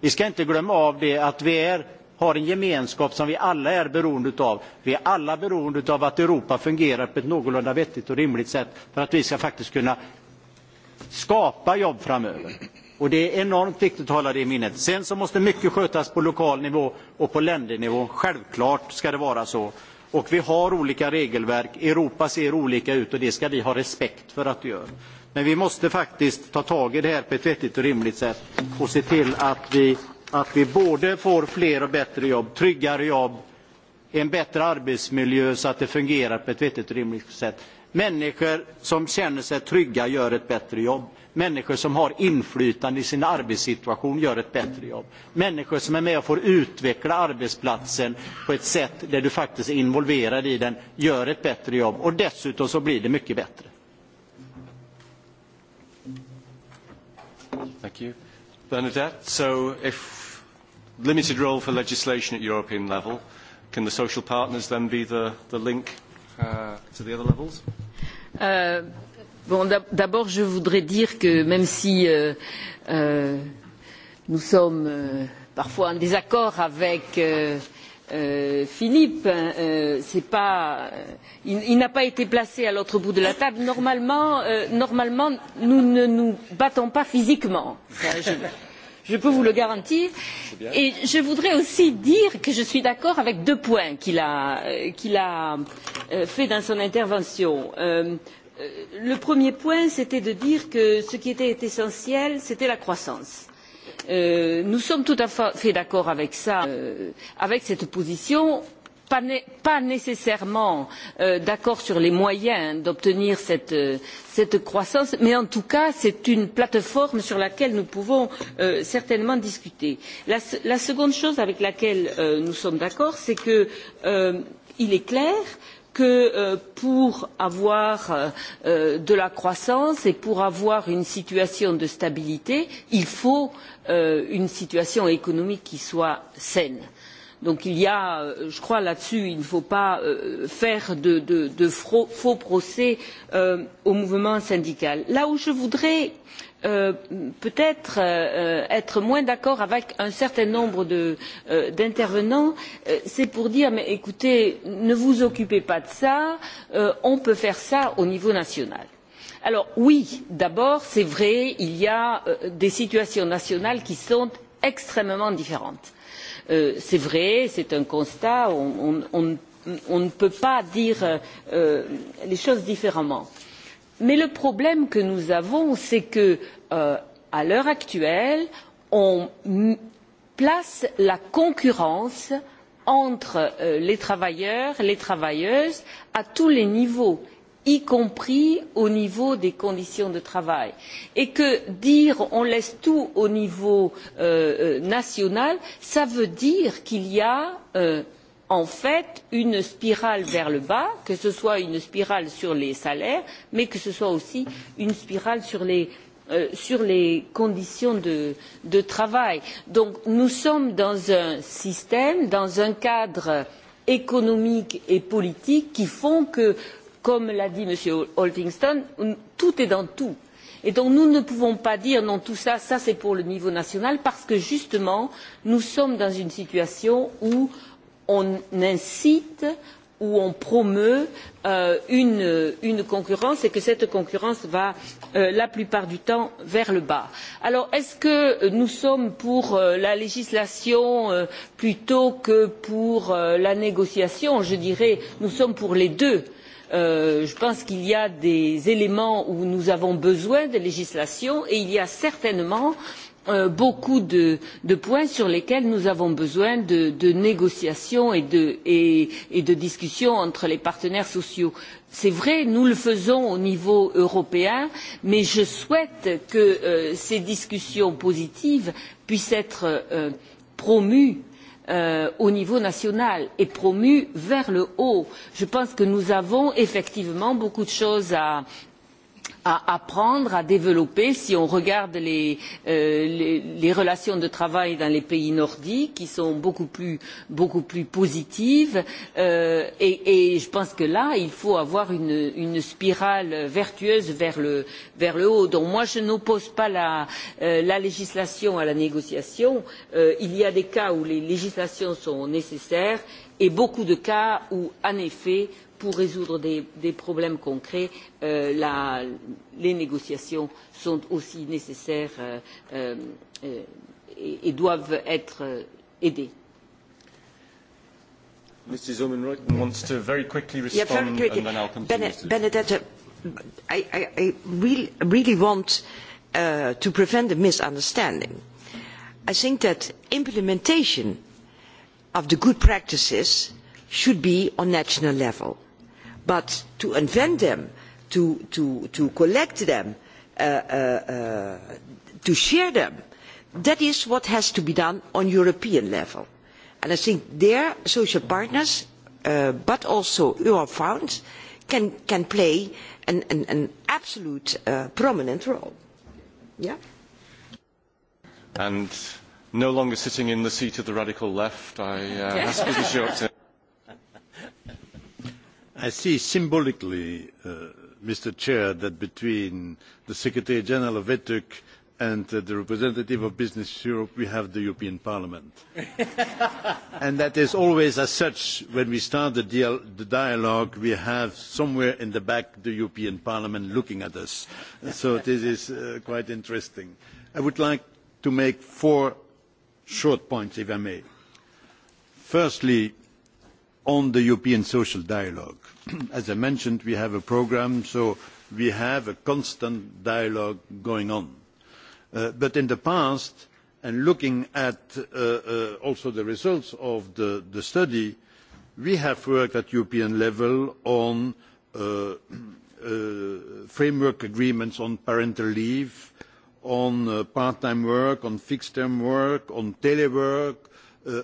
Vi ska inte glömma av det att vi har en gemenskap som vi alla är beroende av. Vi är alla beroende av att Europa fungerar på ett någorlunda vettigt och rimligt sätt för att vi ska faktiskt kunna skapa jobb framöver. Och det är enormt viktigt att hålla det i minnet. Sedan måste mycket skötas på lokal nivå och på ländernivå. Självklart ska det vara så. Och vi har olika regelverk. Europa ser olika ut och det ska vi ha respekt för att det gör. Men vi måste faktiskt ta tag i det här på ett vettigt och rimligt sätt och se till att vi, att vi både får fler och bättre jobb, tryggare jobb, en bättre arbetsmiljö så att det fungerar på ett vettigt och rimligt sätt. Människor som känner sig trygga gör ett bättre jobb. Människor som har inflytande i sin arbetssituation gör ett bättre jobb. Människor som är med och får utveckla arbetsplatsen på ett sätt där du faktiskt är involverad i den gör ett bättre jobb och dessutom så blir det mycket bättre. Thank you. Bernadette, so if limited role for legislation at European level, can the social partners then be the, the link uh, to the other levels? d'abord, je voudrais dire que même si nous sommes parfois en désaccord avec Philippe, il n'a pas été placé à l'autre bout de la table. Normalement, nous ne nous battons pas physiquement. je, peux vous le garantir. Et je voudrais aussi dire que je suis d'accord avec deux points qu'il a, faits dans son intervention le premier point, c'était de dire que ce qui était essentiel, c'était la croissance. nous sommes tout à fait d'accord avec cette position pas nécessairement d'accord sur les moyens d'obtenir cette croissance mais en tout cas c'est une plateforme sur laquelle nous pouvons certainement discuter. la seconde chose avec laquelle nous sommes d'accord c'est qu'il est clair que que pour avoir de la croissance et pour avoir une situation de stabilité, il faut une situation économique qui soit saine. Donc il y a, je crois là-dessus, il ne faut pas faire de, faux procès au mouvement syndical. Là où je voudrais euh, peut être être moins d'accord avec un certain nombre d'intervenants c'est pour dire mais écoutez ne vous occupez pas de cela on peut faire cela au niveau national. alors oui d'abord c'est vrai il y a des situations nationales qui sont extrêmement différentes. c'est vrai c'est un constat on ne peut pas dire les choses différemment mais le problème que nous avons c'est que à l'heure actuelle on place la concurrence entre les travailleurs et les travailleuses à tous les niveaux y compris au niveau des conditions de travail et que dire on laisse tout au niveau national cela veut dire qu'il y a en fait une spirale vers le bas, que ce soit une spirale sur les salaires, mais que ce soit aussi une spirale sur les, sur les conditions de, travail. Donc nous sommes dans un système, dans un cadre économique et politique qui font que, comme l'a dit M. Holtingston, tout est dans tout. Et donc nous ne pouvons pas dire non tout ça, ça c'est pour le niveau national parce que justement nous sommes dans une situation où euh, on incite ou on promeut une, concurrence et que cette concurrence va la plupart du temps vers le bas. Alors est-ce que nous sommes pour la législation plutôt que pour la négociation Je dirais nous sommes pour les deux je pense qu'il y a des éléments où nous avons besoin de législation et il y a certainement des beaucoup de, points sur lesquels nous avons besoin de, négociations et de, discussions entre les partenaires sociaux. C'est vrai, nous le faisons au niveau européen, mais je souhaite que ces discussions positives puissent être promues au niveau national et promues vers le haut. Je pense que nous avons effectivement beaucoup de choses à, à apprendre à développer si on regarde les, relations de travail dans les pays nordiques qui sont beaucoup plus, positives et, je pense que là il faut avoir une, spirale vertueuse vers le, haut. Donc moi je n'oppose pas la, législation à la négociation. il y a des cas où les législations sont nécessaires et beaucoup de cas où en effet pour résoudre des, problèmes concrets, les négociations sont aussi nécessaires et, doivent être aidées. Benedetta, I, really, want to prevent a misunderstanding. I think that implementation of the good practices should be on national level But to invent them, to, collect them, to share them, that is what has to be done on European level. And I think their social partners, but also Eurofound, can, can play an, an, an absolute prominent role. Yeah? And no longer sitting in the seat of the radical left, I uh, ask Mrs. Yorkton. I see symbolically, Mr. Chair, that between the Secretary General of ETUC and the representative of Business Europe, we have the European Parliament. and that is always as such, when we start the, dialogue, we have somewhere in the back the European Parliament looking at us. So this is quite interesting. I would like to make four short points, if I may. Firstly, on the European social dialogue. As I mentioned, we have a programme, so we have a constant dialogue going on. but in the past, and looking at also the results of the, study, we have worked at European level on framework agreements on parental leave, on part-time work, on fixed-term work, on telework,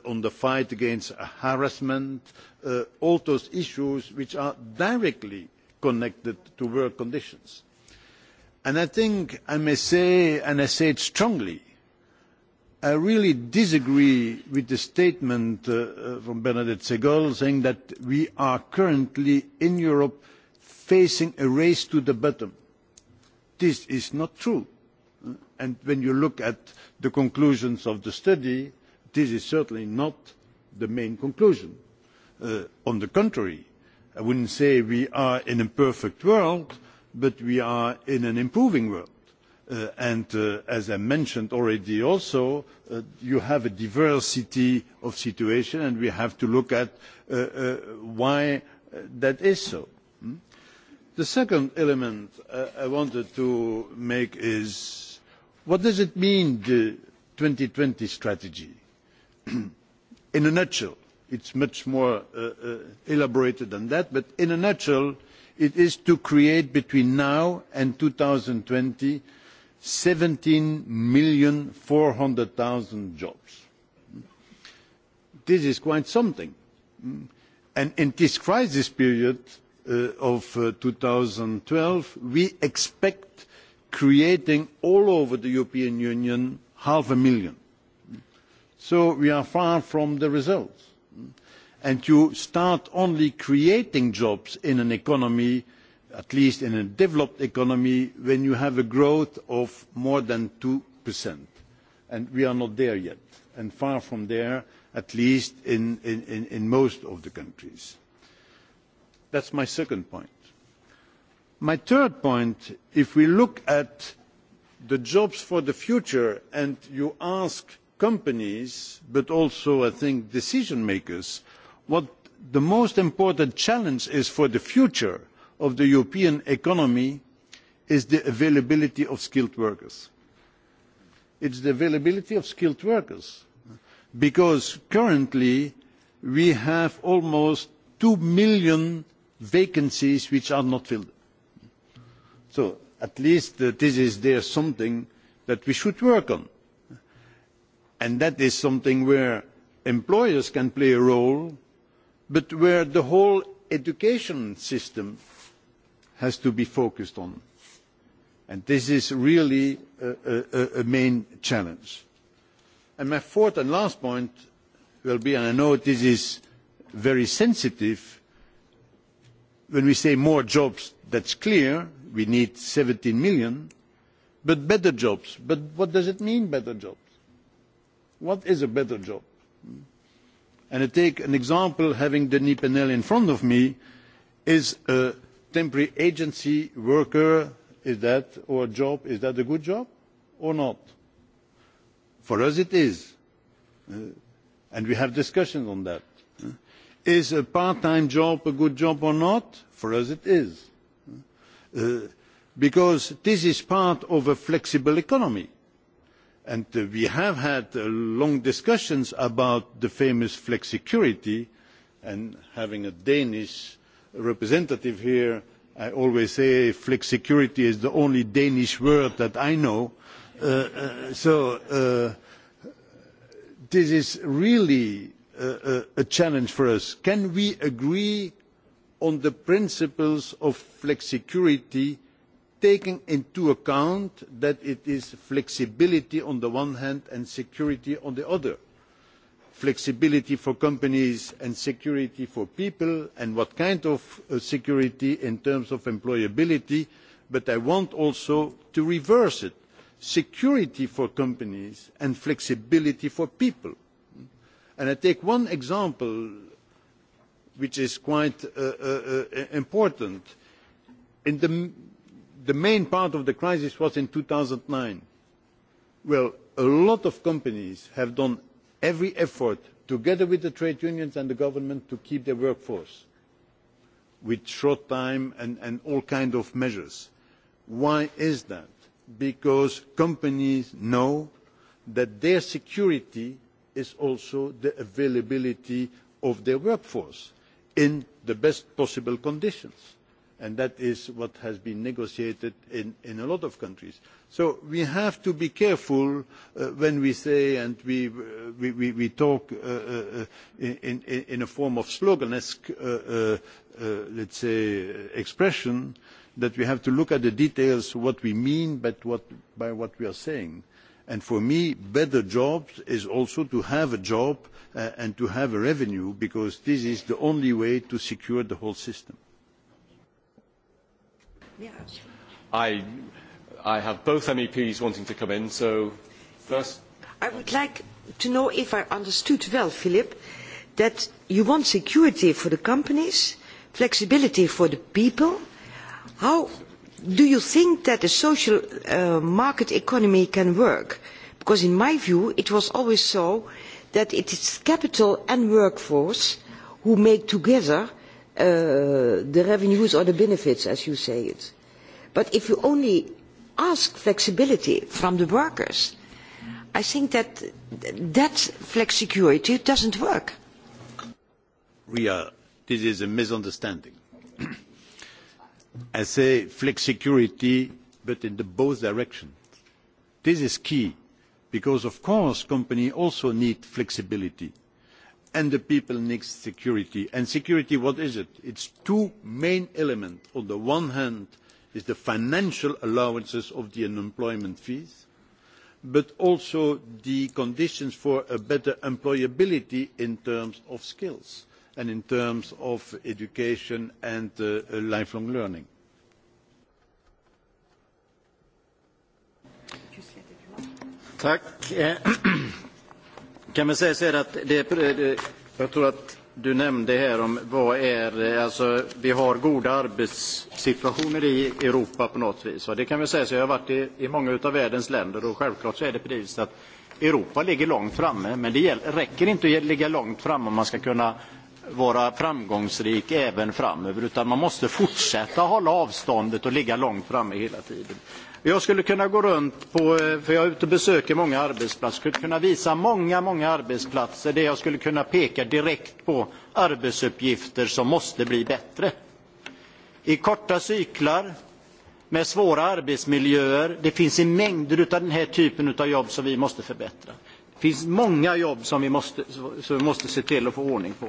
on the fight against harassment, all those issues which are directly connected to work conditions. And I think I may say, and I say it strongly, I really disagree with the statement from Bernadette Segol saying that we are currently in Europe facing a race to the bottom. This is not true. And when you look at the conclusions of the study, this is certainly not the main conclusion. on the contrary, I would not say we are in a perfect world, but we are in an improving world. and as I mentioned already also, you have a diversity of situation and we have to look at why that is so. The second element I wanted to make is what does it mean, the twenty strategy? in a nutshell it is much more elaborated than that but in a nutshell it is to create between now and two thousand and twenty seventeen million four hundred thousand jobs. this is quite something and in this crisis period of two thousand and twelve we expect creating all over the european union half a million So we are far from the results. And you start only creating jobs in an economy, at least in a developed economy, when you have a growth of more than 2%. And we are not there yet, and far from there, at least in, in, in most of the countries. That's my second point. My third point, if we look at the jobs for the future and you ask companies but also i think decision makers what the most important challenge is for the future of the european economy is the availability of skilled workers it is the availability of skilled workers because currently we have almost two million vacancies which are not filled. so at least this is something that we should work on and that is something where employers can play a role, but where the whole education system has to be focused on. And this is really a, main challenge. And my fourth and last point will be, and I know this is very sensitive, when we say more jobs, that's clear, we need seventeen million, but better jobs. But what does it mean, better jobs? What is a better job? And I take an example, having Denis Penel in front of me, is a temporary agency worker, is that, or a job, is that a good job or not? For us it is. and we have discussions on that. Is a part-time job a good job or not? For us it is. because this is part of a flexible economy and we have had long discussions about the famous flexicurity and having a danish representative here i always say flexicurity is the only danish word that i know so this is really a challenge for us can we agree on the principles of flexicurity taking into account that it is flexibility on the one hand and security on the other flexibility for companies and security for people and what kind of security in terms of employability but i want also to reverse it security for companies and flexibility for people. i take one example which is quite important in the the main part of the crisis was in two thousand and nine well a lot of companies have done every effort together with the trade unions and the government to keep their workforce with short time and, and all kinds of measures. Why is that? Because companies know that their security is also the availability of their workforce in the best possible conditions and that is what has been negotiated in, a lot of countries. So we have to be careful when we say and we, talk in, a form of sloganesque let's say, expression, that we have to look at the details, what we mean by what we are saying. And for me, better jobs is also to have a job and to have a revenue, because this is the only way to secure the whole system I, I have both MEPs wanting to come in, so first... I would like to know if I understood well, Philip, that you want security for the companies, flexibility for the people. How do you think that a social market economy can work? Because in my view, it was always so that it is capital and workforce who make together – the revenues or the benefits, as you say it. But if you only ask flexibility from the workers, I think that that flexicurity doesn't work. Ria, this is a misunderstanding. I say flexicurity, but in the both directions. This is key, because of course companies also need flexibility and the people needs security. And security, what is it? It is two main elements. On the one hand, is the financial allowances of the unemployment fees, but also the conditions for a better employability in terms of skills and in terms of education and lifelong learning. Tack. Kan man säga så här att det, jag tror att du nämnde här om vad är, alltså vi har goda arbetssituationer i Europa på något vis. Och det kan vi säga så, jag har varit i, i många av världens länder och självklart så är det precis att Europa ligger långt framme. Men det räcker inte att ligga långt framme om man ska kunna vara framgångsrik även framöver utan man måste fortsätta hålla avståndet och ligga långt framme hela tiden. Jag skulle kunna gå runt på, för jag är ute och besöker många arbetsplatser, skulle kunna visa många, många arbetsplatser där jag skulle kunna peka direkt på arbetsuppgifter som måste bli bättre. I korta cyklar, med svåra arbetsmiljöer, det finns en mängder av den här typen av jobb som vi måste förbättra. Det finns många jobb som vi måste se till att få ordning på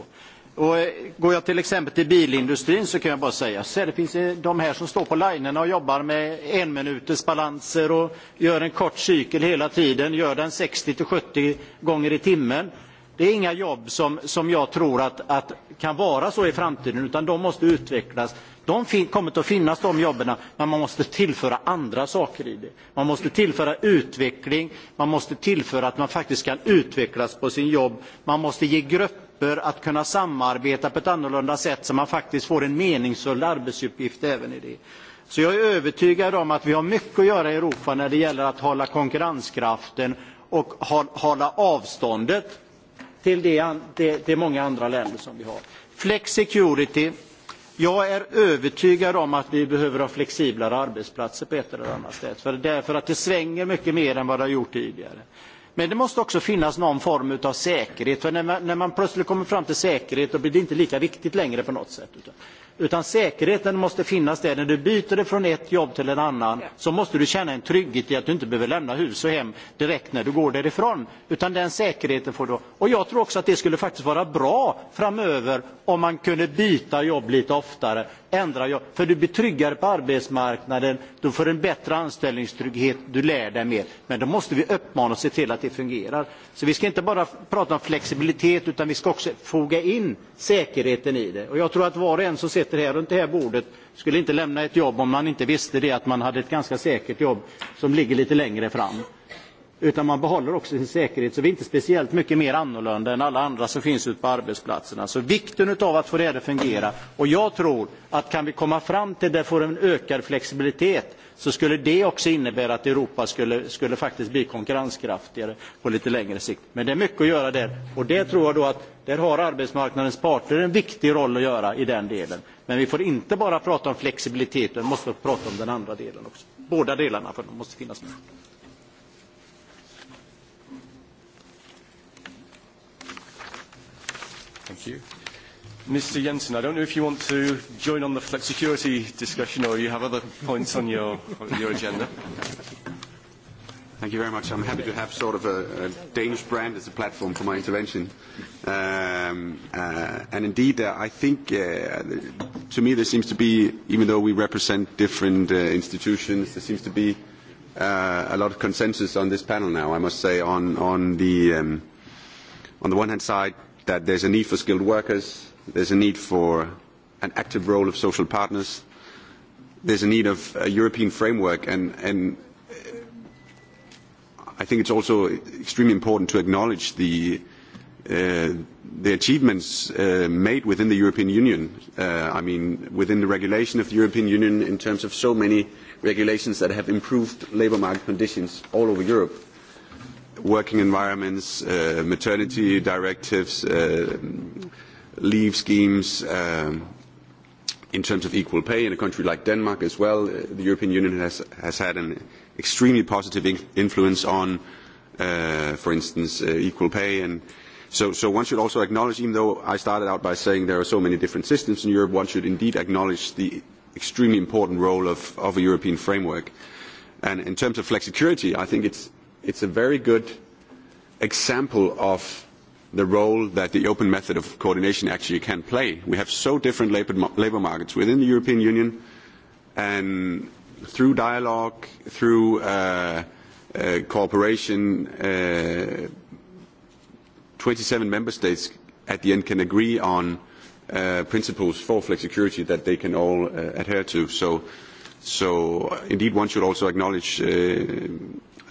går jag till exempel till bilindustrin så kan jag bara säga så det finns de här som står på linorna och jobbar med en minuters balanser och gör en kort cykel hela tiden, gör den 60-70 gånger i timmen. Det är inga jobb som jag tror att kan vara så i framtiden utan de måste utvecklas. De kommer att finnas de jobben, men man måste tillföra andra saker i det. Man måste tillföra utveckling, man måste tillföra att man faktiskt kan utvecklas på sin jobb, man måste ge grupper att kunna samarbeta på ett annorlunda sätt så man faktiskt får en meningsfull arbetsuppgift även i det. Så jag är övertygad om att vi har mycket att göra i Europa när det gäller att hålla konkurrenskraften och hålla avståndet till många andra länder som vi har. Flexicurity. Jag är övertygad om att vi behöver ha flexiblare arbetsplatser på ett eller annat sätt. För, därför att det svänger mycket mer än vad det har gjort tidigare. Men det måste också finnas någon form av säkerhet. För när man, plötsligt kommer fram till säkerhet då blir det inte lika viktigt längre på något sätt. Utan säkerheten måste finnas där. När du byter från ett jobb till en annan så måste du känna en trygghet i att du inte behöver lämna hus och hem direkt när du går därifrån. Utan den säkerheten får du. Och jag tror också att det skulle faktiskt vara bra framöver om man kunde byta jobb lite oftare. Ändra jobb. För du blir tryggare på arbetsmarknaden. Du får en bättre anställningstrygghet. Du lär dig mer. Men då måste vi uppmana och se till att det fungerar. Så vi ska inte bara prata om flexibilitet utan vi ska också foga in säkerheten i det. Och jag tror att var och en som ser sitter runt det här bordet skulle inte lämna ett jobb om man inte visste att man hade ett ganska säkert jobb som ligger lite längre fram utan man behåller också sin säkerhet. Så vi är inte speciellt mycket mer annorlunda än alla andra som finns ute på arbetsplatserna. Så vikten av att få det att fungera. Och jag tror att kan vi komma fram till det får en ökad flexibilitet så skulle det också innebära att Europa skulle, skulle faktiskt bli konkurrenskraftigare på lite längre sikt. Men det är mycket att göra där. Och det tror jag då att där har arbetsmarknadens parter en viktig roll att göra i den delen. Men vi får inte bara prata om flexibilitet, vi måste prata om den andra delen också. Båda delarna måste finnas med. Thank you. Mr. Jensen, I don't know if you want to join on the flexicurity discussion or you have other points on your, on your agenda. Thank you very much. I'm happy to have sort of a, a Danish brand as a platform for my intervention. Um, uh, and indeed, uh, I think uh, to me there seems to be, even though we represent different uh, institutions, there seems to be uh, a lot of consensus on this panel now, I must say, on, on the. Um, on the one hand side, that there's a need for skilled workers, there's a need for an active role of social partners, there's a need of a European framework, and, and I think it's also extremely important to acknowledge the the achievements made within the European Union. I mean, within the regulation of the European Union in terms of so many regulations that have improved labour market conditions all over Europe working environments, uh, maternity directives, uh, leave schemes, um, in terms of equal pay in a country like Denmark as well, the European Union has, has had an extremely positive influence on, for instance, equal pay. And so, so one should also acknowledge, even though I started out by saying there are so many different systems in Europe, one should indeed acknowledge the extremely important role of, of a European framework. And in terms of flexicurity, I think it's It's a very good example of the role that the open method of coordination actually can play. We have so different labour markets within the European Union, and through dialogue, through uh, uh, cooperation, uh, 27 member states at the end can agree on uh, principles for flexicurity that they can all uh, adhere to. So, so indeed, one should also acknowledge uh,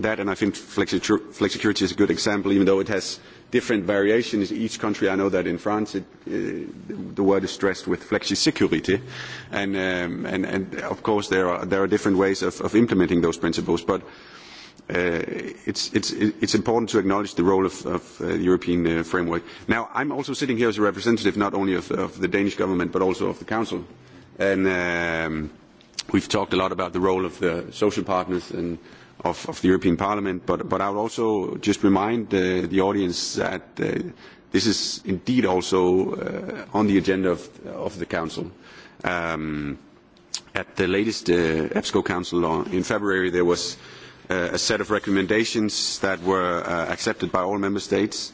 that, and I think flexicurity is a good example, even though it has different variations in each country. I know that in France, it, the word is stressed with flexicurity, and, um, and, and of course there are there are different ways of, of implementing those principles, but. Uh, it's, it's, it's important to acknowledge the role of, of uh, the European uh, framework. Now, I'm also sitting here as a representative not only of, of the Danish government but also of the Council. And um, we've talked a lot about the role of the social partners and uh, of, the European Parliament. But, but I would also just remind uh, the audience that uh, this is indeed also uh, on the agenda of, of the Council. Um, at the latest uh, EBSCO Council on, in February, there was uh, a set of recommendations that were uh, accepted by all Member States.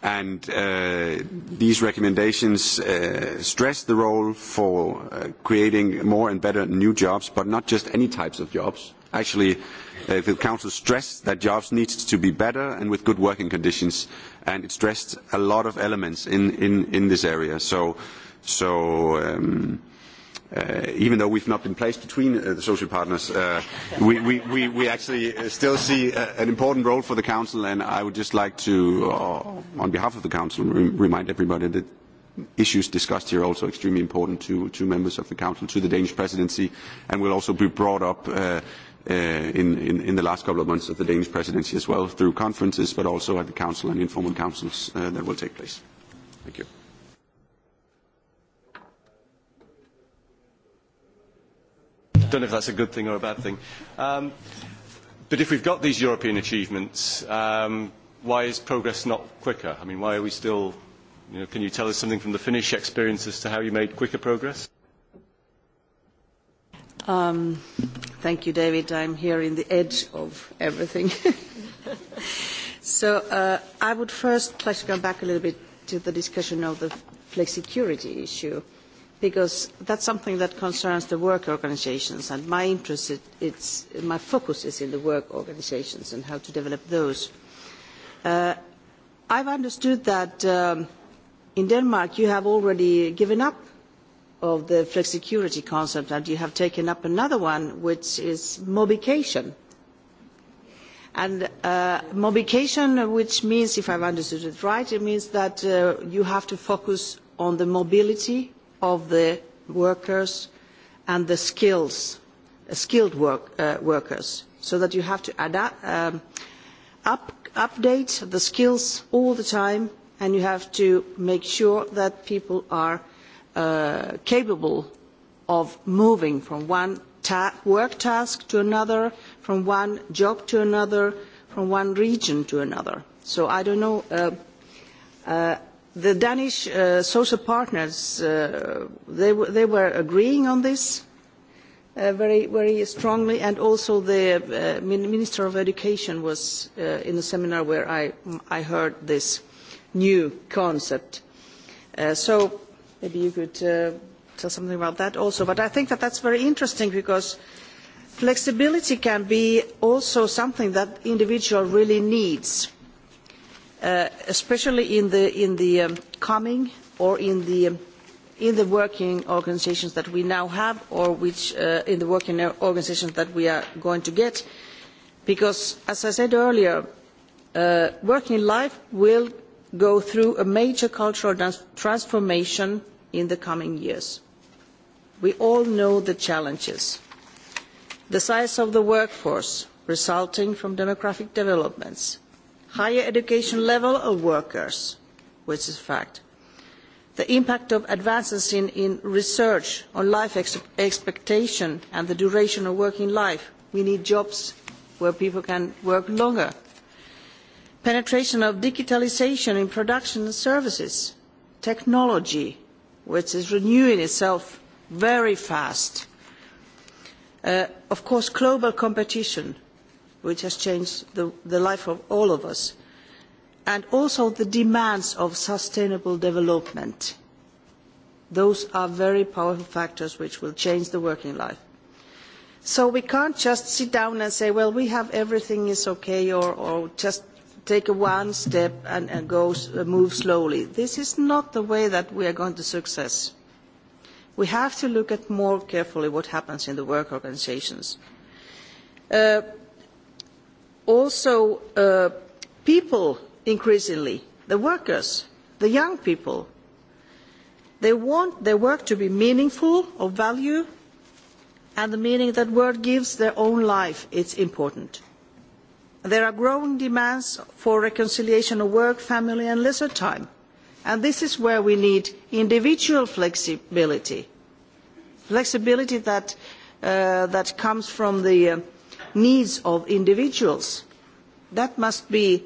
And uh, these recommendations uh, stress the role for uh, creating more and better new jobs, but not just any types of jobs, Actually, the Council stressed that jobs need to be better and with good working conditions, and it stressed a lot of elements in this area. So even though we've not been placed between the social partners, we actually still see an important role for the council, and I would just like to, on behalf of the council, remind everybody that issues discussed here are also extremely important to members of the council, to the Danish presidency, and will also be brought up in the last couple of months of the Danish presidency as well, through conferences, but also at the council and informal councils that will take place. Thank you. I Don't know if that's a good thing or a bad thing. Um, but if we've got these European achievements, um, why is progress not quicker? I mean, why are we still, you know, can you tell us something from the Finnish experience as to how you made quicker progress? Um, thank you, David. I'm here in the edge of everything. so uh, I would first like to come back a little bit to the discussion of the flexicurity issue, because that's something that concerns the work organizations, and my interest, it, it's, my focus is in the work organizations and how to develop those. Uh, I've understood that um, in Denmark you have already given up of the flexicurity concept, and you have taken up another one, which is mobication. And mobication, which means, if I've understood it right, it means that you have to focus on the mobility of the workers and the skills, skilled workers, so that you have to update the skills all the time, and you have to make sure that people are capable of moving from one work task to another, from one job to another, from one region to another. So I don't know. the Danish social partners, they, were agreeing on this very, very strongly, and also the Minister of Education was in the seminar where I, I heard this new concept. so Maybe you could uh, tell something about that also. But I think that that's very interesting because flexibility can be also something that the individual really needs, uh, especially in the, in the um, coming or in the in the working organisations that we now have or which in the working organisations that we are going to get because as i said earlier working life will go through a major cultural transformation in the coming years. We all know the challenges. The size of the workforce resulting from demographic developments, higher education level of workers, which is a fact, the impact of advances in, research on life expectation and the duration of working life. We need jobs where people can work longer penetration of digitalisation in production and services, technology, which is renewing itself very fast. of course, global competition, which has changed the, life of all of us, and also the demands of sustainable development. Those are very powerful factors which will change the working life. So we can't just sit down and say, well, we have everything is okay, or, or just take one step and, and move slowly. This is not the way that we are going to success. We have to look at more carefully what happens in the work organisations. also, people increasingly, the workers, the young people, they want their work to be meaningful, of value, and the meaning that work gives their own life is important there are growing demands for reconciliation of work, family and leisure time. And this is where we need individual flexibility, flexibility that, comes from the needs of individuals. That must be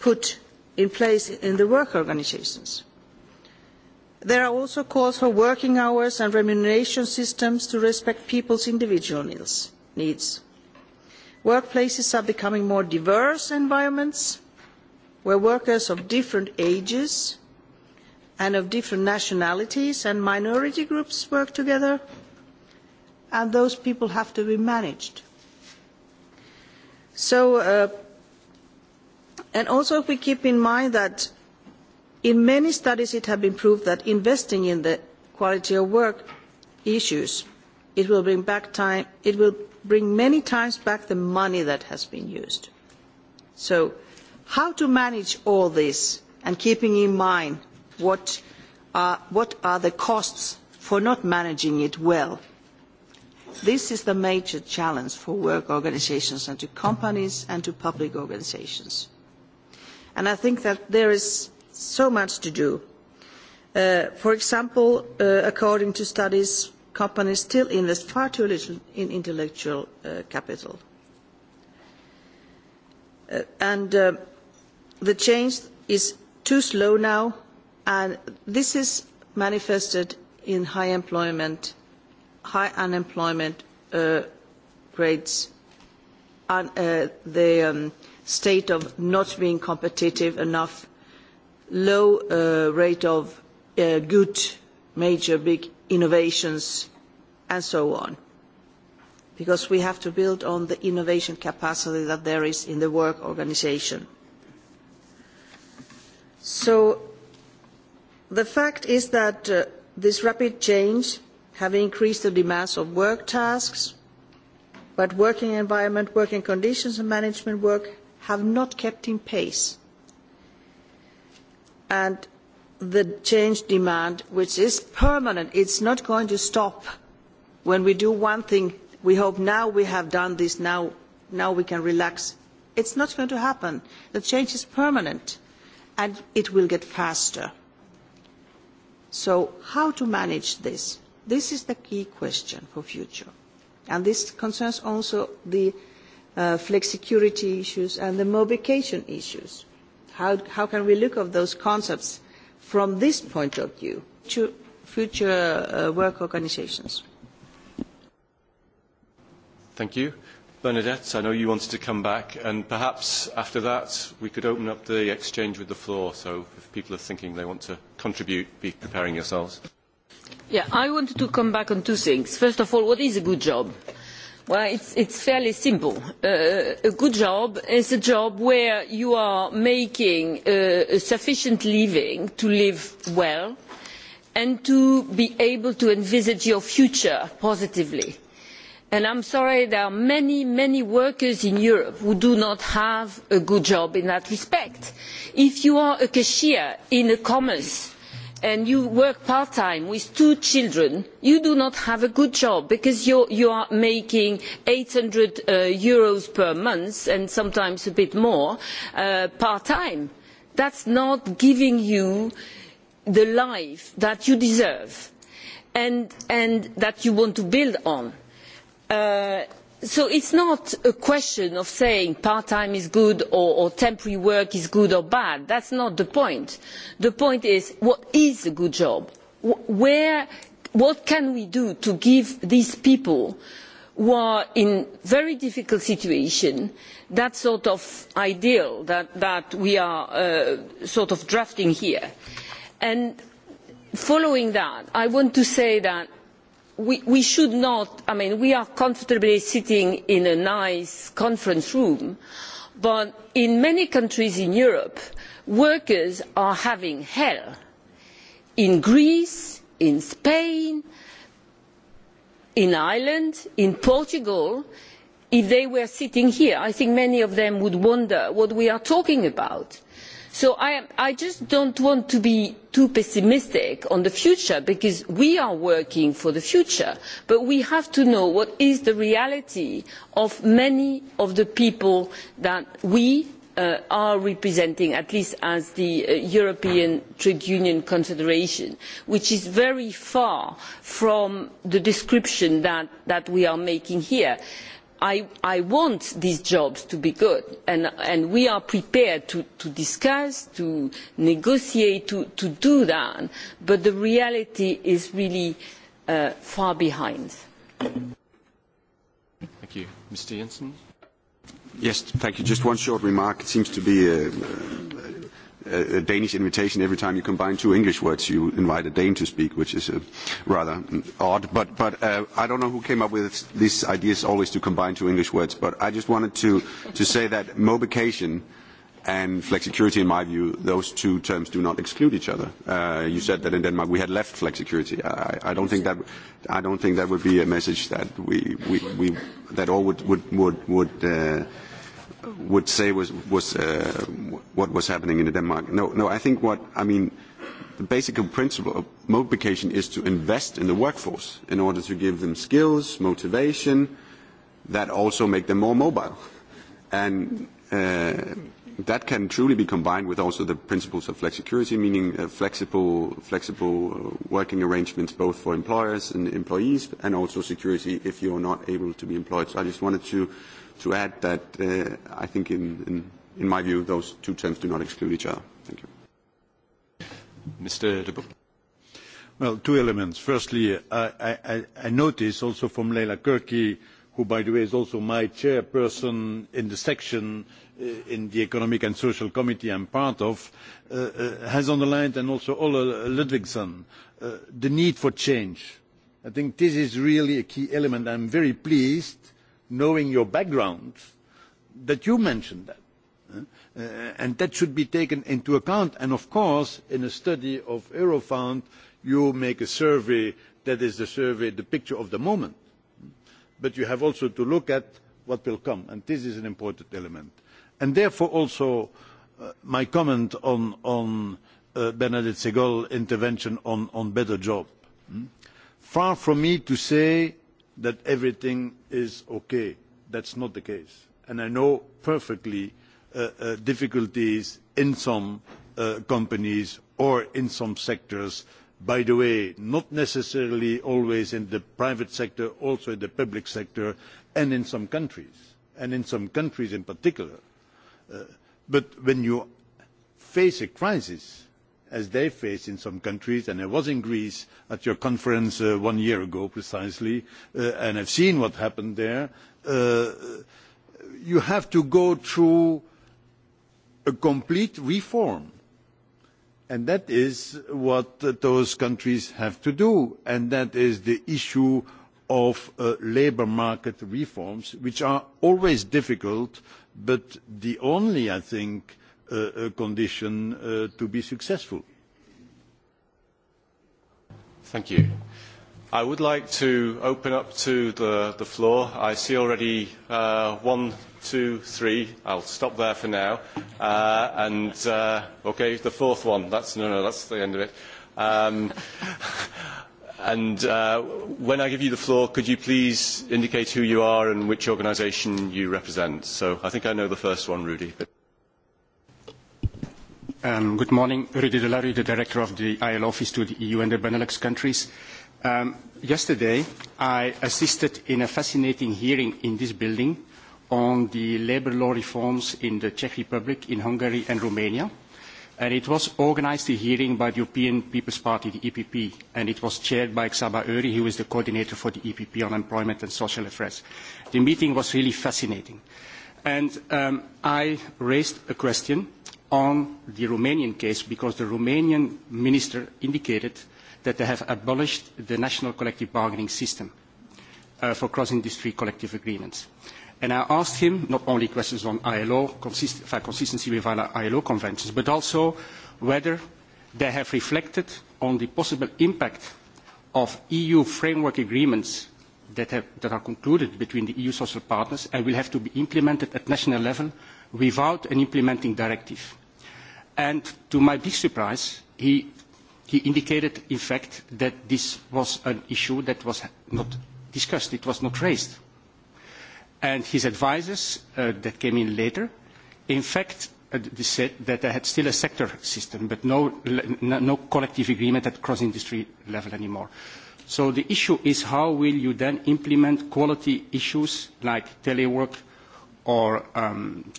put in place in the work organisations. There are also calls for working hours and remuneration systems to respect people's individual needs Workplaces are becoming more diverse environments where workers of different ages and of different nationalities and minority groups work together, and those people have to be managed. So, and also if we keep in mind that in many studies it has been proved that investing in the quality of work issues, it will bring back time, it will bring many times back the money that has been used. So how to manage all this and keeping in mind what are, the costs for not managing it well? This is the major challenge for work organisations and to companies and to public organisations. And I think that there is so much to do. for example, according to studies companies still invest far too little in intellectual capital. and the change is too slow now, and this is manifested in high employment, high unemployment rates, and the state of not being competitive enough, low rate of good major big innovations and so on because we have to build on the innovation capacity that there is in the work organisation. So the fact is that this rapid change has increased the demands of work tasks, but working environment, working conditions and management work have not kept in pace. And the change demand, which is permanent. It's not going to stop when we do one thing. We hope now we have done this, now, now we can relax. It's not going to happen. The change is permanent and it will get faster. So how to manage this? This is the key question for future. And this concerns also the flexicurity issues and the mobication issues. How, how can we look at those concepts from this point of view to future work organisations. Thank you. Bernadette, I know you wanted to come back, and perhaps after that we could open up the exchange with the floor. So if people are thinking they want to contribute, be preparing yourselves. Yeah, I wanted to come back on two things. First of all, what is a good job? Well, it is fairly simple. a good job is a job where you are making a sufficient living to live well and to be able to envisage your future positively. I am sorry there are many, many workers in Europe who do not have a good job in that respect. If you are a cashier in a commerce and you work part time with two children you do not have a good job because you are making EUR eight hundred per month and sometimes a bit more part time. that is not giving you the life that you deserve and that you want to build on so it is not a question of saying part time is good or temporary work is good or bad that is not the point the point is what is a good job what can we do to give these people who are in a very difficult situation that sort of ideal that we are sort of drafting here and following that i want to say that we should not i mean we are comfortably sitting in a nice conference room but in many countries in europe workers are having hell in greece in spain in ireland in portugal if they were sitting here i think many of them would wonder what we are talking about so i just do not want to be too pessimistic on the future because we are working for the future but we have to know what is the reality of many of the people that we are representing at least as the european trade union confederation which is very far from the description that we are making here. I, want these jobs to be good, and, we are prepared to, discuss, to negotiate, to, do that, but the reality is really far behind. Thank you. Mr. Jensen? Yes, thank you. Just one short remark. It seems to be a Danish invitation every time you combine two English words. You invite a Dane to speak, which is uh, rather odd. But, but uh, I don't know who came up with these ideas always to combine two English words. But I just wanted to, to say that mobication and flexicurity, in my view, those two terms do not exclude each other. Uh, you said that in Denmark we had left flexicurity. I, I don't think that I don't think that would be a message that we, we, we that all would would would, would uh, would say was was uh, what was happening in Denmark. No, no. I think what I mean, the basic principle of mobilization is to invest in the workforce in order to give them skills, motivation, that also make them more mobile, and. Uh, that can truly be combined with also the principles of flexicurity, meaning uh, flexible, flexible working arrangements both for employers and employees, and also security if you're not able to be employed. So I just wanted to to add that uh, I think, in, in, in my view, those two terms do not exclude each other. Thank you. Mr. De Boer. Well, two elements. Firstly, I, I, I notice also from Leila Kirky, who, by the way, is also my chairperson in the section in the Economic and Social Committee I am part of, has underlined, and also Ola Ludvigsson, the need for change. I think this is really a key element. I am very pleased knowing your background, that you mentioned that. and that should be taken into account. And of course, in a study of Eurofound, you make a survey that is the survey, the picture of the moment. But you have also to look at what will come, and this is an important element. And therefore also my comment on, Bernadette Segal's intervention on, better job. Far from me to say that everything is okay. That is not the case. And I know perfectly difficulties in some companies or in some sectors. By the way, not necessarily always in the private sector, also in the public sector, and in some countries, and in some countries in particular. but when you face a crisis, as they face in some countries and i was in greece at your conference one year ago precisely and have seen what happened there you have to go through a complete reform and that is what those countries have to do and that is the issue of labour market reforms which are always difficult but the only i think condition to be successful. I would like to open up to the, floor. I see already one, two, three. I'll stop there for now. and, okay, the fourth one. That's, no, no, that's the end of it. and when I give you the floor, could you please indicate who you are and which organisation you represent? So I think I know the first one, Rudy. But Good morning. Rudy de la Rue, the Director of the ILO Office to the EU and the Benelux countries. Yesterday, I assisted in a fascinating hearing in this building on the labour law reforms in the Czech Republic, in Hungary and Romania. and It was organised a hearing by the European People's Party, the EPP, and it was chaired by Xaba Öri, who is the coordinator for the EPP on employment and social affairs. The meeting was really fascinating. and I raised a question on the Romanian case because the Romanian minister indicated that they have abolished the national collective bargaining system for cross-industry collective agreements. And I asked him not only questions on ILO, consistency with ILO conventions, but also whether they have reflected on the possible impact of EU framework agreements that are concluded between the EU social partners and will have to be implemented at national level without an implementing directive. And to my big surprise, he, he indicated, in fact, that this was an issue that was not discussed, it was not raised. And his advisers that came in later, in fact, they said that they had still a sector system, but no, no collective agreement at cross-industry level anymore. So the issue is how will you then implement quality issues like telework, or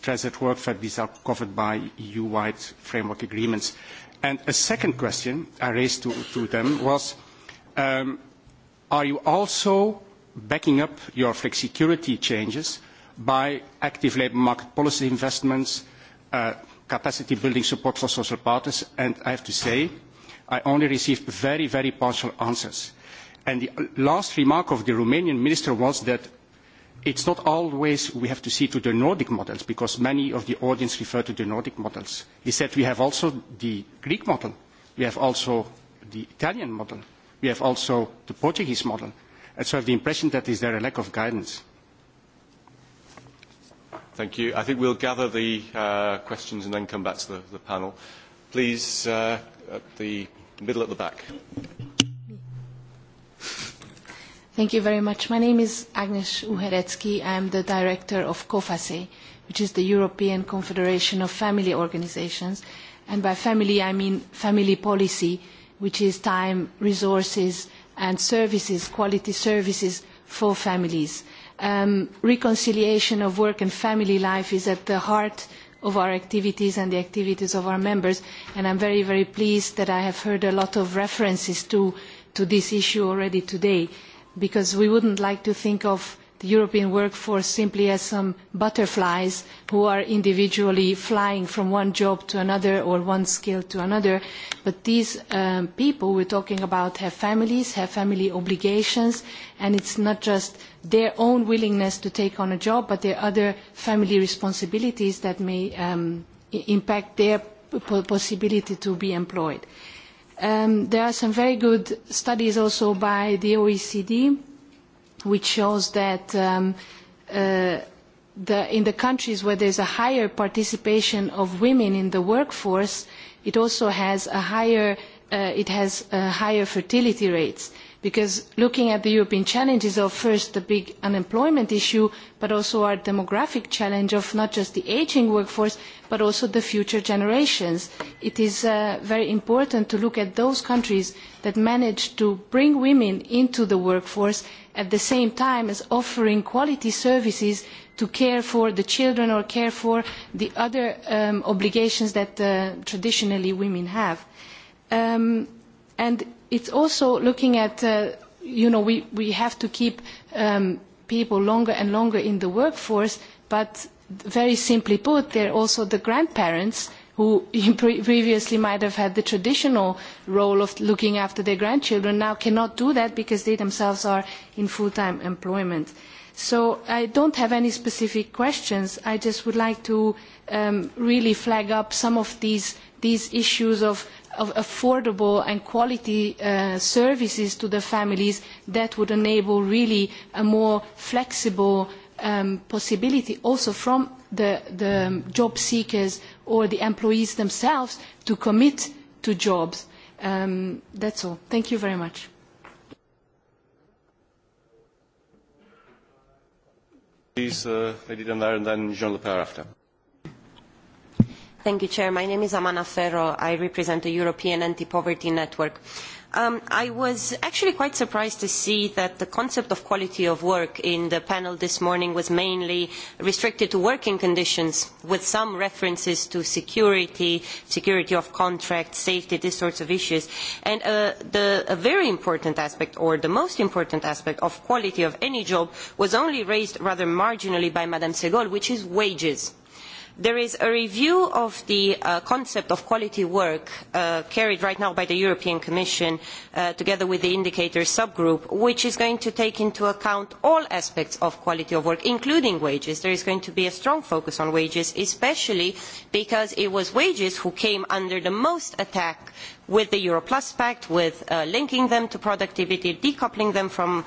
transit work that these are covered by EU-wide framework agreements. And a second question I raised to, them was, are you also backing up your flexicurity changes by active labour market policy investments, capacity building support for social partners? And I have to say, I only received very, very partial answers. And the last remark of the Romanian minister was that It's not always we have to see to the Nordic models, because many of the audience refer to the Nordic models. He said we have also the Greek model, we have also the Italian model, we have also the Portuguese model. And so I have the impression that is there a lack of guidance. Thank you. I think we'll gather the uh, questions and then come back to the, the panel. Please, uh, at the middle at the back. Thank you very much. My name is Agnes Uherecki. I am the director of COFASE, which is the European Confederation of Family Organizations. And by family, I mean family policy, which is time, resources, and services, quality services for families. reconciliation of work and family life is at the heart of our activities and the activities of our members, and I am very, very pleased that I have heard a lot of references to this issue already today because we wouldn't like to think of the European workforce simply as some butterflies who are individually flying from one job to another or one skill to another. But these people we are talking about have families, have family obligations, and it's not just their own willingness to take on a job, but their other family responsibilities that may impact their possibility to be employed there are some very good studies also by the OECD, which shows that in the countries where there is a higher participation of women in the workforce, it also has a higher, it has higher fertility rates because looking at the European challenges of first the big unemployment issue, but also our demographic challenge of not just the ageing workforce, but also the future generations. It is very important to look at those countries that manage to bring women into the workforce at the same time as offering quality services to care for the children or care for the other obligations that traditionally women have. and it's also looking at, uh, you know, we, we have to keep um, people longer and longer in the workforce, but very simply put, they're also the grandparents who previously might have had the traditional role of looking after their grandchildren now cannot do that because they themselves are in full-time employment. So I don't have any specific questions. I just would like to really flag up some of these, issues of affordable and quality services to the families that would enable really a more flexible possibility also from the, job seekers or the employees themselves to commit to jobs. Um, that's all. Thank you very much. Please, uh, Lady Dunbar, and then Jean Le after. Thank you, Chair. My name is Amana Ferro. I represent the European Anti-Poverty Network. I was actually quite surprised to see that the concept of quality of work in the panel this morning was mainly restricted to working conditions, with some references to security, security of contract, safety, these sorts of issues. And a very important aspect, or the most important aspect of quality of any job was only raised rather marginally by Madame Segol, which is wages There is a review of the concept of quality work carried right now by the European Commission together with the indicator subgroup, which is going to take into account all aspects of quality of work, including wages. There is going to be a strong focus on wages, especially because it was wages who came under the most attack with the Euro Plus Pact, with linking them to productivity, decoupling them from,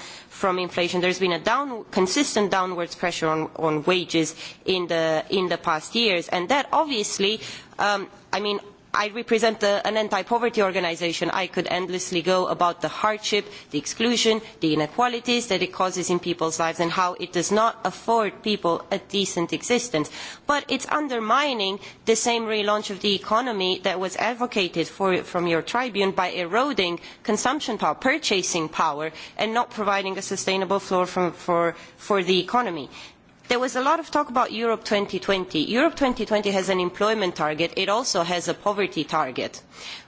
inflation. There has been a consistent downwards pressure on, wages in the, past years. And that obviously, I mean, I represent an anti-poverty organisation. I could endlessly go about the hardship, the exclusion, the inequalities that it causes in people's lives and how it does not afford people a decent existence. But it is undermining the same relaunch of the economy that was advocated from your tribune by eroding consumption power, purchasing power, and not providing a sustainable floor for the economy There was a lot of talk about Europe twenty. Europe twenty has an employment target. It also has a poverty target.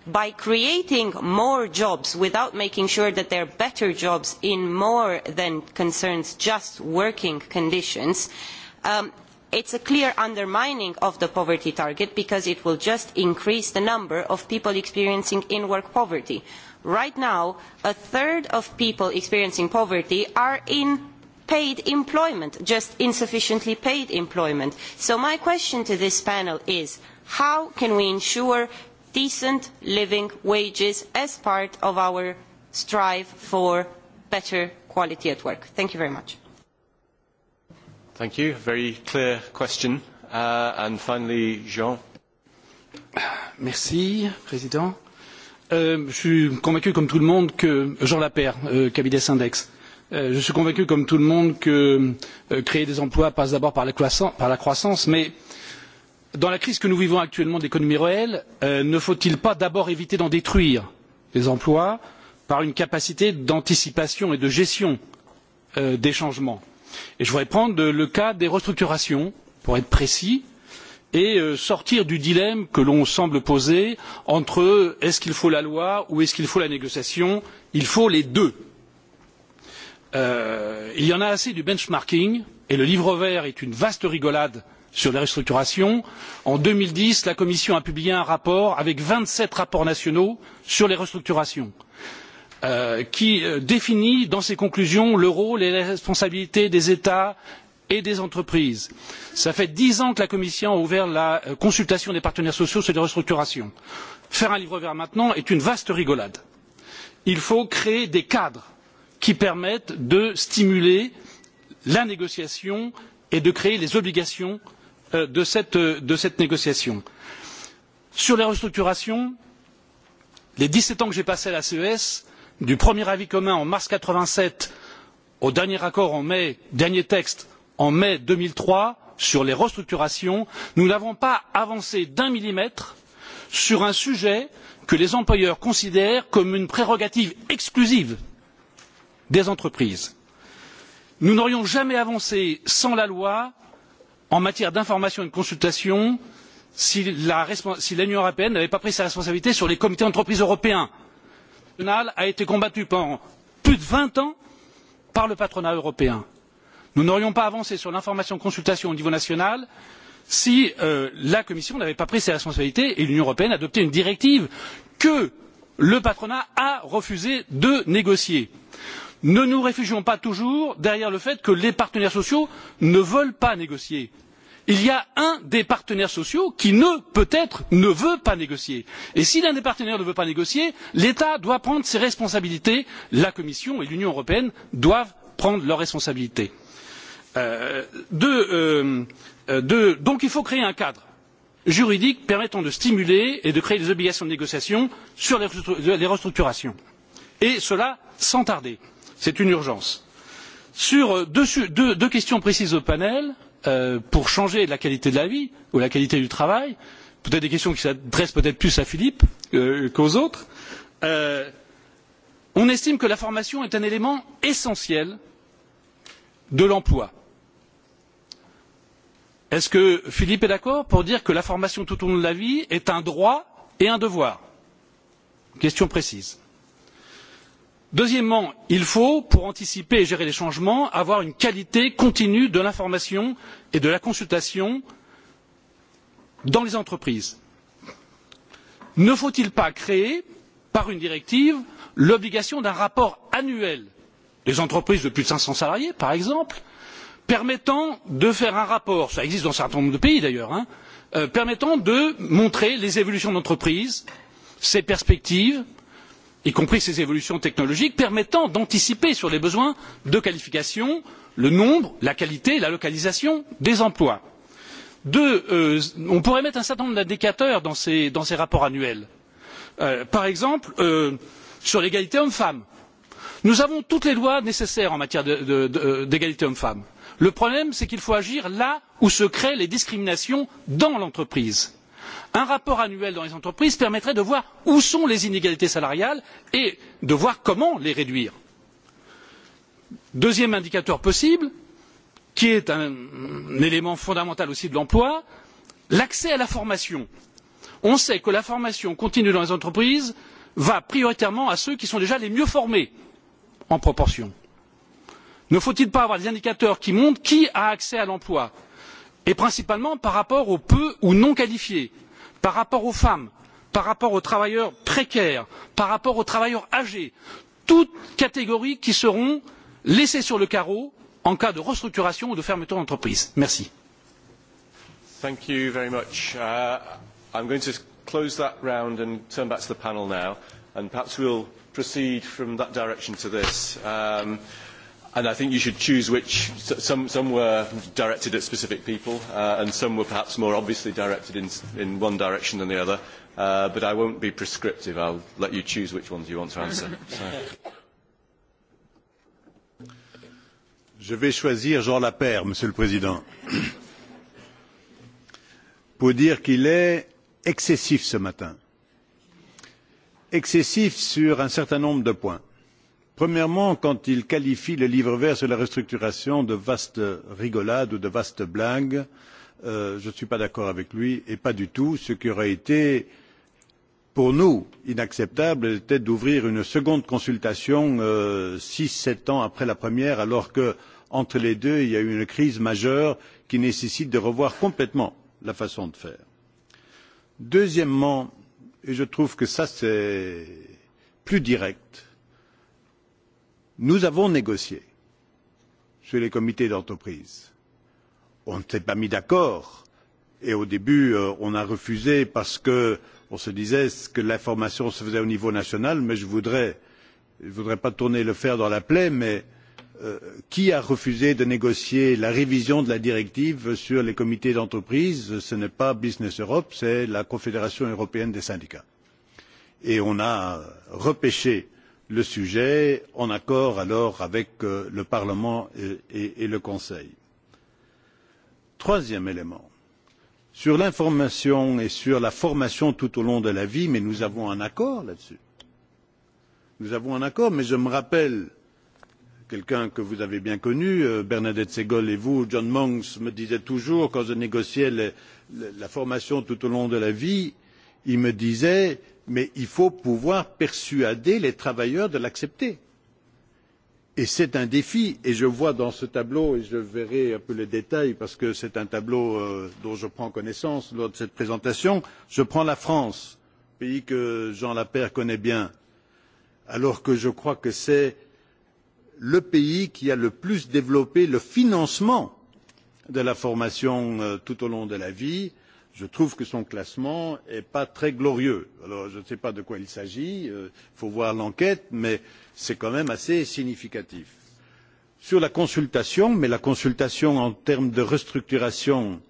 By creating more jobs without making sure that there are better jobs in more than concerns just working conditions, it is a clear undermining of the poverty target because it will just increase the number of people experiencing in-work poverty. Right now, a third of people experiencing poverty are in paid employment, just insufficiently paid employment. So my question to this panel is, how can we ensure decent living wages as part of our strive for better quality at work? Thank you very much. Thank you. Very clear question. and finally, Jean. Merci, Président. je suis convaincu, comme tout le monde, que Jean Lapère, euh, Sindex. Index je suis convaincu, comme tout le monde, que créer des emplois passe d'abord par la croissance, mais dans la crise que nous vivons actuellement de l'économie réelle, ne faut-il pas d'abord éviter d'en détruire les emplois par une capacité d'anticipation et de gestion des changements je voudrais prendre le cas des restructurations, pour être précis, et sortir du dilemme que l'on semble poser entre est-ce qu'il faut la loi ou est-ce qu'il faut la négociation Il faut les deux il y en a assez du benchmarking et le livre vert est une vaste rigolade sur les restructurations. En deux mille dix, la Commission a publié un rapport avec vingt sept rapports nationaux sur les restructurations qui définit dans ses conclusions le rôle et les responsabilités des États et des entreprises. Cela fait dix ans que la Commission a ouvert la consultation des partenaires sociaux sur les restructurations. Faire un livre vert maintenant est une vaste rigolade. Il faut créer des cadres qui permettent de stimuler la négociation et de créer les obligations de cette négociation. Sur les restructurations, les dix sept ans que j'ai passés à la ces du premier avis commun en mars quatre vingt sept au dernier accord en mai dernier texte en mai deux mille trois sur les restructurations nous n'avons pas avancé d'un millimètre sur un sujet que les employeurs considèrent comme une prérogative exclusive des entreprises. Nous n'aurions jamais avancé sans la loi en matière d'information et de consultation si l'Union européenne n'avait pas pris ses responsabilités sur les comités d'entreprise européens. Le national a été combattu pendant plus de vingt ans par le patronat européen. Nous n'aurions pas avancé sur l'information et la consultation au niveau national si la Commission n'avait pas pris ses responsabilités et l'Union européenne adopté une directive que le patronat a refusé de négocier ne nous réfugions pas toujours derrière le fait que les partenaires sociaux ne veulent pas négocier. il y a un des partenaires sociaux qui ne peut être ne veut pas négocier et si l'un des partenaires ne veut pas négocier l'état doit prendre ses responsabilités la commission et l'union européenne doivent prendre leurs responsabilités. donc il faut créer un cadre juridique permettant de stimuler et de créer des obligations de négociation sur les restructurations et cela sans tarder c'est une urgence. sur deux questions précises au panel pour changer la qualité de la vie ou la qualité du travail peut être des questions qui s'adressent peut être plus à philippe qu'aux autres on estime que la formation est un élément essentiel de l'emploi. est ce que philippe est d'accord pour dire que la formation tout au long de la vie est un droit et un devoir? question précise deuxièmement il faut pour anticiper et gérer les changements avoir une qualité continue de l'information et de la consultation dans les entreprises. ne faut il pas créer par une directive l'obligation d'un rapport annuel des entreprises de plus de cinq cents salariés par exemple permettant de faire un rapport cela existe dans un certain nombre de pays d'ailleurs permettant de montrer les évolutions de l'entreprise ses perspectives y compris ces évolutions technologiques permettant d'anticiper sur les besoins de qualification le nombre la qualité et la localisation des emplois. deux on pourrait mettre un certain nombre d'indicateurs dans ces rapports annuels par exemple sur l'égalité hommes femmes. nous avons toutes les lois nécessaires en matière d'égalité hommes femmes. le problème c'est qu'il faut agir là où se créent les discriminations dans l'entreprise un rapport annuel dans les entreprises permettrait de voir où sont les inégalités salariales et de voir comment les réduire. deuxième indicateur possible qui est un élément fondamental aussi de l'emploi l'accès à la formation. on sait que la formation continue dans les entreprises va prioritairement à ceux qui sont déjà les mieux formés en proportion. ne faut il pas avoir des indicateurs qui montrent qui a accès à l'emploi et principalement par rapport aux peu ou non qualifiés? par rapport aux femmes, par rapport aux travailleurs précaires, par rapport aux travailleurs âgés, toutes catégories qui seront laissées sur le carreau en cas de restructuration ou de fermeture d'entreprise. Merci. Thank you very much. Uh, I'm going to close that round and turn back to the panel now, and perhaps we'll proceed from that direction to this. Um, And I think you should choose which. Some, some were directed at specific people, uh, and some were perhaps more obviously directed in, in one direction than the other. Uh, but I won't be prescriptive. I'll let you choose which ones you want to answer. So. Je vais choisir Jean Lapère, Monsieur le Président, pour dire qu'il est excessif ce matin. Excessif sur un certain nombre de points premièrement quand il qualifie le livre vert sur la restructuration de vaste rigolade ou de vaste blague je ne suis pas d'accord avec lui et pas du tout. ce qui aurait été pour nous inacceptable était d'ouvrir une seconde consultation six sept ans après la première alors que entre les deux il y a eu une crise majeure qui nécessite de revoir complètement la façon de faire. deuxièmement et je trouve que c'est plus direct Nous avons négocié sur les comités d'entreprise. On ne s'est pas mis d'accord et au début on a refusé parce que on se disait que l'information se faisait au niveau national, mais je voudrais je ne voudrais pas tourner le fer dans la plaie, mais qui a refusé de négocier la révision de la directive sur les comités d'entreprise ce n'est pas business europe c'est la confédération européenne des syndicats et on a repêché le sujet en accord alors avec le parlement et le conseil. troisième élément sur l'information et sur la formation tout au long de la vie mais nous avons un accord là dessus. nous avons un accord mais je me rappelle quelqu'un que vous avez bien connu bernadette segal et vous john monks me disait toujours quand je négociais la formation tout au long de la vie il me disait mais il faut pouvoir persuader les travailleurs de l'accepter. Et c'est un défi, et je vois dans ce tableau, et je verrai un peu les détails parce que c'est un tableau dont je prends connaissance lors de cette présentation, je prends la France, pays que Jean Lapère connaît bien, alors que je crois que c'est le pays qui a le plus développé le financement de la formation tout au long de la vie, je trouve que son classement n'est pas très glorieux. Alors, je ne sais pas de quoi il s'agit, il faut voir l'enquête, mais c'est quand même assez significatif. Sur la consultation, mais la consultation en termes de restructuration,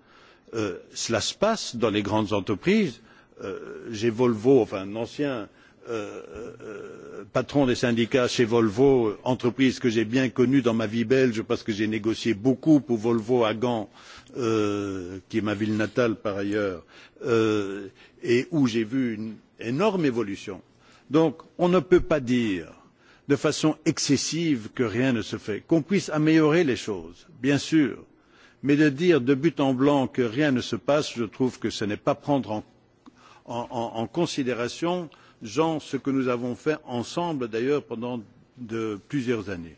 cela se passe dans les grandes entreprises. J'ai Volvo, enfin un ancien patron des syndicats chez Volvo, entreprise que j'ai bien connue dans ma vie belge parce que j'ai négocié beaucoup pour Volvo à Gand qui est ma ville natale par ailleurs, et où j'ai vu une énorme évolution. Donc, on ne peut pas dire de façon excessive que rien ne se fait, qu'on puisse améliorer les choses, bien sûr, mais de dire de but en blanc que rien ne se passe, je trouve que ce n'est pas prendre en, considération, Jean, ce que nous avons fait ensemble d'ailleurs pendant plusieurs années.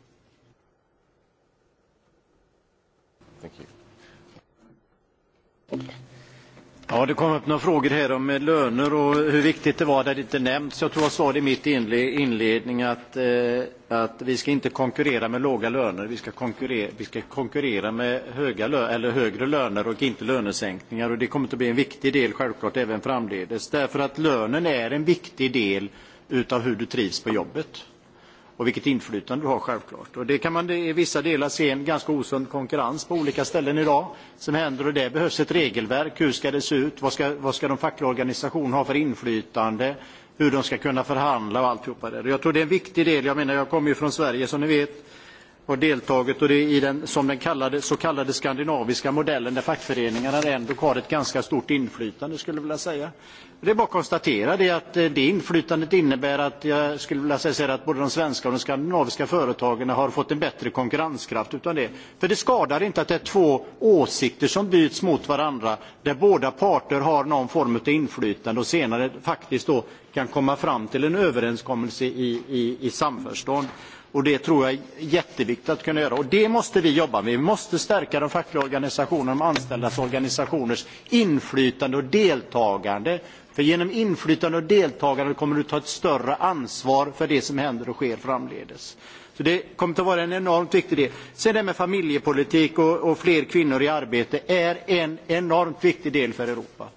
Thank you. Ja, det kom upp några frågor här om löner och hur viktigt det var där det inte nämnts. Jag tror jag sa det i mitt inledning att, att vi ska inte konkurrera med låga löner. Vi ska konkurrera, vi ska konkurrera med höga eller högre löner och inte lönesänkningar. Och det kommer att bli en viktig del självklart även framdeles. Därför att lönen är en viktig del utav hur du trivs på jobbet och vilket inflytande du har självklart. Och det kan man i vissa delar se en ganska osund konkurrens på olika ställen idag som händer och det behövs ett regelverk. Hur ska det se ut? Vad ska, vad ska de fackliga organisationerna ha för inflytande? Hur de ska kunna förhandla och alltihopa det. Jag tror det är en viktig del. Jag menar, jag kommer ju från Sverige som ni vet och deltagit och det i den, som den kallade, så kallade skandinaviska modellen där fackföreningarna ändå har ett ganska stort inflytande skulle jag vilja säga. Det är bara att konstatera att det inflytandet innebär att jag skulle vilja säga att både de svenska och de skandinaviska företagen har fått en bättre konkurrenskraft utav det. För det skadar inte att det är två åsikter som byts mot varandra där båda parter har någon form av inflytande och senare faktiskt kan komma fram till en överenskommelse i samförstånd. Det tror jag är jätteviktigt att kunna göra. Det måste vi jobba med. Vi måste stärka de fackliga organisationerna och de anställdas organisationers inflytande och deltagande. För genom inflytande och deltagande kommer du att ta ett större ansvar för det som händer och sker framledes. Så det kommer att vara en enormt viktig del. Sen det med familjepolitik och, fler kvinnor i arbete är en enormt viktig del för Europa.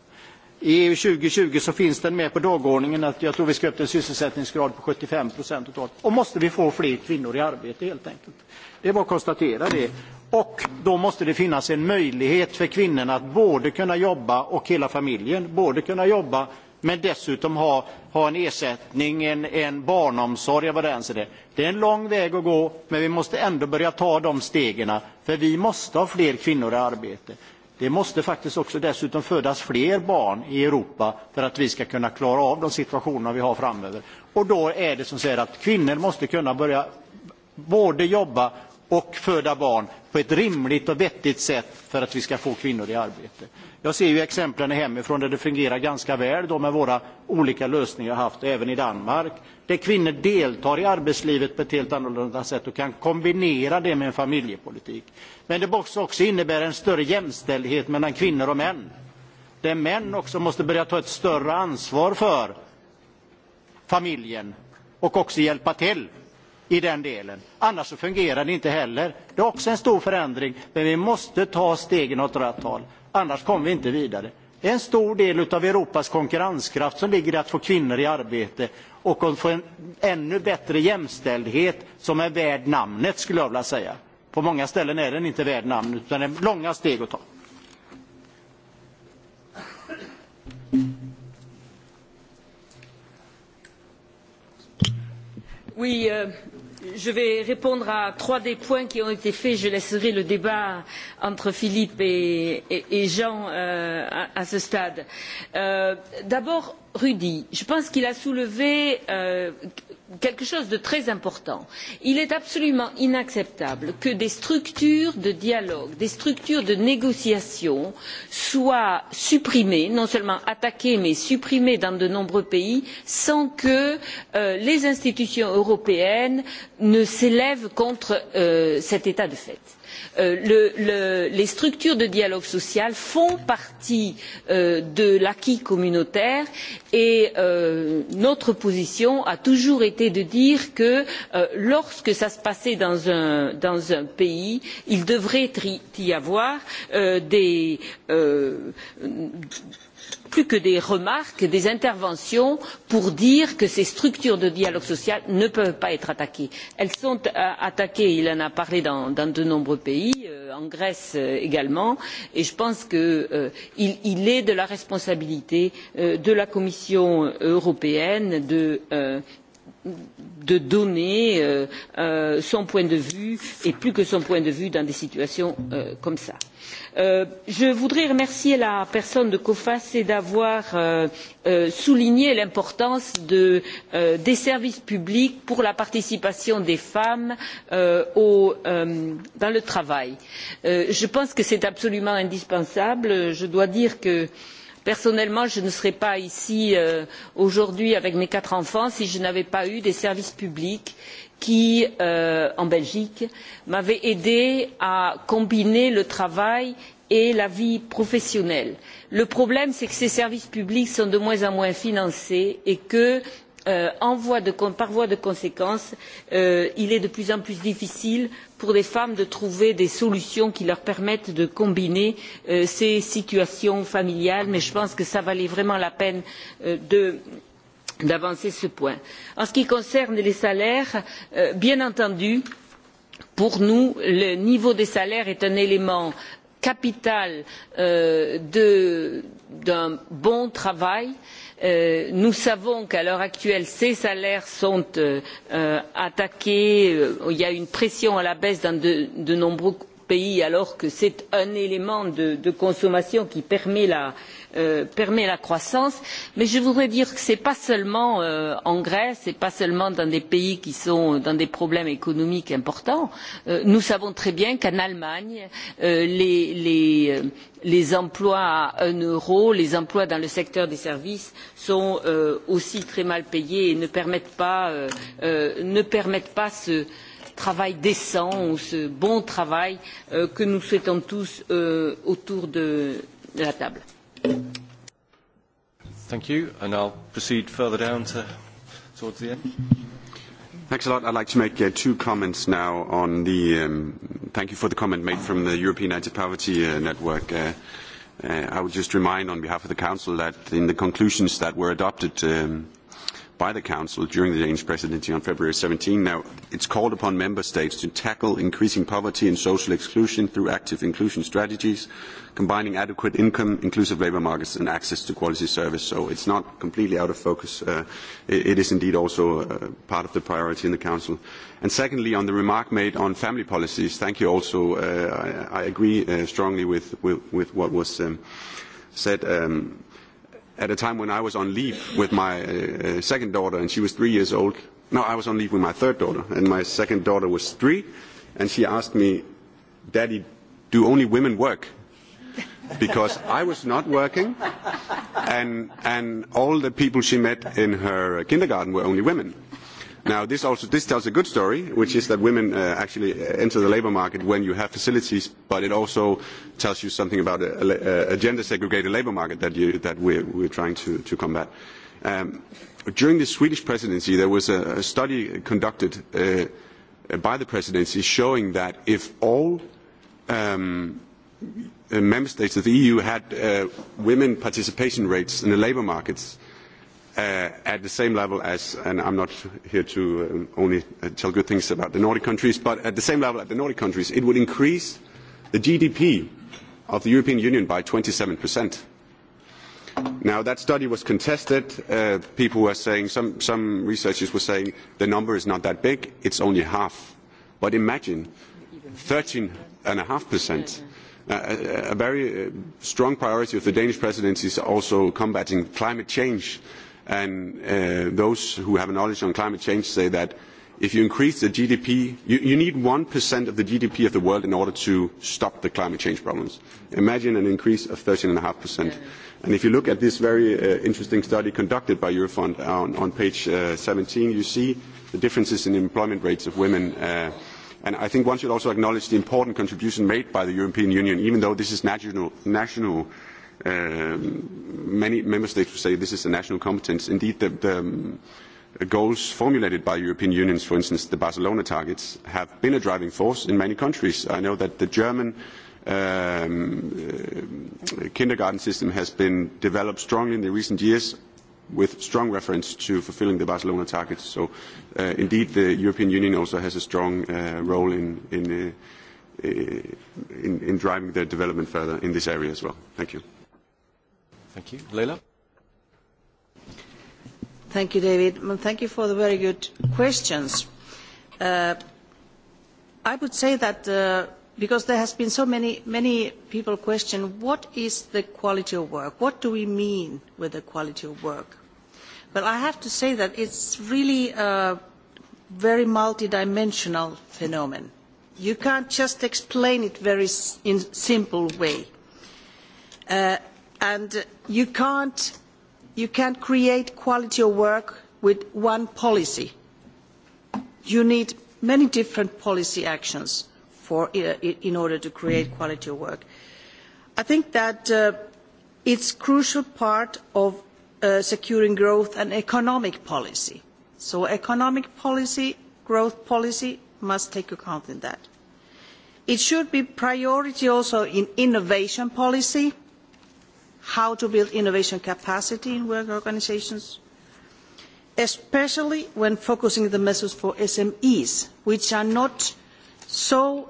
I EU 2020 så finns den med på dagordningen att jag tror vi ska upp till en sysselsättningsgrad på 75 procent totalt. Och måste vi få fler kvinnor i arbete helt enkelt. Det är bara att konstatera det. Och då måste det finnas en möjlighet för kvinnorna att både kunna jobba och hela familjen, både kunna jobba men dessutom ha, ha en ersättning, en, en barnomsorg vad det ens är. Det är en lång väg att gå, men vi måste ändå börja ta de stegen. För vi måste ha fler kvinnor i arbete. Det måste faktiskt också dessutom födas fler barn i Europa för att vi ska kunna klara av de situationer vi har framöver. Och då är det som säger att kvinnor måste kunna börja både jobba och föda barn på ett rimligt och vettigt sätt för att vi ska få kvinnor i arbete. Jag ser ju exemplen hemifrån där det fungerar ganska väl med våra olika lösningar haft, även i Danmark, där kvinnor deltar i arbetslivet på ett helt annorlunda sätt och kan kombinera det med en familjepolitik. Men det måste också innebära en större jämställdhet mellan kvinnor och män, där män också måste börja ta ett större ansvar för familjen och också hjälpa till i den delen. Annars fungerar det inte heller. Det är också en stor förändring, men vi måste ta stegen åt rätt håll. Annars kommer vi inte vidare. En stor del av Europas konkurrenskraft som ligger i att få kvinnor i arbete och att få en ännu bättre jämställdhet som är värd namnet, skulle jag vilja säga. På många ställen är den inte värd namnet, utan det är långa steg att ta je vais répondre à trois des points qui ont été faits. Je laisserai le débat entre Philippe et, Jean à, ce stade. D'abord, Rudy, je pense qu'il a soulevé quelque chose de très important. Il est absolument inacceptable que des structures de dialogue, des structures de négociation soient supprimées, non seulement attaquées, mais supprimées dans de nombreux pays sans que les institutions européennes ne s'élèvent contre cet état de fait les structures de dialogue social font partie de l'acquis communautaire et notre position a toujours été de dire que lorsque cela se passait dans un pays il devrait y avoir des plus que des remarques des interventions pour dire que ces structures de dialogue social ne peuvent pas être attaquées. elles sont attaquées il en a parlé dans de nombreux pays en grèce également et je pense qu'il est de la responsabilité de la commission européenne de de donner son point de vue et plus que son point de vue dans des situations comme cela. je voudrais remercier la personne de COFAS et d'avoir souligné l'importance des services publics pour la participation des femmes dans le travail. je pense que c'est absolument indispensable. je dois dire que personnellement je ne serais pas ici aujourd'hui avec mes quatre enfants si je n'avais pas eu des services publics qui en belgique m'avaient aidée à combiner le travail et la vie professionnelle. le problème c'est que ces services publics sont de moins en moins financés et que par voie de conséquence il est de plus en plus difficile pour les femmes de trouver des solutions qui leur permettent de combiner ces situations familiales mais je pense que cela valait vraiment la peine d'avancer ce point. En ce qui concerne les salaires, bien entendu, pour nous, le niveau des salaires est un élément capital d'un bon travail. Euh, nous savons qu'à l'heure actuelle ces salaires sont attaqués il y a une pression à la baisse dans de nombreux pays alors que c'est un élément de consommation qui permet la permet la croissance mais je voudrais dire que ce n'est pas seulement en grèce ce n'est pas seulement dans des pays qui sont dans des problèmes économiques importants nous savons très bien qu'en allemagne les emplois à un euro les emplois dans le secteur des services sont aussi très mal payés et ne permettent pas ce travail décent ou ce bon travail que nous souhaitons tous autour de la table. Thank you, and I'll proceed further down to, towards the end. Thanks a lot. I'd like to make uh, two comments now on the. Um, thank you for the comment made from the European Anti-Poverty uh, Network. Uh, uh, I would just remind on behalf of the Council that in the conclusions that were adopted um, by the Council during the Danish presidency on February 17. Now, it's called upon member states to tackle increasing poverty and social exclusion through active inclusion strategies, combining adequate income, inclusive labour markets, and access to quality service. So it's not completely out of focus. Uh, it, it is indeed also uh, part of the priority in the Council. And secondly, on the remark made on family policies, thank you also. Uh, I, I agree uh, strongly with, with, with what was um, said. Um, at a time when I was on leave with my uh, second daughter and she was three years old. No, I was on leave with my third daughter and my second daughter was three. And she asked me, Daddy, do only women work? Because I was not working and, and all the people she met in her kindergarten were only women Now, this also this tells a good story, which is that women uh, actually enter the labour market when you have facilities, but it also tells you something about a, a, a gender segregated labour market that, you, that we're, we're trying to, to combat. Um, during the Swedish presidency, there was a, a study conducted uh, by the presidency showing that if all um, member states of the EU had uh, women participation rates in the labour markets, at the same level as, and I am not here to only tell good things about the Nordic countries, but at the same level as the Nordic countries, it would increase the GDP of the European Union by twenty percent. Now, that study was contested. people were saying, some, some researchers were saying, the number is not that big, it's only half. But imagine thirteen percent. A very strong priority of the Danish presidency is also combating climate change And those who have knowledge on climate change say that if you increase the GDP, you, you need 1% of the GDP of the world in order to stop the climate change problems. Imagine an increase of 13.5%. And if you look at this very interesting study conducted by Eurofund on, page seventeen, 17, you see the differences in employment rates of women. and I think one should also acknowledge the important contribution made by the European Union, even though this is national many member states would say this is a national competence. Indeed, the, the goals formulated by European unions, for instance, the Barcelona targets, have been a driving force in many countries. I know that the German kindergarten system has been developed strongly in the recent years with strong reference to fulfilling the Barcelona targets. So indeed, the European Union also has a strong role in, in, in, in driving the development further in this area as well. Thank you. Thank you. Leila? Thank you, David. Thank you for the very good questions. I would say that because there has been so many, many people question what is the quality of work? What do we mean with the quality of work? Well, I have to say that it's really a very multidimensional phenomenon. You can't just explain it very in simple way and you can't create quality of work with one policy. You need many different policy actions for in order to create quality of work. I think that it is a crucial part of securing growth and economic policy. So economic policy, growth policy must take account in that. It should be priority also in innovation policy how to build innovation capacity in work organisations, especially when focusing the measures for SMEs, which are not so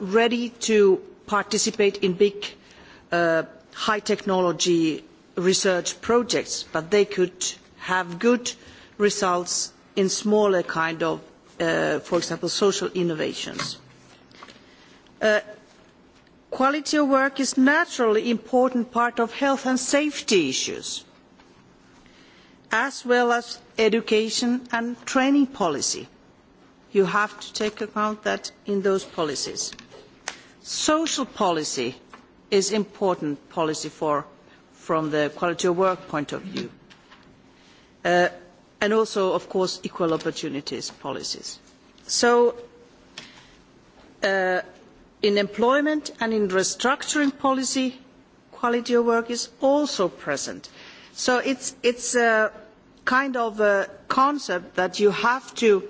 ready to participate in big high technology research projects, but they could have good results in smaller kind of, for example, social innovations. Quality of work is naturally an important part of health and safety issues, as well as education and training policy. You have to take account that in those policies. Social policy is important policy from the quality of work point of view. and also, of course, equal opportunities policies. So in employment and in restructuring policy, quality of work is also present. So it's, it's a kind of a concept that you have to,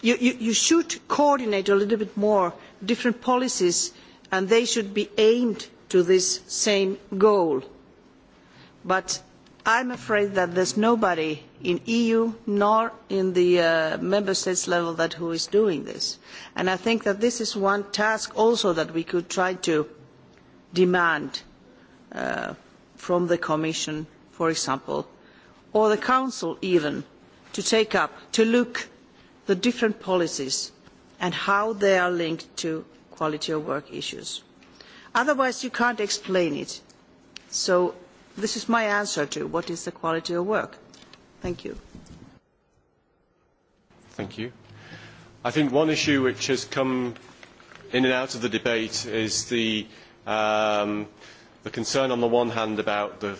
you, you, you should coordinate a little bit more different policies and they should be aimed to this same goal. But I am afraid that there is nobody in the EU nor in the member states level that who is doing this. And I think that this is one task also that we could try to demand from the Commission, for example, or the Council even, to take up, to look at the different policies and how they are linked to quality of work issues. Otherwise, you cannot explain it. So This is my answer to what is the quality of work. Thank you. Thank you. I think one issue which has come in and out of the debate is the, um, the concern on the one hand about the,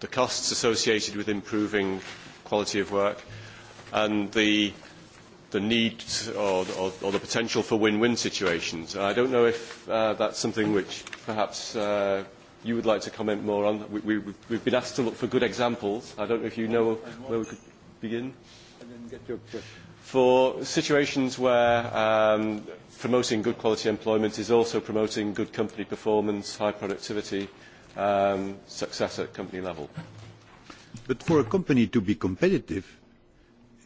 the costs associated with improving quality of work and the, the need or, or, or the potential for win-win situations. I don't know if uh, that's something which perhaps uh, you would like to comment more on. We, we, we've been asked to look for good examples. I don't know if you know where we could begin. For situations where um, promoting good quality employment is also promoting good company performance, high productivity, um, success at company level. But for a company to be competitive,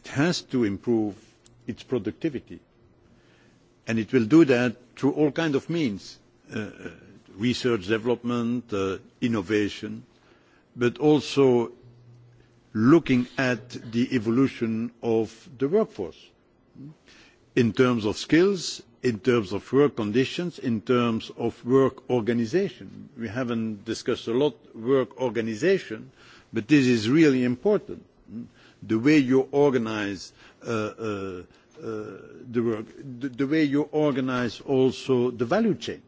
it has to improve its productivity. And it will do that through all kinds of means research development, innovation, but also looking at the evolution of the workforce in terms of skills, in terms of work conditions, in terms of work organisation. We haven't discussed a lot work organisation, but this is really important. The way you organise the work, the way you organise also the value chain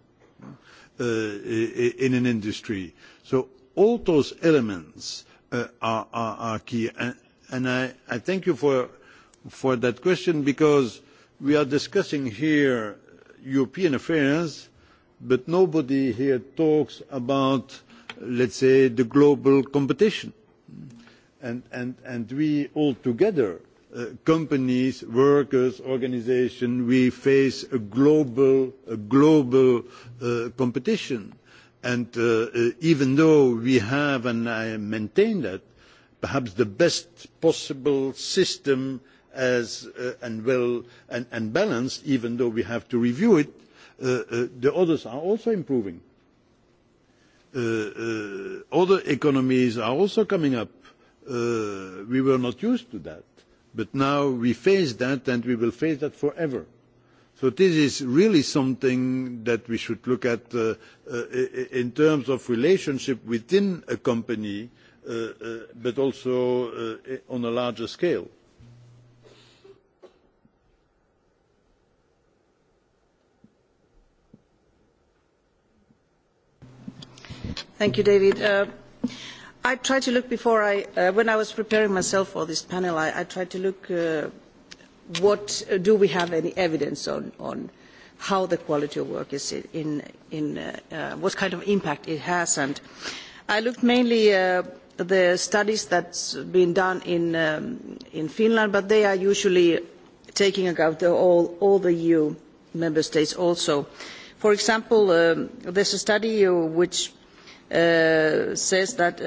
in an industry. So all those elements are, key. And, I, I thank you for, for that question because we are discussing here European affairs, but nobody here talks about, let's say, the global competition. And, and, and we all together companies, workers, organisations, we face a global, a global competition. And even though we have, and I maintain that, perhaps the best possible system as and well and, balanced, even though we have to review it, the others are also improving. other economies are also coming up. we were not used to that But now we face that, and we will face that forever. So this is really something that we should look at in terms of relationship within a company, but also on a larger scale. Thank you, David I tried to look before I, uh, when I was preparing myself for this panel, I, I tried to look uh, what do we have any evidence on, on how the quality of work is in, in uh, uh, what kind of impact it has. And I looked mainly uh, the studies that's been done in, um, in Finland, but they are usually taking account the, all, all the EU member states also. For example, um, there's a study which says that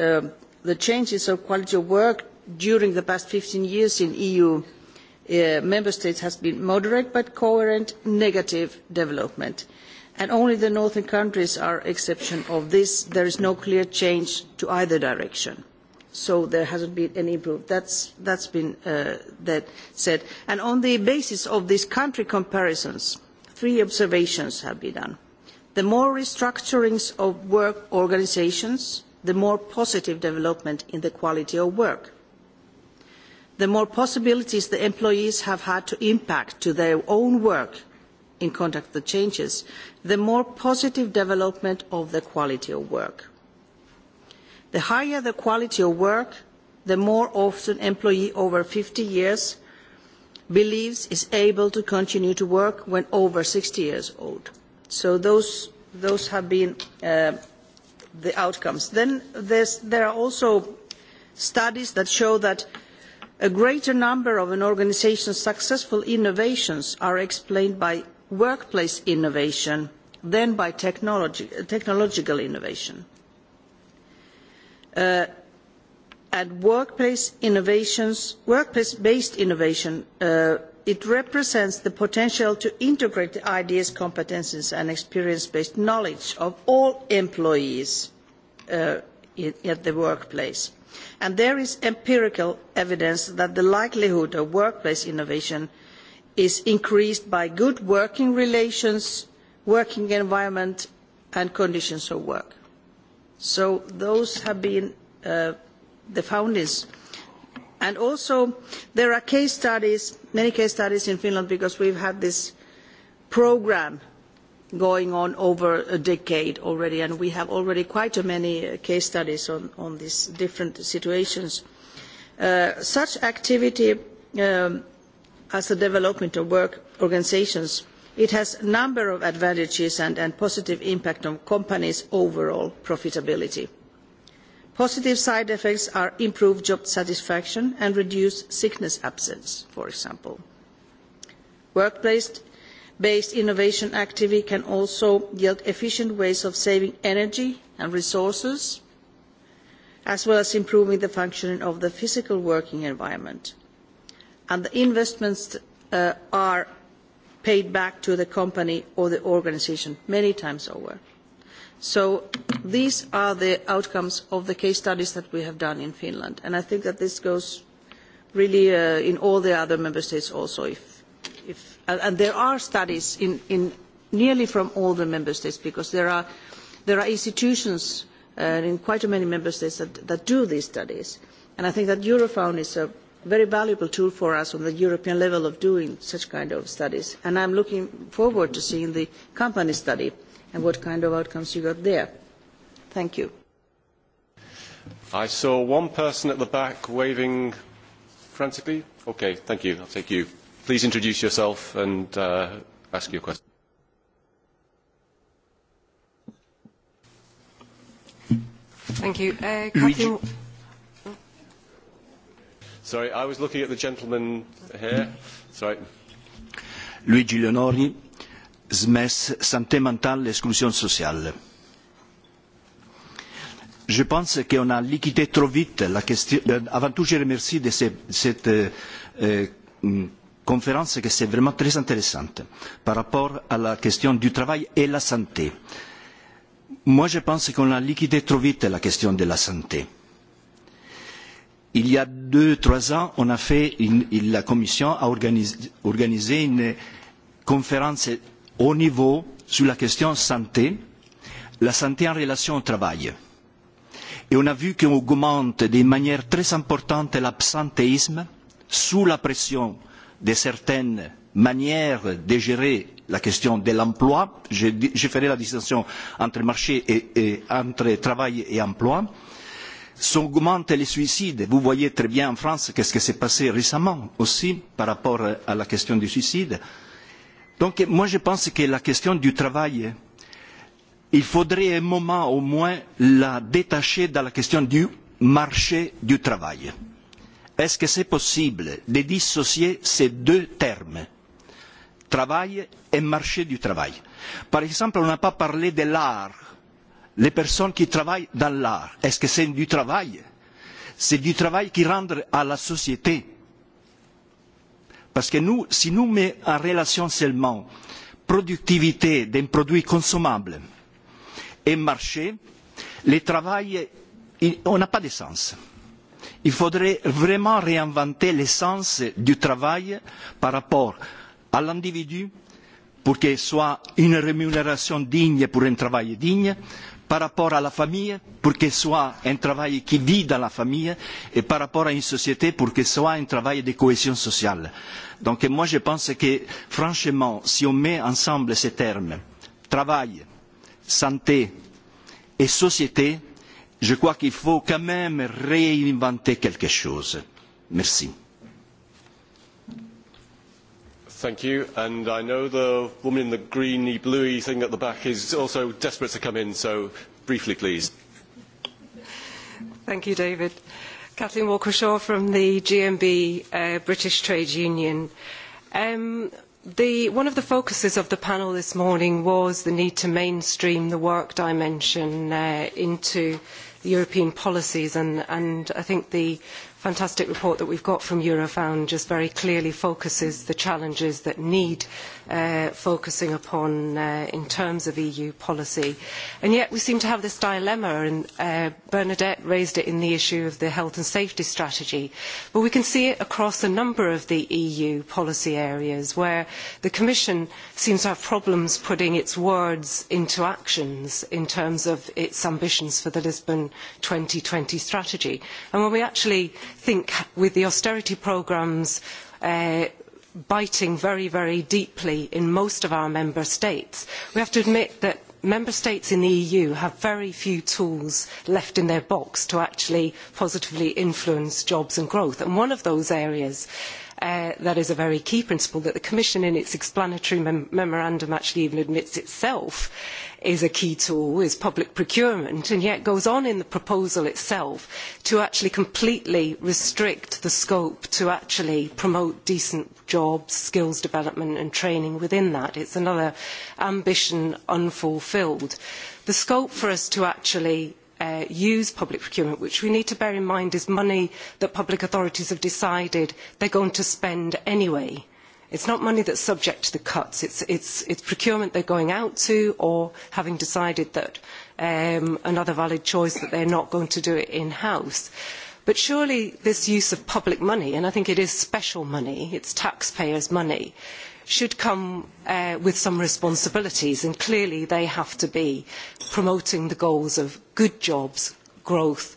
the changes of quality of work during the past fifteen years in EU member states has been moderate but coherent negative development and only the northern countries are an exception to this. There is no clear change to either direction. So there hasn't been any improvement. That's, that's been said. And on the basis of these country comparisons, three observations have been done The more restructurings of work organisations, the more positive development in the quality of work. The more possibilities the employees have had to impact to their own work in contact with changes, the more positive development of the quality of work. The higher the quality of work, the more often employee over fifty years believes is able to continue to work when over sixty years old So those, those have been the outcomes. Then there are also studies that show that a greater number of an organisation's successful innovations are explained by workplace innovation than by technological innovation. and workplace based innovation It represents the potential to integrate the ideas, competences and experience-based knowledge of all employees at the workplace. And there is empirical evidence that the likelihood of workplace innovation is increased by good working relations, working environment and conditions of work. So those have been the foundings And also, there are case studies, many case studies in Finland, because we've had this programme going on over a decade already, and we have already quite many case studies on these different situations. Such activity as the development of work organisations, it has a number of advantages and positive impact on companies' overall profitability Positive side effects are improved job satisfaction and reduced sickness absence, for example. Workplace-based innovation activity can also yield efficient ways of saving energy and resources, as well as improving the functioning of the physical working environment. And the investments are paid back to the company or the organisation many times over. So these are the outcomes of the case studies that we have done in Finland. And I think that this goes really in all the other member states also. If, if, and there are studies in, in nearly from all the member states because there are, there are institutions in quite a many member states that, that do these studies. And I think that Eurofound is a very valuable tool for us on the European level of doing such kind of studies. And I'm looking forward to seeing the company study and what kind of outcomes you got there. Thank you. I saw one person at the back waving frantically. Okay, thank you. I'll take you. Please introduce yourself and uh, ask your question. Thank you. Uh, Catherine... Sorry, I was looking at the gentleman here. Sorry. Luigi Leonori, SMES, santé mentale, exclusion sociale. Je pense qu'on a liquidé trop vite la question. Avant tout, je remercie de cette conférence qui est vraiment très intéressante par rapport à la question du travail et de la santé. Moi, je pense qu'on a liquidé trop vite la question de la santé. Il y a deux, trois ans, la Commission a organisé une conférence haut niveau sur la question santé, la santé en relation au travail. Et on a vu qu'on augmente de manière très importante l'absentéisme sous la pression de certaines manières de gérer la question de l'emploi. Je, ferai la distinction entre marché et, entre travail et emploi. S'augmentent les suicides. Vous voyez très bien en France qu'est-ce qui s'est passé récemment aussi par rapport à la question du suicide. Euh, Donc moi je pense que la question du travail, il faudrait un moment au moins la détacher de la question du marché du travail. Est-ce que c'est possible de dissocier ces deux termes Travail et marché du travail. Par exemple, on n'a pas parlé de l'art. Les personnes qui travaillent dans l'art, est-ce que c'est du travail C'est du travail qui rend à la société Parce que nous, si nous mettons en relation seulement productivité d'un produit consommable et marché, le travail, n'a pas de sens. Il faudrait vraiment réinventer l'essence du travail par rapport à l'individu pour qu'il soit une rémunération digne pour un travail digne, par rapport à la famille pour que soit un travail qui vit dans la famille et par rapport à une société pour que soit un travail de cohésion sociale. Donc moi je pense que franchement, si on met ensemble ces termes, travail, santé et société, je crois qu'il faut quand même réinventer quelque chose. Merci. I know the woman in the greeny, bluey thing at the back is also desperate to come in, so briefly, please. Thank you, David. Kathleen Walkershaw from the GMB British Trade Union. one of the focuses of the panel this morning was the need to mainstream the work dimension into European policies, and, I think the fantastic report that we have got from Eurofound just very clearly focuses the challenges that need focusing upon in terms of EU policy. And yet we seem to have this dilemma, and Bernadette raised it in the issue of the health and safety strategy. But we can see it across a number of the EU policy areas where the Commission seems to have problems putting its words into actions in terms of its ambitions for the Lisbon twenty strategy. And when we actually think with the austerity programmes, biting very, very deeply in most of our member states. We have to admit that member states in the EU have very few tools left in their box to actually positively influence jobs and growth. And one of those areas that is a very key principle that the Commission in its explanatory memorandum actually even admits itself is a key tool, is public procurement, and yet goes on in the proposal itself to actually completely restrict the scope to actually promote decent jobs, skills development and training within that. It is another ambition unfulfilled. The scope for us to actually use public procurement, which we need to bear in mind is money that public authorities have decided they are going to spend anyway. It is not money that is subject to the cuts. It is procurement they are going out to or having decided that another valid choice that they are not going to do it in-house. But surely this use of public money, and I think it is special money, it is taxpayers' money, uh, should come with some responsibilities, and clearly they have to be promoting the goals of good jobs, growth,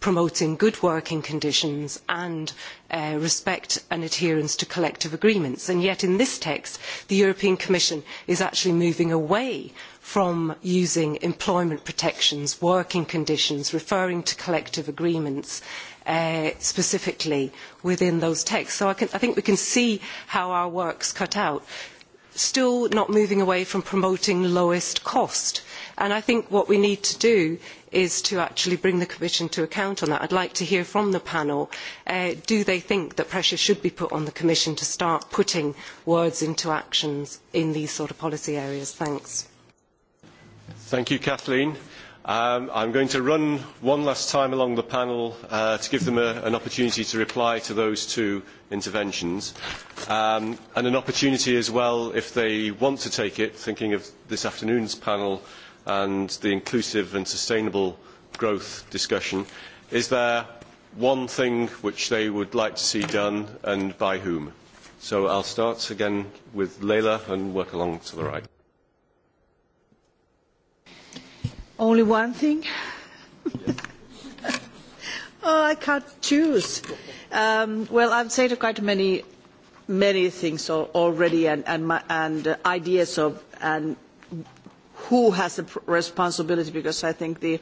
promoting good working conditions and respect and adherence to collective agreements. And yet in this text, the European Commission is actually moving away from using employment protections, working conditions, referring to collective agreements, uh, specifically within those texts. So I, can, I think we can see how our work's cut out. Still not moving away from promoting lowest cost. And I think what we need to do is to actually bring the Commission to account on that. I would like to hear from the panel, do they think that pressure should be put on the Commission to start putting words into actions in these sort of policy areas? Thanks. Thank you, Kathleen. I am going to run one last time along the panel to give them an opportunity to reply to those two interventions and an opportunity as well if they want to take it, thinking of this afternoon's panel and the inclusive and sustainable growth discussion. Is there one thing which they would like to see done and by whom? So I'll start again with Leila and work along to the right. Only one thing? oh, I can't choose. Um, well, I've said quite many, many things already and, and, my, and uh, ideas of and who has the responsibility because I think the,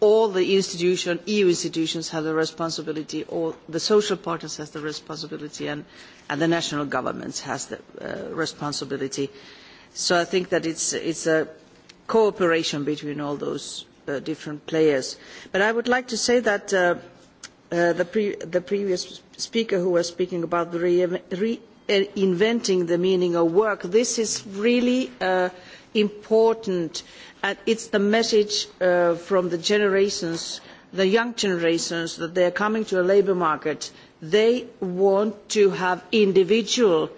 all the institution EU institutions have the responsibility, all the social partners have the responsibility and, and the national governments has the uh, responsibility. So I think that it's, it's a cooperation between all those different players. But I would like to say that the, previous speaker who was speaking about reinventing the meaning of work, this is really important and it is the message from the generations, the young generations, that they are coming to a labour market. They want to have individual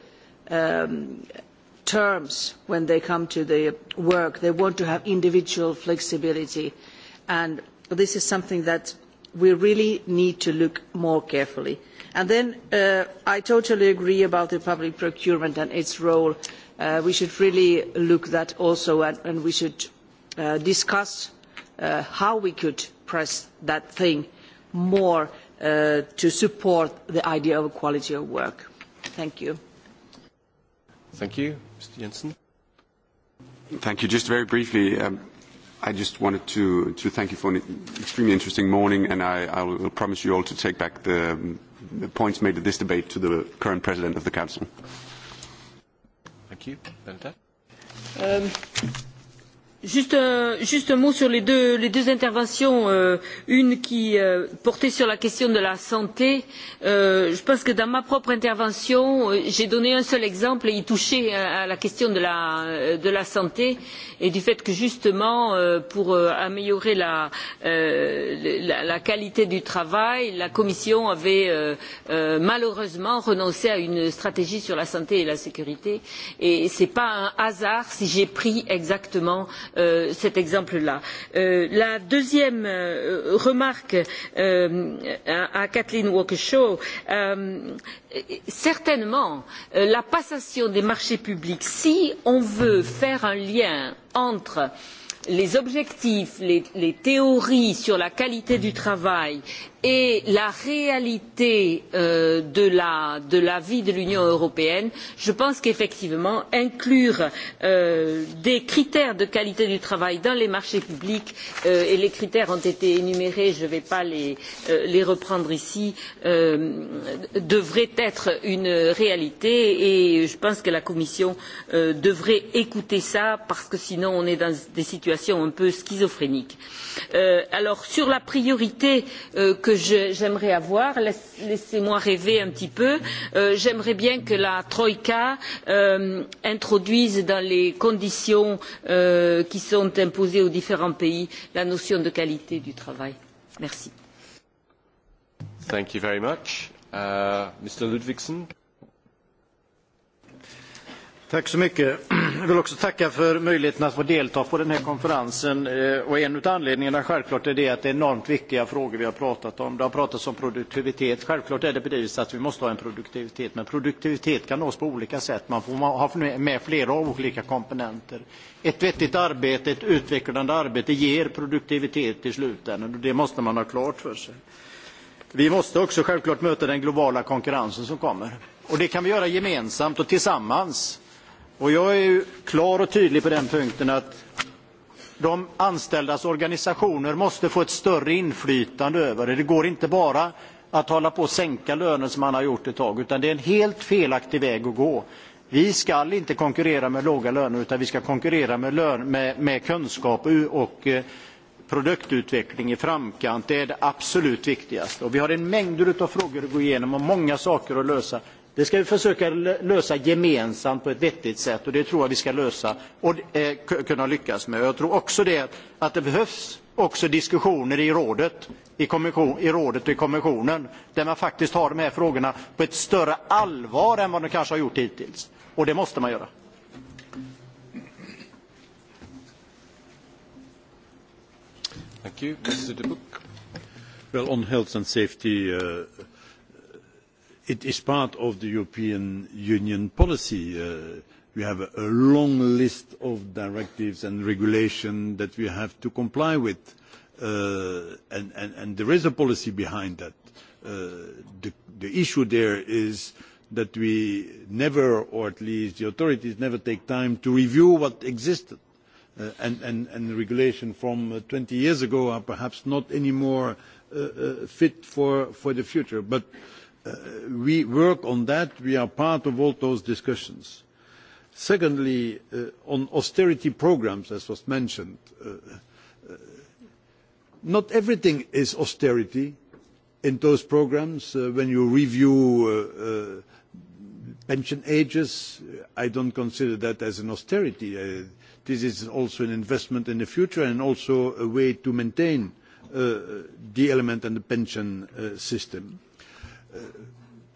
terms when they come to the work. They want to have individual flexibility. And this is something that we really need to look more carefully. And then I totally agree about the public procurement and its role. we should really look at that also and, we should discuss how we could press that thing more to support the idea of quality of work. Thank you. Thank you. Mr. Jensen. Thank you. Just very briefly, I just wanted to thank you for an extremely interesting morning, and I will promise you all to take back the points made at this debate to the current president of the council. Thank you. Benedetta? Juste, un mot sur les deux, interventions, une qui portait sur la question de la santé. je pense que dans ma propre intervention, j'ai donné un seul exemple et il touchait à la question de la, santé et du fait que justement, pour améliorer la, qualité du travail, la Commission avait malheureusement renoncé à une stratégie sur la santé et la sécurité. Et ce n'est pas un hasard si j'ai pris exactement cet exemple là. la deuxième remarque à kathleen walkinshaw certainement la passation des marchés publics si on veut faire un lien entre les objectifs les théories sur la qualité du travail et la réalité de la vie de l'union européenne je pense qu'effectivement inclure des critères de qualité du travail dans les marchés publics et les critères ont été énumérés je ne vais pas les reprendre ici devrait être une réalité et je pense que la commission devrait écouter cela parce que sinon on est dans des situations un peu schizophréniques. alors sur la priorité que j'aimerais avoir. Laissez-moi rêver un petit peu. j'aimerais bien que la Troïka introduise dans les conditions qui sont imposées aux différents pays la notion de qualité du travail. Merci. Thank you very much. Uh, Mr. Ludvigsen. Tack så mycket. Jag vill också tacka för möjligheten att få delta på den här konferensen. Och en av anledningarna självklart är det att det är enormt viktiga frågor vi har pratat om. Det har pratats om produktivitet. Självklart är det precis att vi måste ha en produktivitet. Men produktivitet kan nås på olika sätt. Man får ha med flera olika komponenter. Ett vettigt arbete, ett utvecklande arbete ger produktivitet i slutändan. Och det måste man ha klart för sig. Vi måste också självklart möta den globala konkurrensen som kommer. Och det kan vi göra gemensamt och tillsammans jag är klar och tydlig på den punkten att de anställdas organisationer måste få ett större inflytande över det. Det går inte bara att hålla på och sänka löner som man har gjort ett tag, utan det är en helt felaktig väg att gå. Vi skall inte konkurrera med låga löner, utan vi skall konkurrera med kunskap och produktutveckling i framkant. Det är det absolut viktigaste. Vi har mängder av frågor att gå igenom och många saker att lösa. Det ska vi försöka lösa gemensamt på ett vettigt sätt och det tror jag vi ska lösa och kunna lyckas med. Jag tror också att det behövs också diskussioner i rådet, i rådet och i kommissionen där man faktiskt tar de här frågorna på ett större allvar än vad de kanske har gjort hittills. Och det måste man göra. Well, on health and safety, uh, it is part of the European Union policy. we have a long list of directives and regulations that we have to comply with, and, there is a policy behind that. the, issue there is that we never, or at least the authorities never take time to review what existed. and, regulation from twenty years ago are perhaps not any more fit for, the future. But we work on that. We are part of all those discussions. Secondly, on austerity programmes, as was mentioned, not everything is austerity in those programmes. When you review pension ages, I don't consider that as an austerity. This is also an investment in the future and also a way to maintain the element and the pension system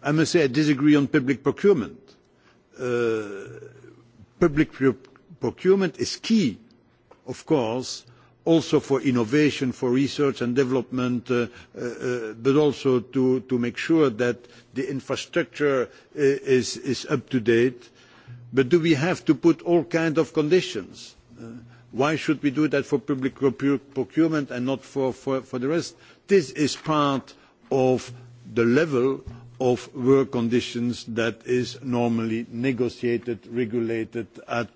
I must say I disagree on public procurement. public procurement is key, of course, also for innovation, for research and development, but also to, make sure that the infrastructure is, up to date. But do we have to put all kinds of conditions? why should we do that for public procurement and not for, the rest? This is part of the level of work conditions that is normally negotiated, regulated at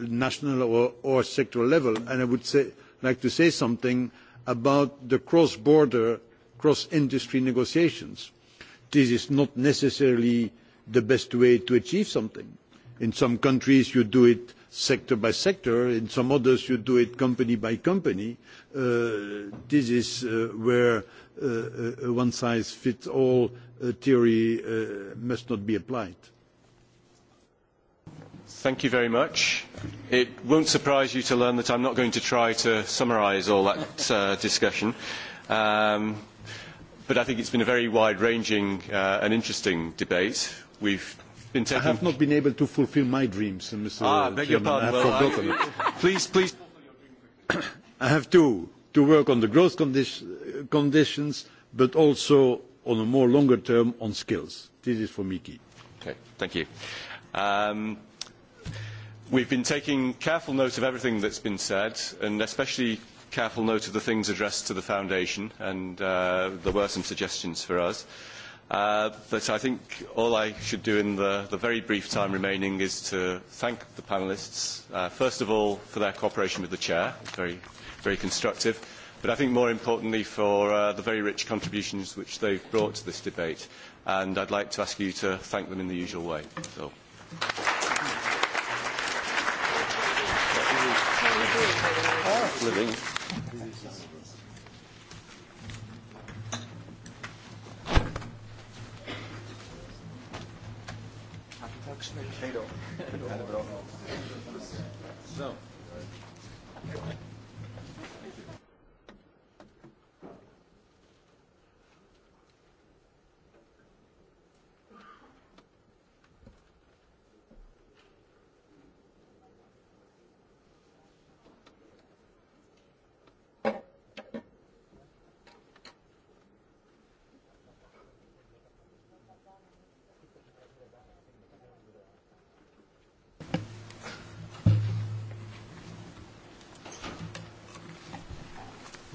national or sectoral level. I would like to say something about the cross-border, cross-industry negotiations. This is not necessarily the best way to achieve something. In some countries, you do it sector by sector. In some others, you do it company by company. This is where a one-size-fits-all theory must not be applied. Thank you very much. It won't surprise you to learn that I'm not going to try to summarise all that discussion. but I think it's been a very wide-ranging and interesting debate. We've been taking... I have not been able to fulfil my dreams, Mr. Ah, beg your pardon. I have forgotten. please, please. I have to, to work on the growth conditions conditions, but also on a more longer term on skills. This is for me key. Okay, thank you. Um, we've been taking careful note of everything that's been said, and especially careful note of the things addressed to the foundation, and uh, there were some suggestions for us. Uh, but I think all I should do in the, the very brief time remaining is to thank the panellists, uh, first of all, for their cooperation with the chair, very, very constructive but I think more importantly for the very rich contributions which they have brought to this debate. And I'd like to ask you to thank them in the usual way. So.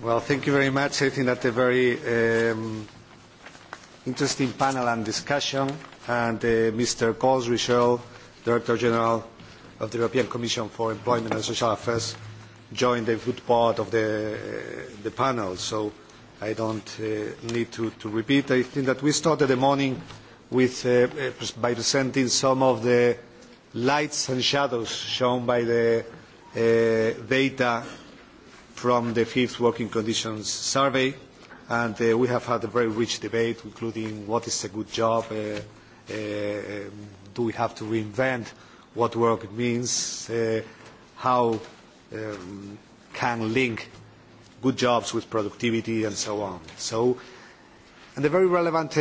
Well, thank you very much. I think that a very um, interesting panel and discussion. And uh, Mr. Coles Richel, Director General of the European Commission for Employment and Social Affairs, joined a good part of the, uh, the panel, so I don't uh, need to, to repeat. I think that we started the morning with, uh, by presenting some of the lights and shadows shown by the uh, data from the fifth Working Conditions Survey, and we have had a very rich debate, including what is a good job, do we have to reinvent what work means, how can link good jobs with productivity, and so on. So, and a very relevant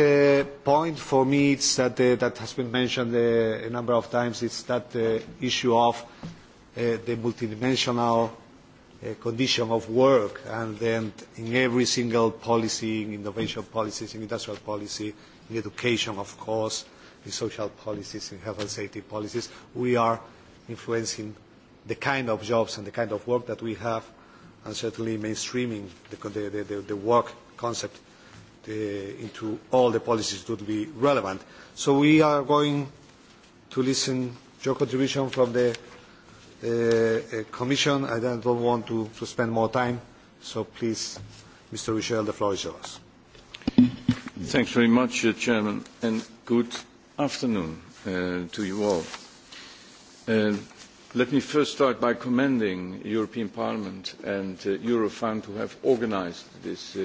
point for me is that, that has been mentioned a number of times, is that the issue of the multidimensional condition of work and then in every single policy, in innovation policies, in industrial policy, in education, of course, in social policies, in health and safety policies, we are influencing the kind of jobs and the kind of work that we have and certainly mainstreaming the, the, the, the work concept into all the policies that would be relevant. So we are going to listen to your contribution from the Commission. I don't want to spend more time, so please, Mr. Michel, the floor is yours. Thanks very much, Chairman, and good afternoon to you all. Let me first start by commending the European Parliament and Eurofound who have organised this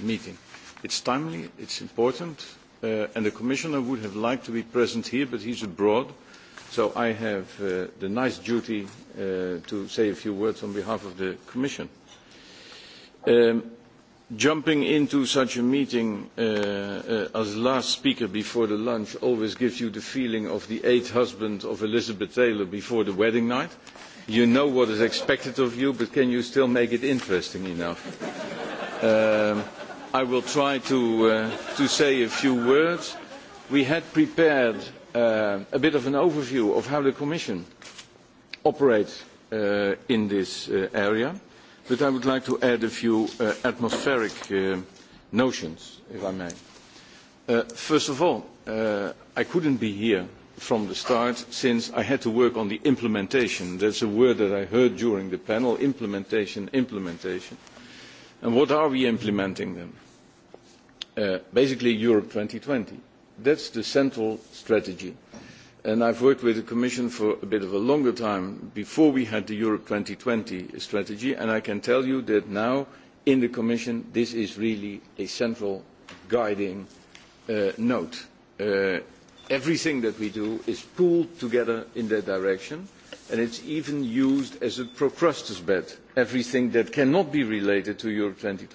meeting. It's timely, it's important, and the Commissioner would have liked to be present here, but he's abroad, So I have uh, the nice duty uh, to say a few words on behalf of the Commission. Um, jumping into such a meeting uh, uh, as last speaker before the lunch always gives you the feeling of the eighth husband of Elizabeth Taylor before the wedding night. You know what is expected of you, but can you still make it interesting enough? um, I will try to, uh, to say a few words. We had prepared a bit of an overview of how the Commission operates in this area, but I would like to add a few atmospheric notions, if I may. First of all, I couldn't be here from the start since I had to work on the implementation. That's a word that I heard during the panel, implementation, implementation. And what are we implementing then? Basically, Europe 2020 That is the central strategy. And have worked with the Commission for a bit of a longer time before we had the Europe twenty strategy, and I can tell you that now in the Commission this is really a central guiding note. everything that we do is pooled together in that direction, and it is even used as a procrustes bed. Everything that cannot be related to Europe twenty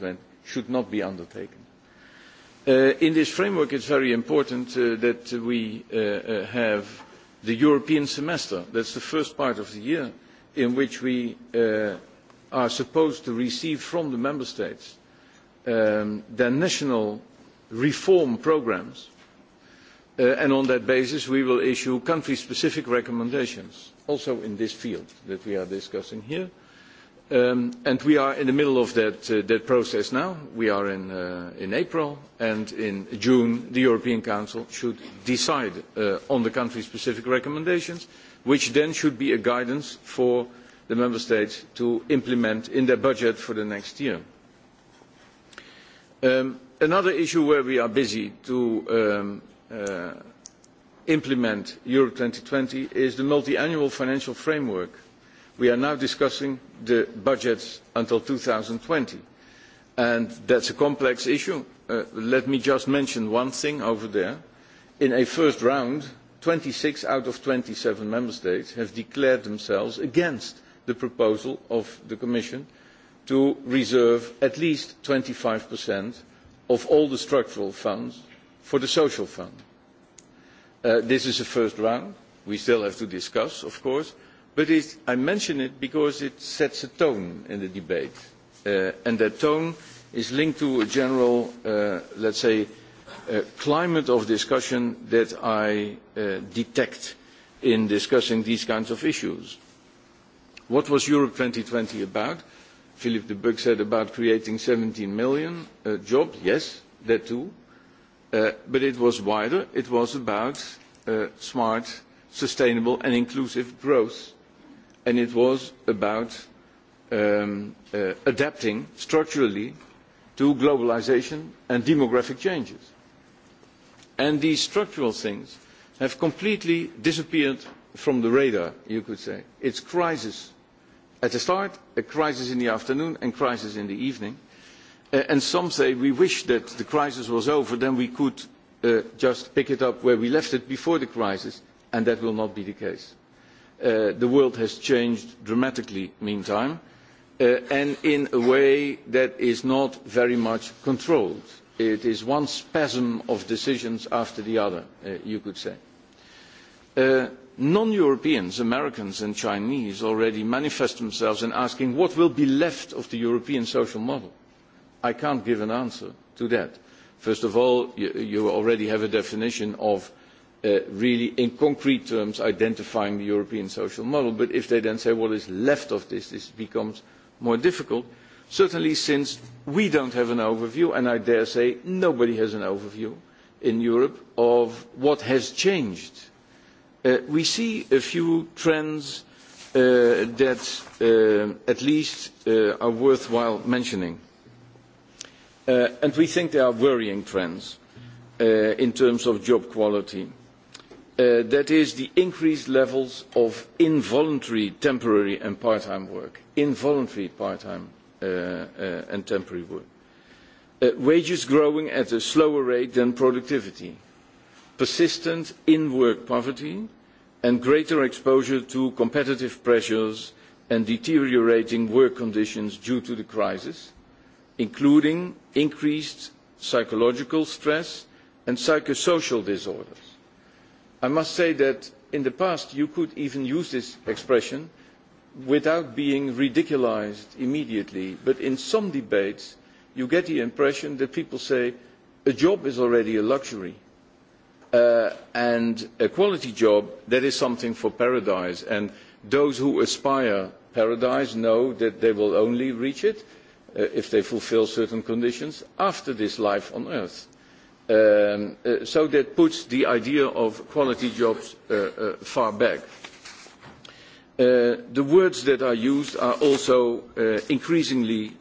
should not be undertaken in this framework, it is very important that we have the European semester. That is the first part of the year in which we are supposed to receive from the member states their national reform programmes and on that basis we will issue country specific recommendations also in this field that we are discussing here and we are in the middle of that, process now. We are in, April, and in June the European Council should decide on the country-specific recommendations, which then should be a guidance for the Member States to implement in their budget for the next year. another issue where we are busy to implement Europe twenty is the multiannual financial framework we are now discussing the budget until two thousand and twenty and that is a complex issue. let me just mention one thing over there in a first round twenty six out of twenty seven member states have declared themselves against the proposal of the commission to reserve at least twenty five of all the structural funds for the social fund. this is a first round. we still have to discuss of course but i mention it because it sets a tone in the debate and that tone is linked to a general let us say climate of discussion that i detect in discussing these kinds of issues. what was europe two thousand and twenty about? philippe de buc said about creating seventeen million jobs yes that too but it was wider it was about smart sustainable and inclusive growth and it was about adapting structurally to globalisation and demographic changes. And these structural things have completely disappeared from the radar, you could say. It's crisis at the start, a crisis in the afternoon, and crisis in the evening. and some say we wish that the crisis was over, then we could just pick it up where we left it before the crisis, and that will not be the case the world has changed dramatically meantime and in a way that is not very much controlled. It is one spasm of decisions after the other, you could say. Non-Europeans, Americans and Chinese already manifest themselves in asking what will be left of the European social model. I cannot give an answer to that. First of all, you already have a definition of really in concrete terms identifying the European social model. But if they then say what is left of this, this becomes more difficult, certainly since we don't have an overview, and I dare say nobody has an overview in Europe of what has changed. we see a few trends that at least are worthwhile mentioning. and we think they are worrying trends in terms of job quality that is the increased levels of involuntary temporary and part-time work, involuntary part-time and temporary work. Wages growing at a slower rate than productivity, persistent in-work poverty, and greater exposure to competitive pressures and deteriorating work conditions due to the crisis, including increased psychological stress and psychosocial disorders i must say that in the past you could even use this expression without being ridiculised immediately but in some debates you get the impression that people say a job is already a luxury and a quality job that is something for paradise and those who aspire paradise know that they will only reach it if they fulfil certain conditions after this life on earth so that puts the idea of quality jobs far back. the words that are used are also increasingly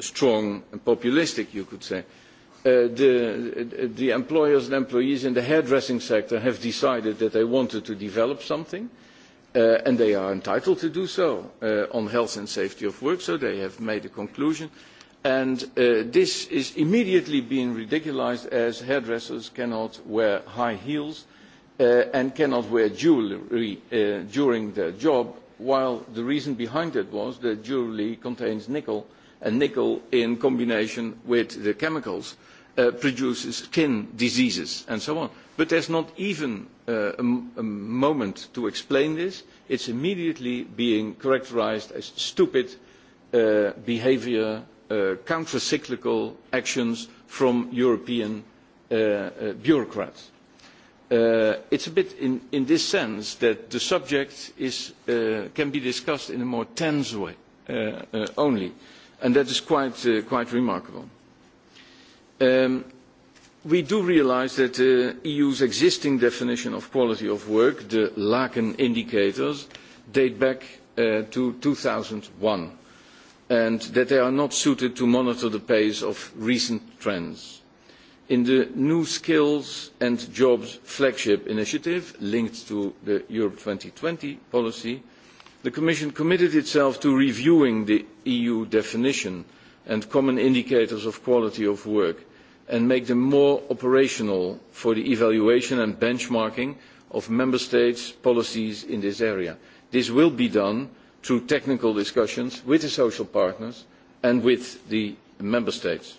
strong and populistic, you could say. the, employers and employees in the hairdressing sector have decided that they wanted to develop something, and they are entitled to do so on health and safety of work, so they have made a conclusion. Uh, and this is immediately being ridiculised as hairdressers cannot wear high heels and cannot wear jewellery during their job, while the reason behind it was that jewellery contains nickel, and nickel in combination with the chemicals produces skin diseases and so on. But there is not even a, moment to explain this. It is immediately being characterised as stupid behaviour counter cyclical actions from European bureaucrats. It is a bit in this sense that the subject can be discussed in a more tense way only, and that is quite remarkable. We do realise that the EU's existing definition of quality of work, the Laeken indicators, date back to two thousand one and that they are not suited to monitor the pace of recent trends. In the New Skills and Jobs flagship initiative, linked to the Europe twenty policy, the Commission committed itself to reviewing the EU definition and common indicators of quality of work and make them more operational for the evaluation and benchmarking of member states' policies in this area. This will be done through technical discussions with the social partners and with the member states.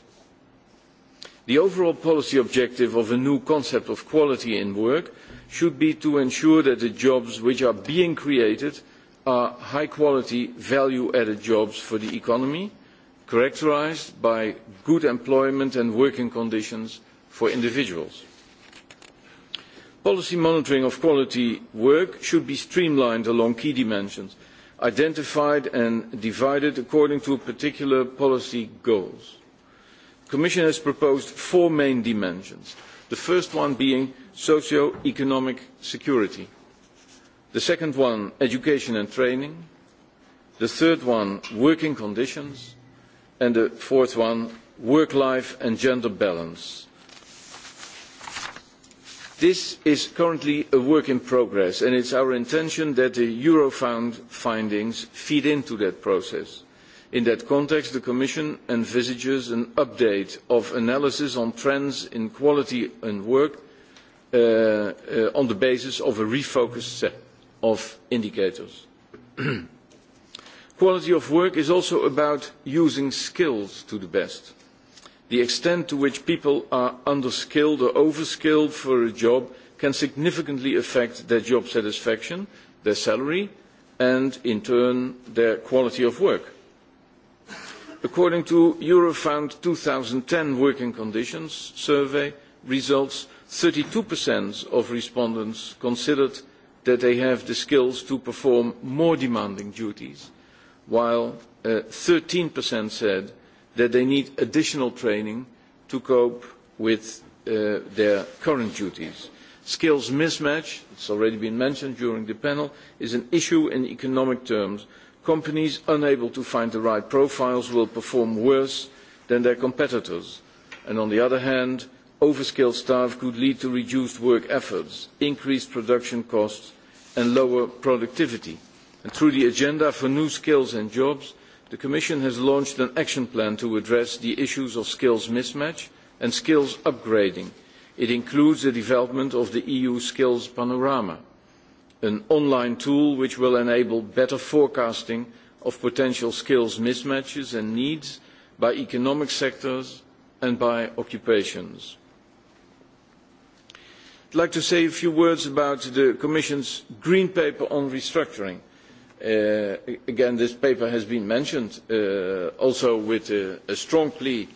The overall policy objective of a new concept of quality in work should be to ensure that the jobs which are being created are high quality, value added jobs for the economy, characterised by good employment and working conditions for individuals. Policy monitoring of quality work should be streamlined along key dimensions identified and divided according to particular policy goals. The Commission has proposed four main dimensions, the first one being socio-economic security, the second one education and training, the third one working conditions, and the fourth one work-life and gender balance This is currently a work in progress, and it's our intention that the Eurofound findings feed into that process. In that context, the Commission envisages an update of analysis on trends in quality and work on the basis of a refocused set of indicators. quality of work is also about using skills to the best The extent to which people are underskilled or overskilled for a job can significantly affect their job satisfaction, their salary, and in turn their quality of work. According to Eurofound ten Working Conditions Survey results, thirty 32% of respondents considered that they have the skills to perform more demanding duties, while thirteen 13% said that they need additional training to cope with their current duties. Skills mismatch, it's already been mentioned during the panel, is an issue in economic terms. Companies unable to find the right profiles will perform worse than their competitors. And on the other hand, overskilled staff could lead to reduced work efforts, increased production costs, and lower productivity. through the agenda for new skills and jobs, the Commission has launched an action plan to address the issues of skills mismatch and skills upgrading. It includes the development of the EU Skills Panorama, an online tool which will enable better forecasting of potential skills mismatches and needs by economic sectors and by occupations. I would like to say a few words about the Commission's Green Paper on Restructuring again, this paper has been mentioned also with a strong plea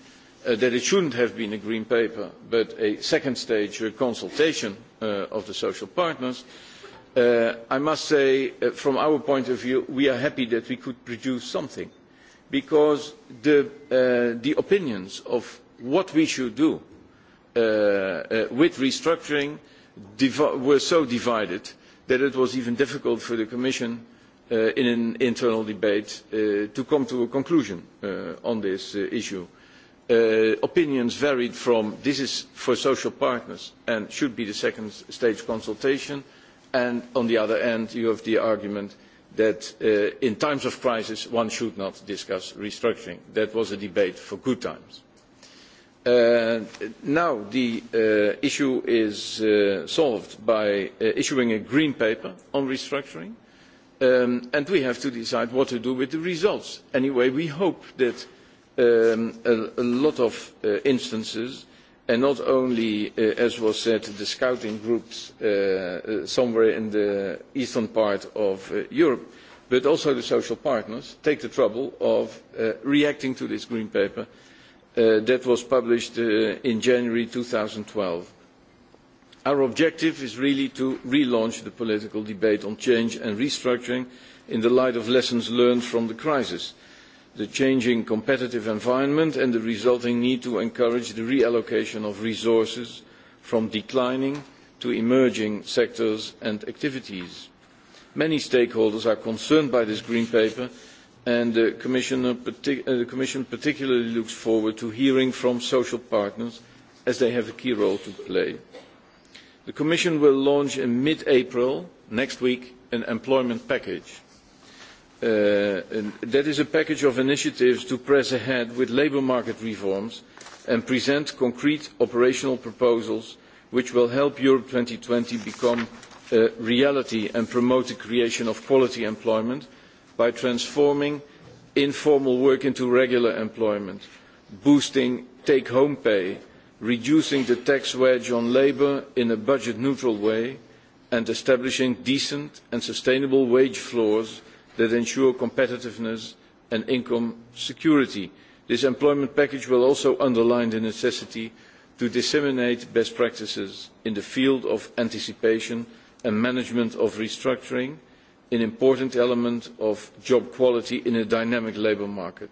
that it shouldn't have been a green paper, but a second stage consultation of the social partners. I must say, from our point of view, we are happy that we could produce something because the opinions of what we should do with restructuring were so divided that it was even difficult for the Commission in an internal debate to come to a conclusion on this issue. opinions varied from this is for social partners and should be the second stage consultation and on the other hand you have the argument that in times of crisis one should not discuss restructuring. That was a debate for good times. now the issue is solved by issuing a green paper on restructuring and we have to decide what to do with the results. Anyway, we hope that a lot of instances, and not only, as was said, the scouting groups somewhere in the eastern part of Europe, but also the social partners, take the trouble of reacting to this green paper that was published in January twelve Our objective is really to relaunch the political debate on change and restructuring in the light of lessons learned from the crisis, the changing competitive environment and the resulting need to encourage the reallocation of resources from declining to emerging sectors and activities. Many stakeholders are concerned by this Green Paper and the Commission particularly looks forward to hearing from social partners as they have a key role to play. The Commission will launch in mid-April, next week, an employment package. That is a package of initiatives to press ahead with labour market reforms and present concrete operational proposals which will help Europe twenty become a reality and promote the creation of quality employment by transforming informal work into regular employment, boosting take-home pay, reducing the tax wedge on labour in a budget neutral way and establishing decent and sustainable wage floors that ensure competitiveness and income security. This employment package will also underline the necessity to disseminate best practices in the field of anticipation and management of restructuring, an important element of job quality in a dynamic labour market.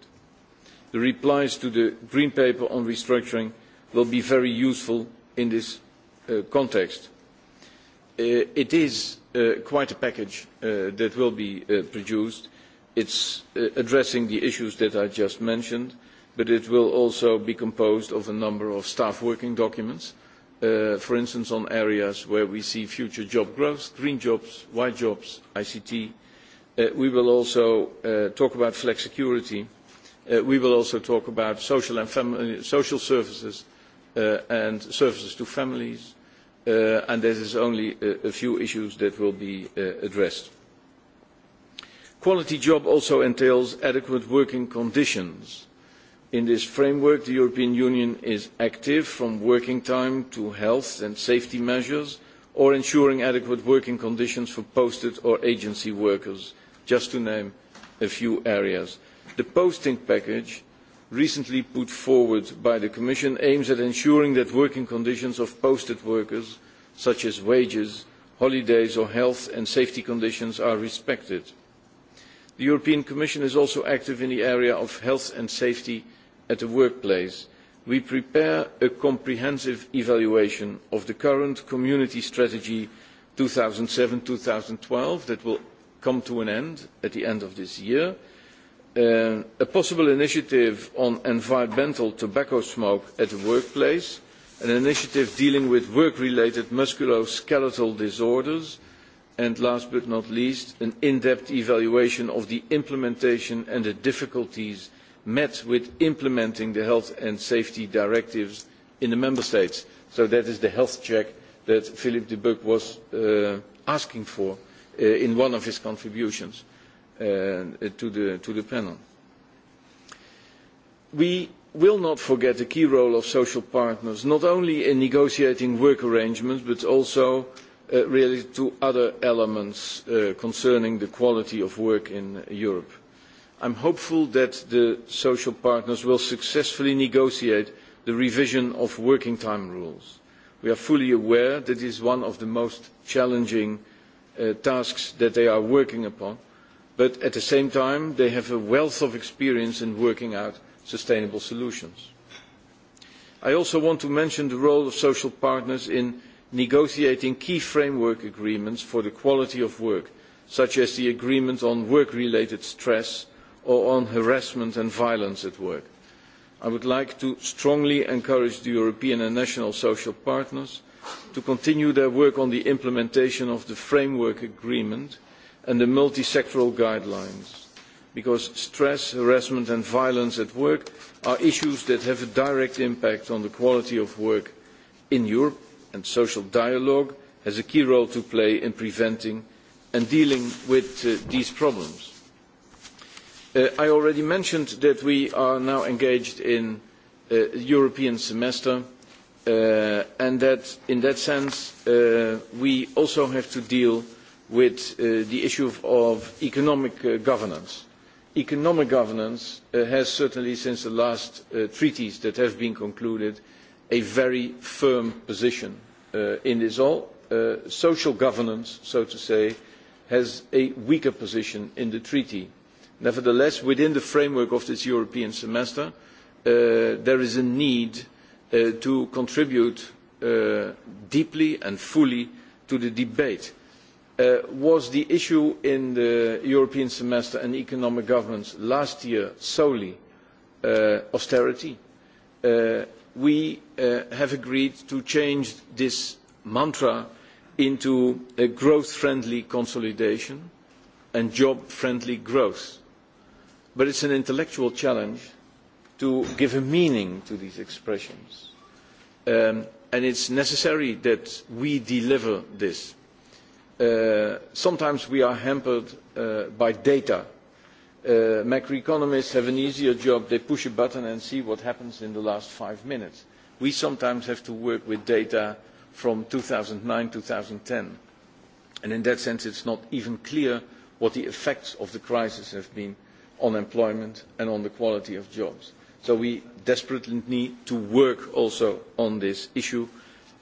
The replies to the Green Paper on restructuring will be very useful in this context. It is quite a package that will be produced. It is addressing the issues that I just mentioned, but it will also be composed of a number of staff working documents, for instance, on areas where we see future job growth, green jobs, white jobs, ICT. We will also talk about flexicurity. We will also talk about social services and services to families, and this is only a few issues that will be addressed. Quality job also entails adequate working conditions. In this framework, the European Union is active from working time to health and safety measures or ensuring adequate working conditions for posted or agency workers, just to name a few areas. The posting package recently put forward by the Commission aims at ensuring that working conditions of posted workers, such as wages, holidays or health and safety conditions, are respected. The European Commission is also active in the area of health and safety at the workplace. We prepare a comprehensive evaluation of the current Community Strategy two thousand 2007-2012 that will come to an end at the end of this year, a possible initiative on environmental tobacco smoke at the workplace, an initiative dealing with work-related musculoskeletal disorders, and last but not least, an in-depth evaluation of the implementation and the difficulties met with implementing the health and safety directives in the member states. So that is the health check that Philippe de Buc was asking for in one of his contributions to the, to the panel. We will not forget the key role of social partners, not only in negotiating work arrangements, but also related to other elements concerning the quality of work in Europe. I am hopeful that the social partners will successfully negotiate the revision of working time rules. We are fully aware that it is one of the most challenging tasks that they are working upon, but at the same time, they have a wealth of experience in working out sustainable solutions. I also want to mention the role of social partners in negotiating key framework agreements for the quality of work, such as the agreement on work-related stress or on harassment and violence at work. I would like to strongly encourage the European and national social partners to continue their work on the implementation of the framework agreement – and the multi-sectoral guidelines, because stress, harassment and violence at work are issues that have a direct impact on the quality of work in Europe, and social dialogue has a key role to play in preventing and dealing with these problems. I already mentioned that we are now engaged in a European semester, and that in that sense, we also have to deal with the issue of economic governance. Economic governance has certainly, since the last treaties that have been concluded, a very firm position in this all. social governance, so to say, has a weaker position in the treaty. Nevertheless, within the framework of this European semester, there is a need to contribute deeply and fully to the debate was the issue in the European semester and economic governance last year solely austerity? we have agreed to change this mantra into a growth-friendly consolidation and job-friendly growth. But it is an intellectual challenge to give a meaning to these expressions. and it is necessary that we deliver this sometimes we are hampered by data. macroeconomists have an easier job. They push a button and see what happens in the last five minutes. We sometimes have to work with data from two thousand nine 2009 ten, And in that sense, it's not even clear what the effects of the crisis have been on employment and on the quality of jobs. So we desperately need to work also on this issue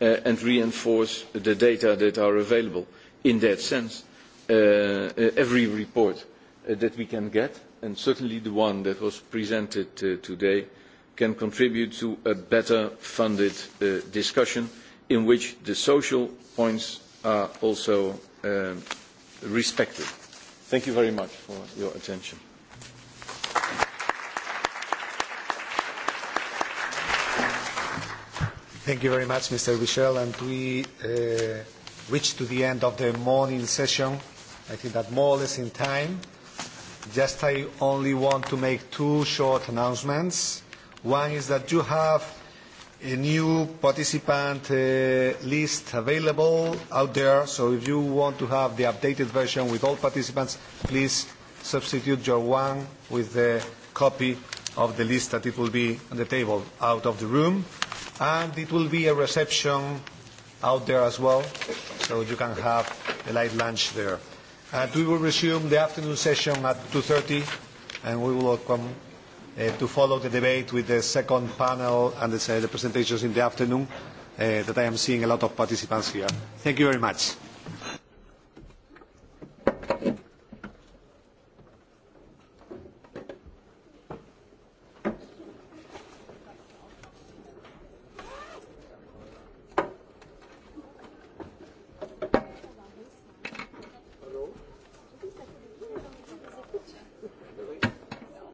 and reinforce the data that are available in that sense every report that we can get, and certainly the one that was presented today, can contribute to a better funded discussion in which the social points are also respected. Thank you very much for your attention. Thank you very much, Mr. Michel, and we reached to the end of the morning session. I think that more or less in time. Just I only want to make two short announcements. One is that you have a new participant uh, list available out there, so if you want to have the updated version with all participants, please substitute your one with the copy of the list that it will be on the table out of the room. And it will be a reception out there as well, so you can have a light lunch there. And we will resume the afternoon session at 2.30, and we will come uh, to follow the debate with the second panel and the, uh, the presentations in the afternoon, uh, that I am seeing a lot of participants here. Thank you very much.